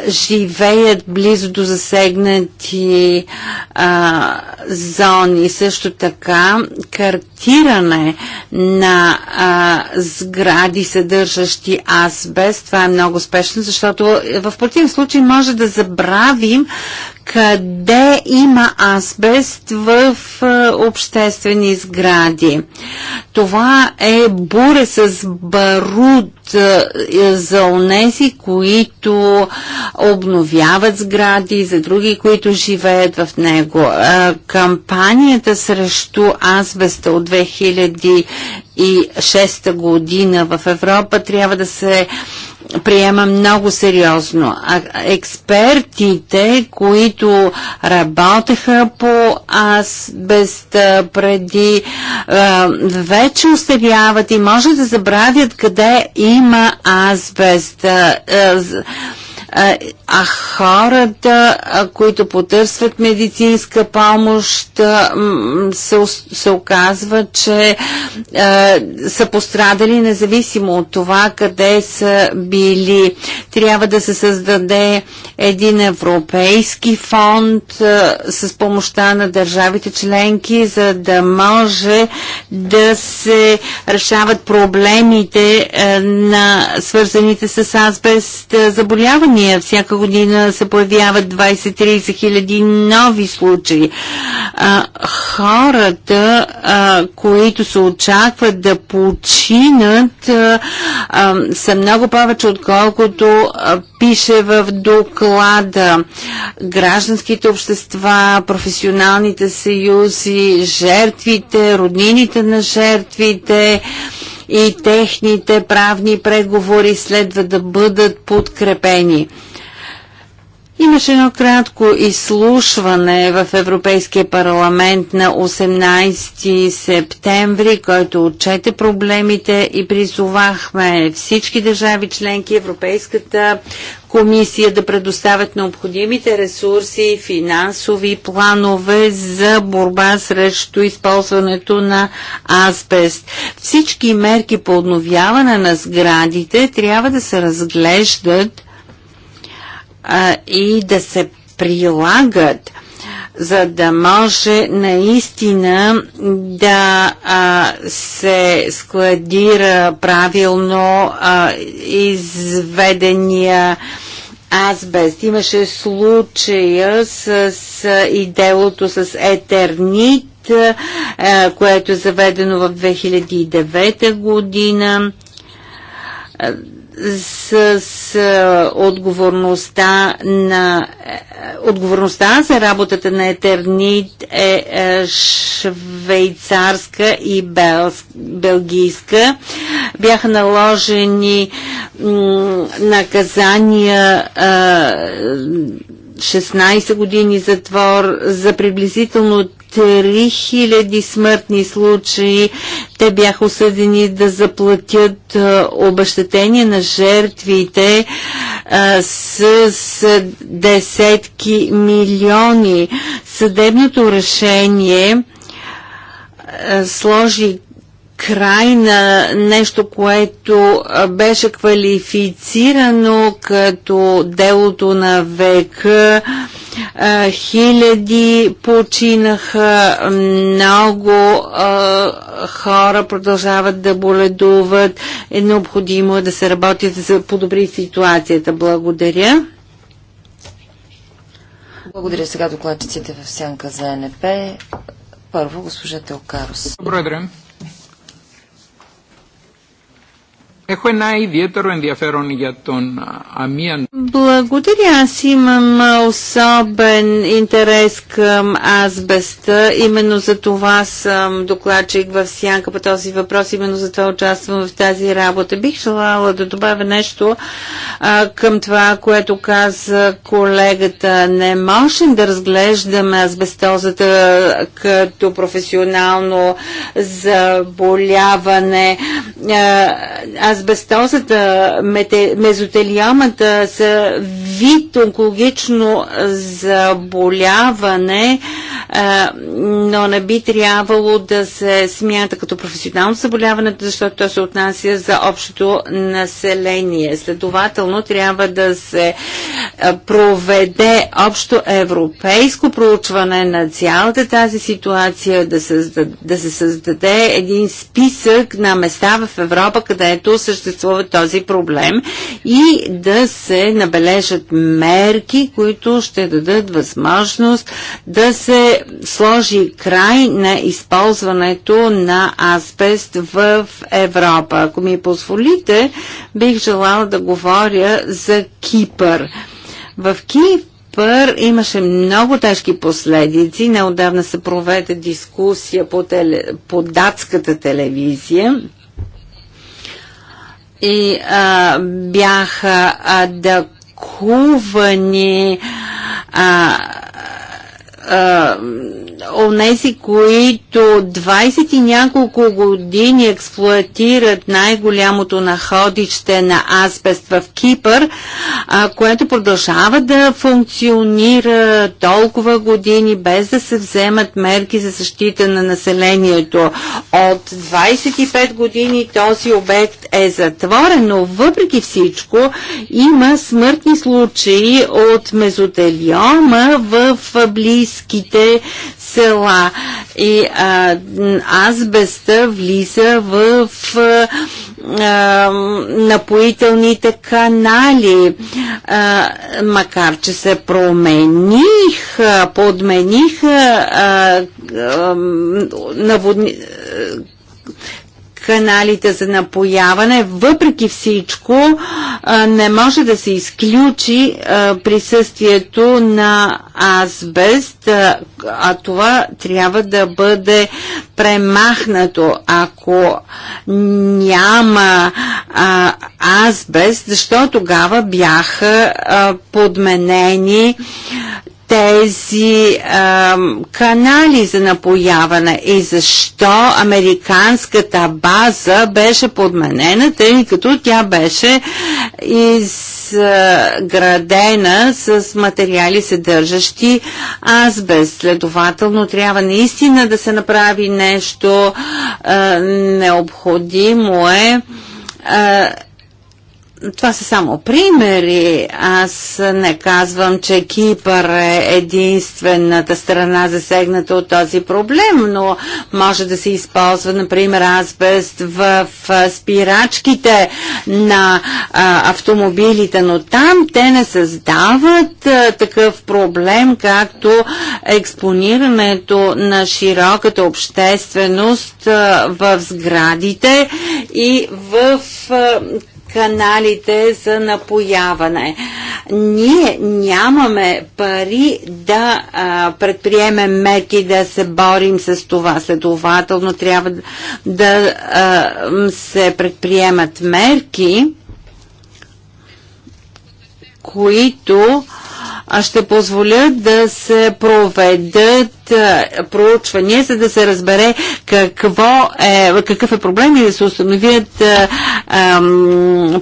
живеят близо до засегнати а, зони. Също така картиране на а, сгради, съдържащи азбест. Това е много спешно, защото в противен случай може да забравим къде има азбест в е, обществени сгради. Това е буре с барут е, за онези, които обновяват сгради, за други, които живеят в него. Е, кампанията срещу азбеста от 2006 година в Европа трябва да се приема много сериозно. А, експертите, които работеха по азбест преди, вече устаряват и може да забравят къде има азбест а хората, които потърсват медицинска помощ, се, се оказва, че е, са пострадали независимо от това къде са били. Трябва да се създаде един европейски фонд е, с помощта на държавите членки, за да може да се решават проблемите е, на свързаните с азбест заболявания. Всяка година се появяват 20-30 хиляди нови случаи. А, хората, а, които се очакват да починат, а, а, са много повече, отколкото а, пише в доклада. Гражданските общества, професионалните съюзи, жертвите, роднините на жертвите, и техните правни преговори следва да бъдат подкрепени. Имаше едно кратко изслушване в Европейския парламент на 18 септември, който отчете проблемите и призовахме всички държави членки, Европейската комисия да предоставят необходимите ресурси, финансови планове за борба срещу използването на азбест. Всички мерки по обновяване на сградите трябва да се разглеждат а, и да се прилагат, за да може наистина да а, се складира правилно а, изведения азбест. Имаше случая с, с и делото с етернит, което е заведено в 2009 година с, с е, отговорността на е, отговорността за работата на Етернит е, швейцарска и бел, белгийска. Бяха наложени наказания е, 16 години затвор за приблизително 3000 смъртни случаи. Те бяха осъдени да заплатят обещатение на жертвите с, с десетки милиони. Съдебното решение сложи край на нещо, което беше квалифицирано като делото на века. Хиляди починаха, много хора продължават да боледуват. Е необходимо е да се работи да се подобри ситуацията. Благодаря. Благодаря сега докладчиците в сянка за НП. Първо, госпожа Телкарос. Добре. Έχω ένα ιδιαίτερο ενδιαφέρον για τον αμίαν. Благодаря, аз имам особен интерес към азбеста. Именно за това съм докладчик в сянка по този въпрос. Именно за това участвам в тази работа. Бих желала да добавя нещо а, към това, което каза колегата. Не можем да разглеждаме азбестозата като професионално заболяване. А, аз Азбестозата, мезотелиамата са вид онкологично заболяване, е, но не би трябвало да се смята като професионално заболяване, защото то се отнася за общото население. Следователно трябва да се е, проведе общо европейско проучване на цялата тази ситуация, да се, да се създаде един списък на места в Европа, където се съществува този проблем и да се набележат мерки, които ще дадат възможност да се сложи край на използването на асбест в Европа. Ако ми позволите, бих желала да говоря за Кипър. В Кипър имаше много тежки последици. Неодавна се проведе дискусия по, теле, по датската телевизия и а, бяха адакувани а, онези, които 20 и няколко години експлуатират най-голямото находище на азбест в Кипър, а, което продължава да функционира толкова години без да се вземат мерки за защита на населението. От 25 години този обект е затворен, но въпреки всичко има смъртни случаи от мезотелиома в близ селските села. И а, азбеста влиза в а, а, напоителните канали, а, макар че се промениха, подмениха а, а, наводни каналите за напояване. Въпреки всичко не може да се изключи присъствието на азбест, а това трябва да бъде премахнато. Ако няма азбест, защо тогава бяха подменени тези а, канали за напояване и защо американската база беше подменена, тъй като тя беше изградена с материали съдържащи азбест. Следователно трябва наистина да се направи нещо а, необходимо е а, това са само примери. Аз не казвам, че Кипър е единствената страна засегната от този проблем, но може да се използва, например, азбест в, спирачките на а, автомобилите, но там те не създават а, такъв проблем, както експонирането на широката общественост а, в сградите и в а, каналите за напояване. Ние нямаме пари да а, предприемем мерки да се борим с това. Следователно трябва да а, се предприемат мерки, които ще позволя да се проведат проучвания, за да се разбере какво е, какъв е проблем и да се установят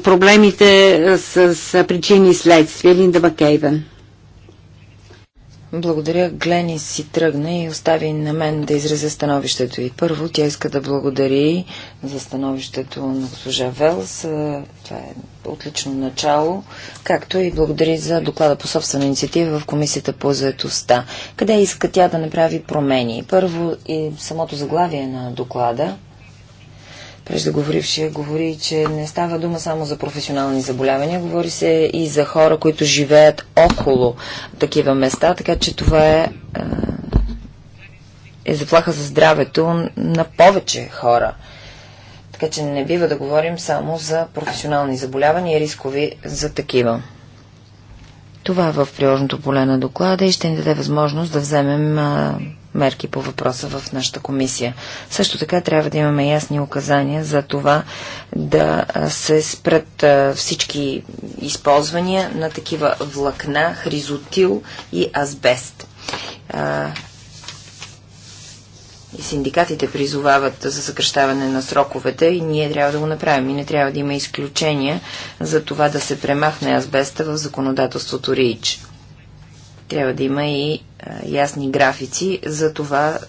проблемите с, с причини и следствия. Линда Макейвен. Благодаря. Глени си тръгна и остави на мен да изразя становището и първо тя иска да благодари за становището на госпожа Велс. Това е отлично начало, както и благодари за доклада по собствена инициатива в Комисията по заедостта. Къде иска тя да направи промени? Първо и самото заглавие на доклада, Преждеговорившия говори, че не става дума само за професионални заболявания, говори се и за хора, които живеят около такива места, така че това е, е, е заплаха за здравето на повече хора. Така че не бива да говорим само за професионални заболявания и рискови за такива. Това е в приложното поле на доклада и ще ни даде възможност да вземем мерки по въпроса в нашата комисия. Също така трябва да имаме ясни указания за това да се спрат всички използвания на такива влакна, хризотил и азбест и синдикатите призовават за съкръщаване на сроковете и ние трябва да го направим. И не трябва да има изключения за това да се премахне азбеста в законодателството РИЧ. Трябва да има и ясни графици за това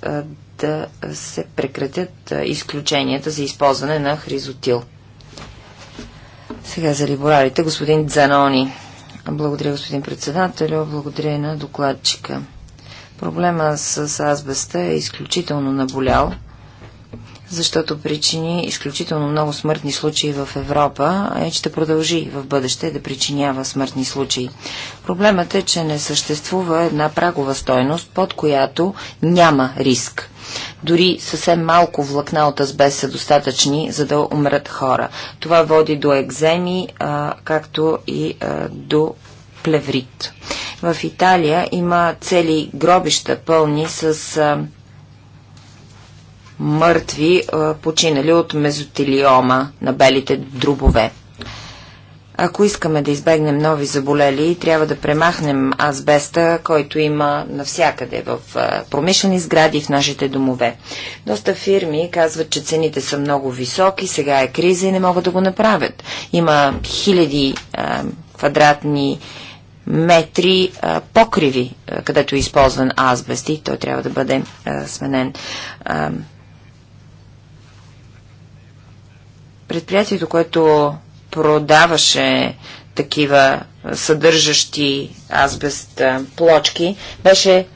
да се прекратят изключенията за използване на хризотил. Сега за либоралите, господин Дзанони. Благодаря, господин председател, благодаря на докладчика. Проблема с азбеста е изключително наболял защото причини изключително много смъртни случаи в Европа и е, ще продължи в бъдеще да причинява смъртни случаи. Проблемът е, че не съществува една прагова стойност, под която няма риск. Дори съвсем малко влакна от азбест са достатъчни, за да умрат хора. Това води до екземи, а, както и а, до плеврит. В Италия има цели гробища пълни с а, мъртви, е, починали от мезотелиома на белите дробове. Ако искаме да избегнем нови заболели, трябва да премахнем азбеста, който има навсякъде в е, промишлени сгради в нашите домове. Доста фирми казват, че цените са много високи, сега е криза и не могат да го направят. Има хиляди а, е, квадратни метри а, покриви, а, където е използван азбест и той трябва да бъде а, сменен. А, Предприятието, което продаваше такива съдържащи азбест плочки, беше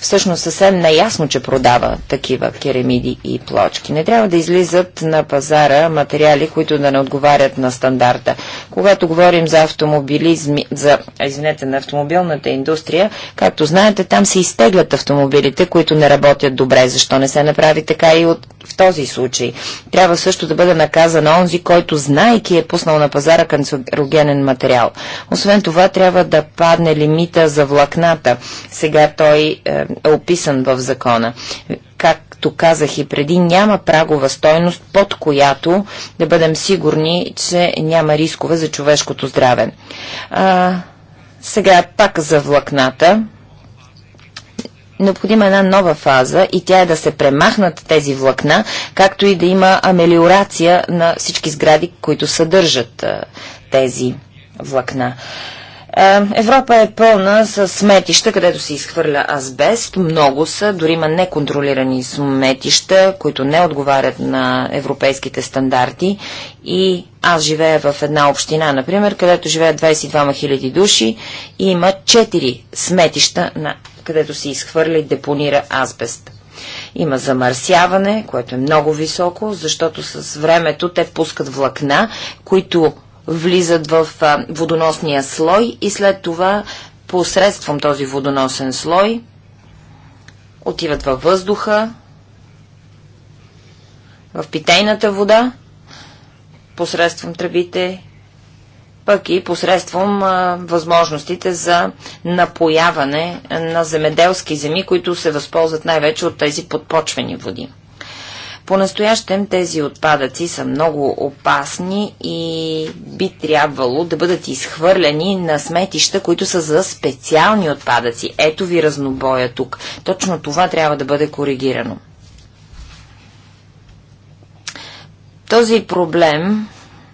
всъщност съвсем неясно, че продава такива керамиди и плочки. Не трябва да излизат на пазара материали, които да не отговарят на стандарта. Когато говорим за автомобилизм, за, извинете, на автомобилната индустрия, както знаете, там се изтеглят автомобилите, които не работят добре. Защо не се направи така и от, в този случай? Трябва също да бъде наказан онзи, който знайки е пуснал на пазара канцерогенен материал. Освен това, трябва да падне лимита за влакната. Сега той е, е описан в закона. Както казах и преди, няма прагова стойност, под която да бъдем сигурни, че няма рискове за човешкото здраве. А, сега пак за влакната. Необходима е една нова фаза и тя е да се премахнат тези влакна, както и да има амелиорация на всички сгради, които съдържат а, тези влакна. Е, Европа е пълна с сметища, където се изхвърля азбест. Много са, дори има неконтролирани сметища, които не отговарят на европейските стандарти. И аз живея в една община, например, където живеят 22 000 души и има 4 сметища, където се изхвърля и депонира азбест. Има замърсяване, което е много високо, защото с времето те пускат влакна, които влизат в водоносния слой и след това посредством този водоносен слой отиват във въздуха, в питейната вода, посредством тръбите, пък и посредством а, възможностите за напояване на земеделски земи, които се възползват най-вече от тези подпочвени води. По-настоящем тези отпадъци са много опасни и би трябвало да бъдат изхвърлени на сметища, които са за специални отпадъци. Ето ви разнобоя тук. Точно това трябва да бъде коригирано. Този проблем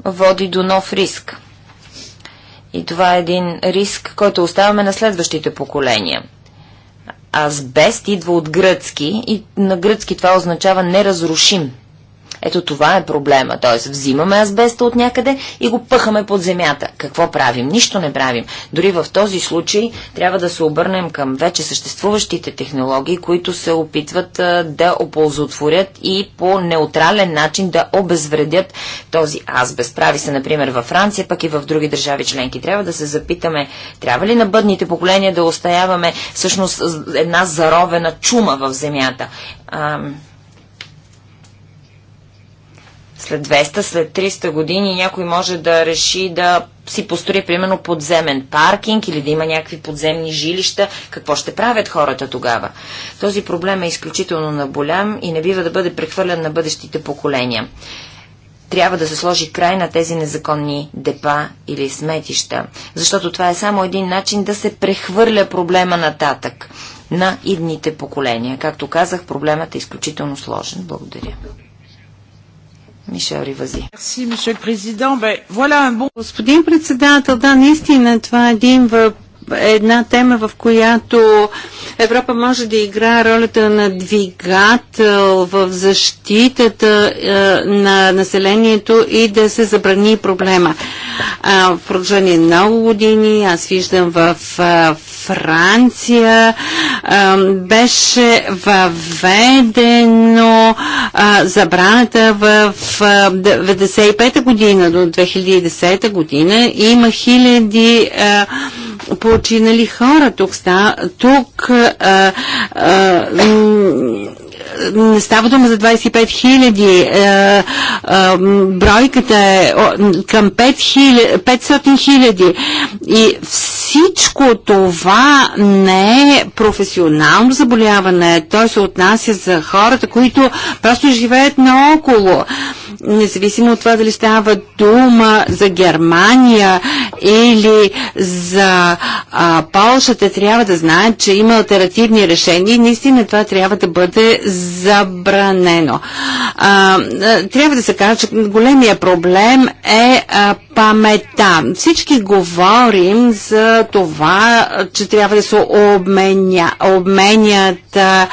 води до нов риск. И това е един риск, който оставяме на следващите поколения – Азбест идва от гръцки и на гръцки това означава неразрушим. Ето това е проблема. Т.е. взимаме азбеста от някъде и го пъхаме под земята. Какво правим? Нищо не правим. Дори в този случай трябва да се обърнем към вече съществуващите технологии, които се опитват а, да оползотворят и по неутрален начин да обезвредят този азбест. Прави се, например, във Франция, пък и в други държави членки. Трябва да се запитаме, трябва ли на бъдните поколения да устаяваме всъщност една заровена чума в земята? Um след 200, след 300 години някой може да реши да си построи, примерно, подземен паркинг или да има някакви подземни жилища. Какво ще правят хората тогава? Този проблем е изключително наболям и не бива да бъде прехвърлен на бъдещите поколения. Трябва да се сложи край на тези незаконни депа или сметища, защото това е само един начин да се прехвърля проблема нататък на идните поколения. Както казах, проблемът е изключително сложен. Благодаря. Мишел Ривази. Господин председател, да, наистина това е един въпрос една тема, в която Европа може да играе ролята на двигател в защитата е, на населението и да се забрани проблема. А, е, в продължение много години, аз виждам в а, е, Франция, а, е, беше въведено а, забраната в 1995 година до 2010 година. Има хиляди а, починали хора. Тук, ста, тук а, а, не става дума за 25 хиляди. Е, е, бройката е към 500 хиляди. И всичко това не е професионално заболяване. Той се отнася за хората, които просто живеят наоколо. Независимо от това дали става дума за Германия или за а, Полша, те трябва да знаят, че има альтернативни решения и наистина това трябва да бъде за забранено. А, трябва да се каже, че големия проблем е а, памета. Всички говорим за това, че трябва да се обменя, обменят, а,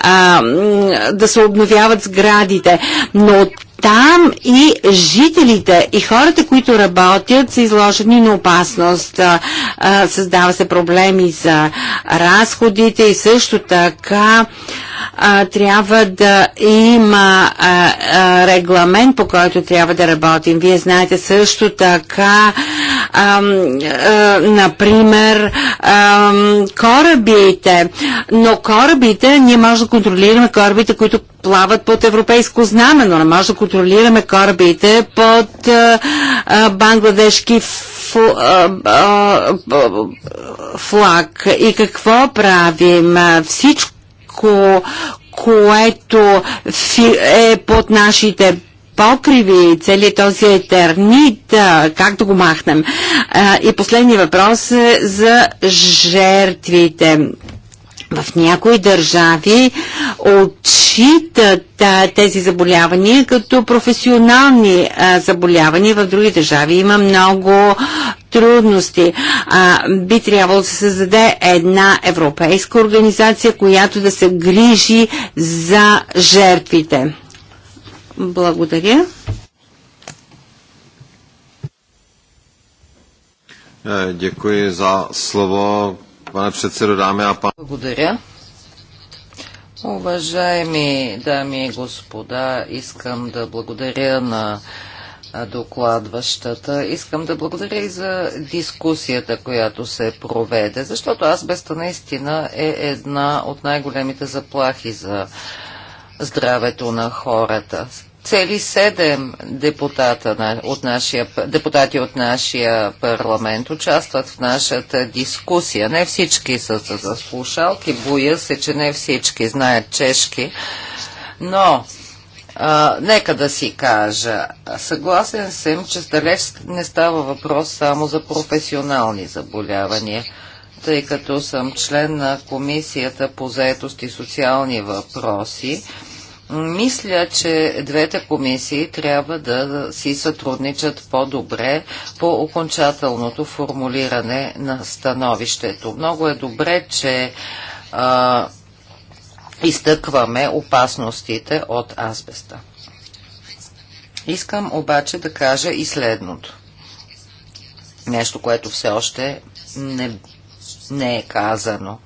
а, да се обновяват сградите, но там и жителите и хората, които работят, са изложени на опасност. Създава се проблеми за разходите и също така трябва да има регламент, по който трябва да работим. Вие знаете също така, например, корабите. Но корабите, ние може да контролираме корабите, които плават под европейско знаме, но не може да контролираме корабите под а, а, бангладешки фу, а, а, флаг. И какво правим? Всичко, което е под нашите покриви, целият този етернит, как да го махнем. И последния въпрос е за жертвите в някои държави отчитат а, тези заболявания като професионални а, заболявания. В други държави има много трудности. А, би трябвало да се създаде една европейска организация, която да се грижи за жертвите. Благодаря. Е, Děkuji za slovo. Благодаря. Уважаеми дами и господа, искам да благодаря на докладващата. Искам да благодаря и за дискусията, която се проведе, защото азбеста наистина е една от най-големите заплахи за здравето на хората цели седем депутата на, от нашия, депутати от нашия парламент участват в нашата дискусия. Не всички са за слушалки, боя се, че не всички знаят чешки, но а, нека да си кажа, съгласен съм, че далеч не става въпрос само за професионални заболявания тъй като съм член на Комисията по заетост и социални въпроси мисля, че двете комисии трябва да си сътрудничат по-добре по окончателното формулиране на становището. Много е добре, че а, изтъкваме опасностите от азбеста. Искам обаче да кажа и следното. Нещо, което все още не, не е казано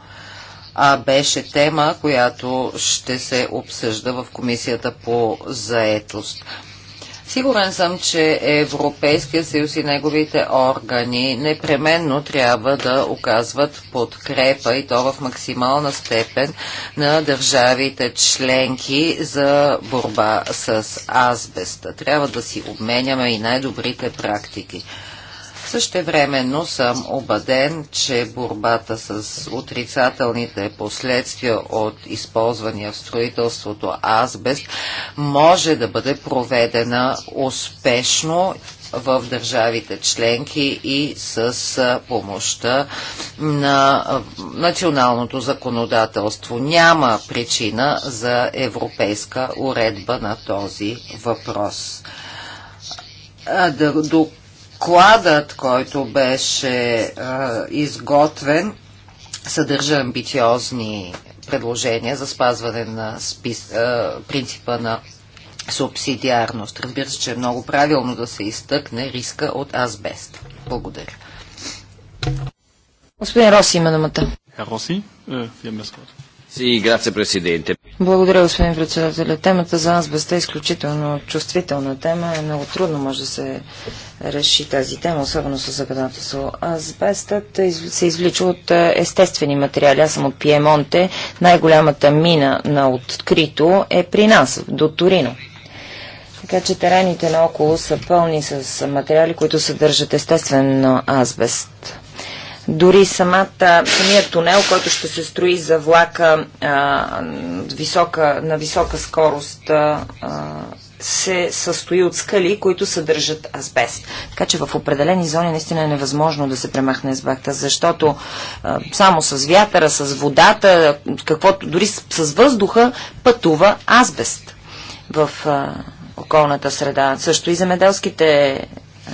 а беше тема, която ще се обсъжда в Комисията по заетост. Сигурен съм, че Европейския съюз и неговите органи непременно трябва да оказват подкрепа и то в максимална степен на държавите членки за борба с азбеста. Трябва да си обменяме и най-добрите практики. Същевременно съм убеден, че борбата с отрицателните последствия от използвания в строителството азбест може да бъде проведена успешно в държавите членки и с помощта на националното законодателство. Няма причина за европейска уредба на този въпрос. До докладът, който беше а, изготвен, съдържа амбициозни предложения за спазване на спис, а, принципа на субсидиарност. Разбира се, че е много правилно да се изтъкне риска от азбест. Благодаря. Господин Роси има думата. Роси, вие ме благодаря, господин председател. Темата за азбеста е изключително чувствителна тема. Е много трудно може да се реши тази тема, особено с законодателство. Азбестът е се извлича от е, естествени материали. Аз съм от Пиемонте. Най-голямата мина на открито е при нас, до Торино. Така че терените наоколо са пълни с материали, които съдържат естествен азбест. Дори самата, самият тунел, който ще се строи за влака а, висока, на висока скорост, а, се състои от скали, които съдържат азбест. Така че в определени зони наистина е невъзможно да се премахне азбеста, защото а, само с вятъра, с водата, каквото, дори с, с въздуха пътува азбест в а, околната среда. Също и земеделските а,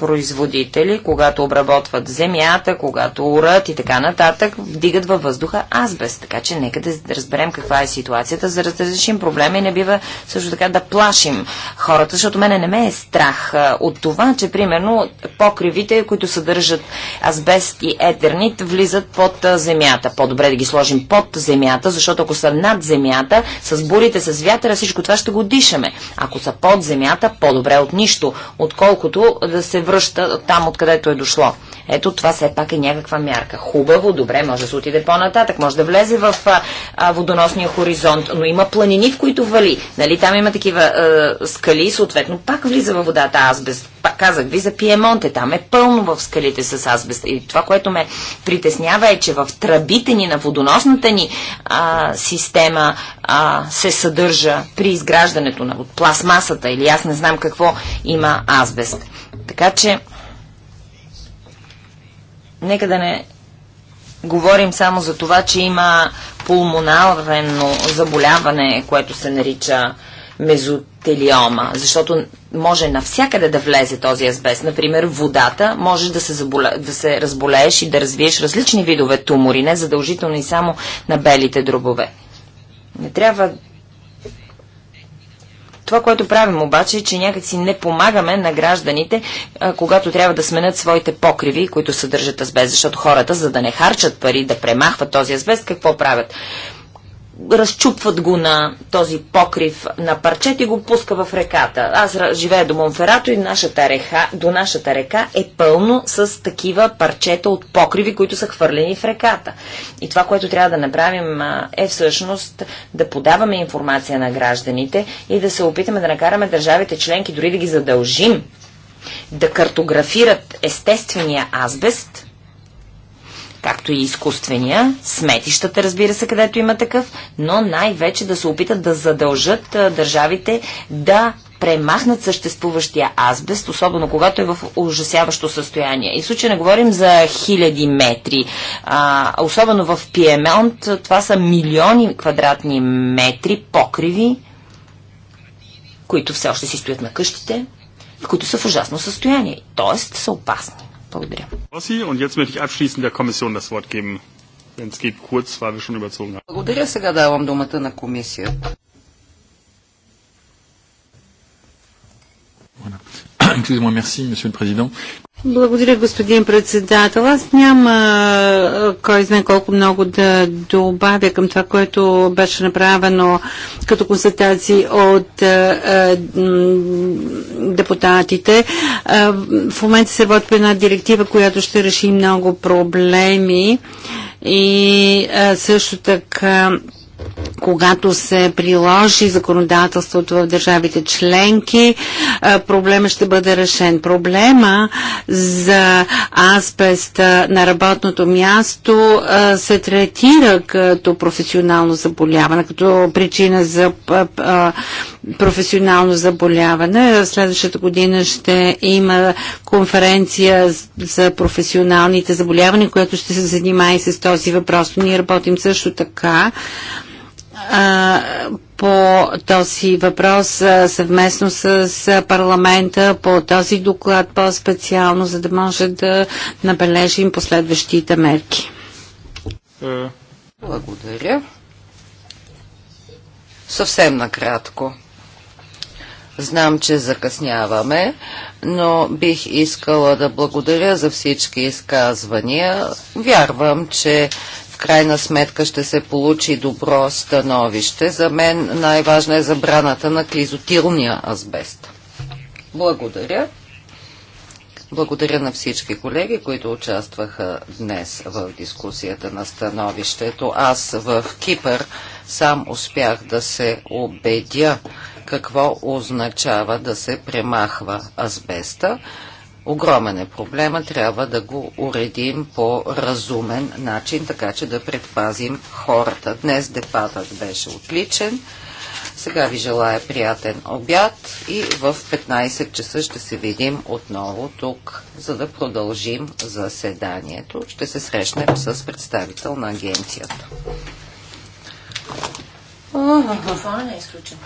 производители, когато обработват земята, когато урат и така нататък, вдигат във въздуха азбест. Така че нека да разберем каква е ситуацията, за да разрешим проблема и не бива също така да плашим хората, защото мене не ме е страх от това, че примерно покривите, които съдържат азбест и етернит, влизат под земята. По-добре да ги сложим под земята, защото ако са над земята, с бурите, с вятъра, всичко това ще го дишаме. Ако са под земята, по-добре от нищо, отколкото да се връща там, откъдето е дошло. Ето това все пак е някаква мярка. Хубаво, добре, може да се отиде по-нататък, може да влезе в а, а, водоносния хоризонт, но има планини, в които вали. Нали, там има такива а, скали и съответно пак влиза във водата азбест. Пак казах ви за Пиемонте, там е пълно в скалите с азбест. И това, което ме притеснява е, че в тръбите ни на водоносната ни а, система а, се съдържа при изграждането на пластмасата или аз не знам какво има азбест. Така че, нека да не говорим само за това, че има пулмонарно заболяване, което се нарича мезотелиома, защото може навсякъде да влезе този азбест. Например, водата може да се, заболе, да се разболееш и да развиеш различни видове тумори, не задължително и само на белите дробове. Не трябва това, което правим обаче е, че някакси не помагаме на гражданите, когато трябва да сменят своите покриви, които съдържат азбест, защото хората, за да не харчат пари, да премахват този азбест, какво правят? разчупват го на този покрив на парчет и го пуска в реката. Аз живея до Монферато и нашата реха, до нашата река е пълно с такива парчета от покриви, които са хвърлени в реката. И това, което трябва да направим е всъщност да подаваме информация на гражданите и да се опитаме да накараме държавите членки, дори да ги задължим, да картографират естествения азбест – както и изкуствения, сметищата, разбира се, където има такъв, но най-вече да се опитат да задължат държавите да премахнат съществуващия азбест, особено когато е в ужасяващо състояние. И в случай не говорим за хиляди метри. А, особено в Пиемонт това са милиони квадратни метри покриви, които все още си стоят на къщите, които са в ужасно състояние, т.е. са опасни. Благодаря. Благодаря. Сега давам думата на комисията. Excusez-moi, merci, Monsieur le Président. Благодаря, господин председател. Аз няма кой знае колко много да добавя към това, което беше направено като констатации от депутатите. в момента се по една директива, която ще реши много проблеми и също така когато се приложи законодателството в държавите членки, е, проблема ще бъде решен. Проблема за аспест на работното място е, се третира като професионално заболяване, като причина за е, професионално заболяване. Следващата година ще има конференция за професионалните заболявания, която ще се занимава и с този въпрос. Ние работим също така по този въпрос съвместно с парламента, по този доклад по-специално, за да може да набележим последващите мерки. Е. Благодаря. Съвсем накратко. Знам, че закъсняваме, но бих искала да благодаря за всички изказвания. Вярвам, че крайна сметка ще се получи добро становище. За мен най-важна е забраната на клизотилния азбест. Благодаря. Благодаря на всички колеги, които участваха днес в дискусията на становището. Аз в Кипър сам успях да се убедя какво означава да се премахва азбеста. Огромен е проблема, трябва да го уредим по разумен начин, така че да предпазим хората. Днес депатът беше отличен. Сега ви желая приятен обяд и в 15 часа ще се видим отново тук, за да продължим заседанието. Ще се срещнем с представител на агенцията. Микрофонът е изключен.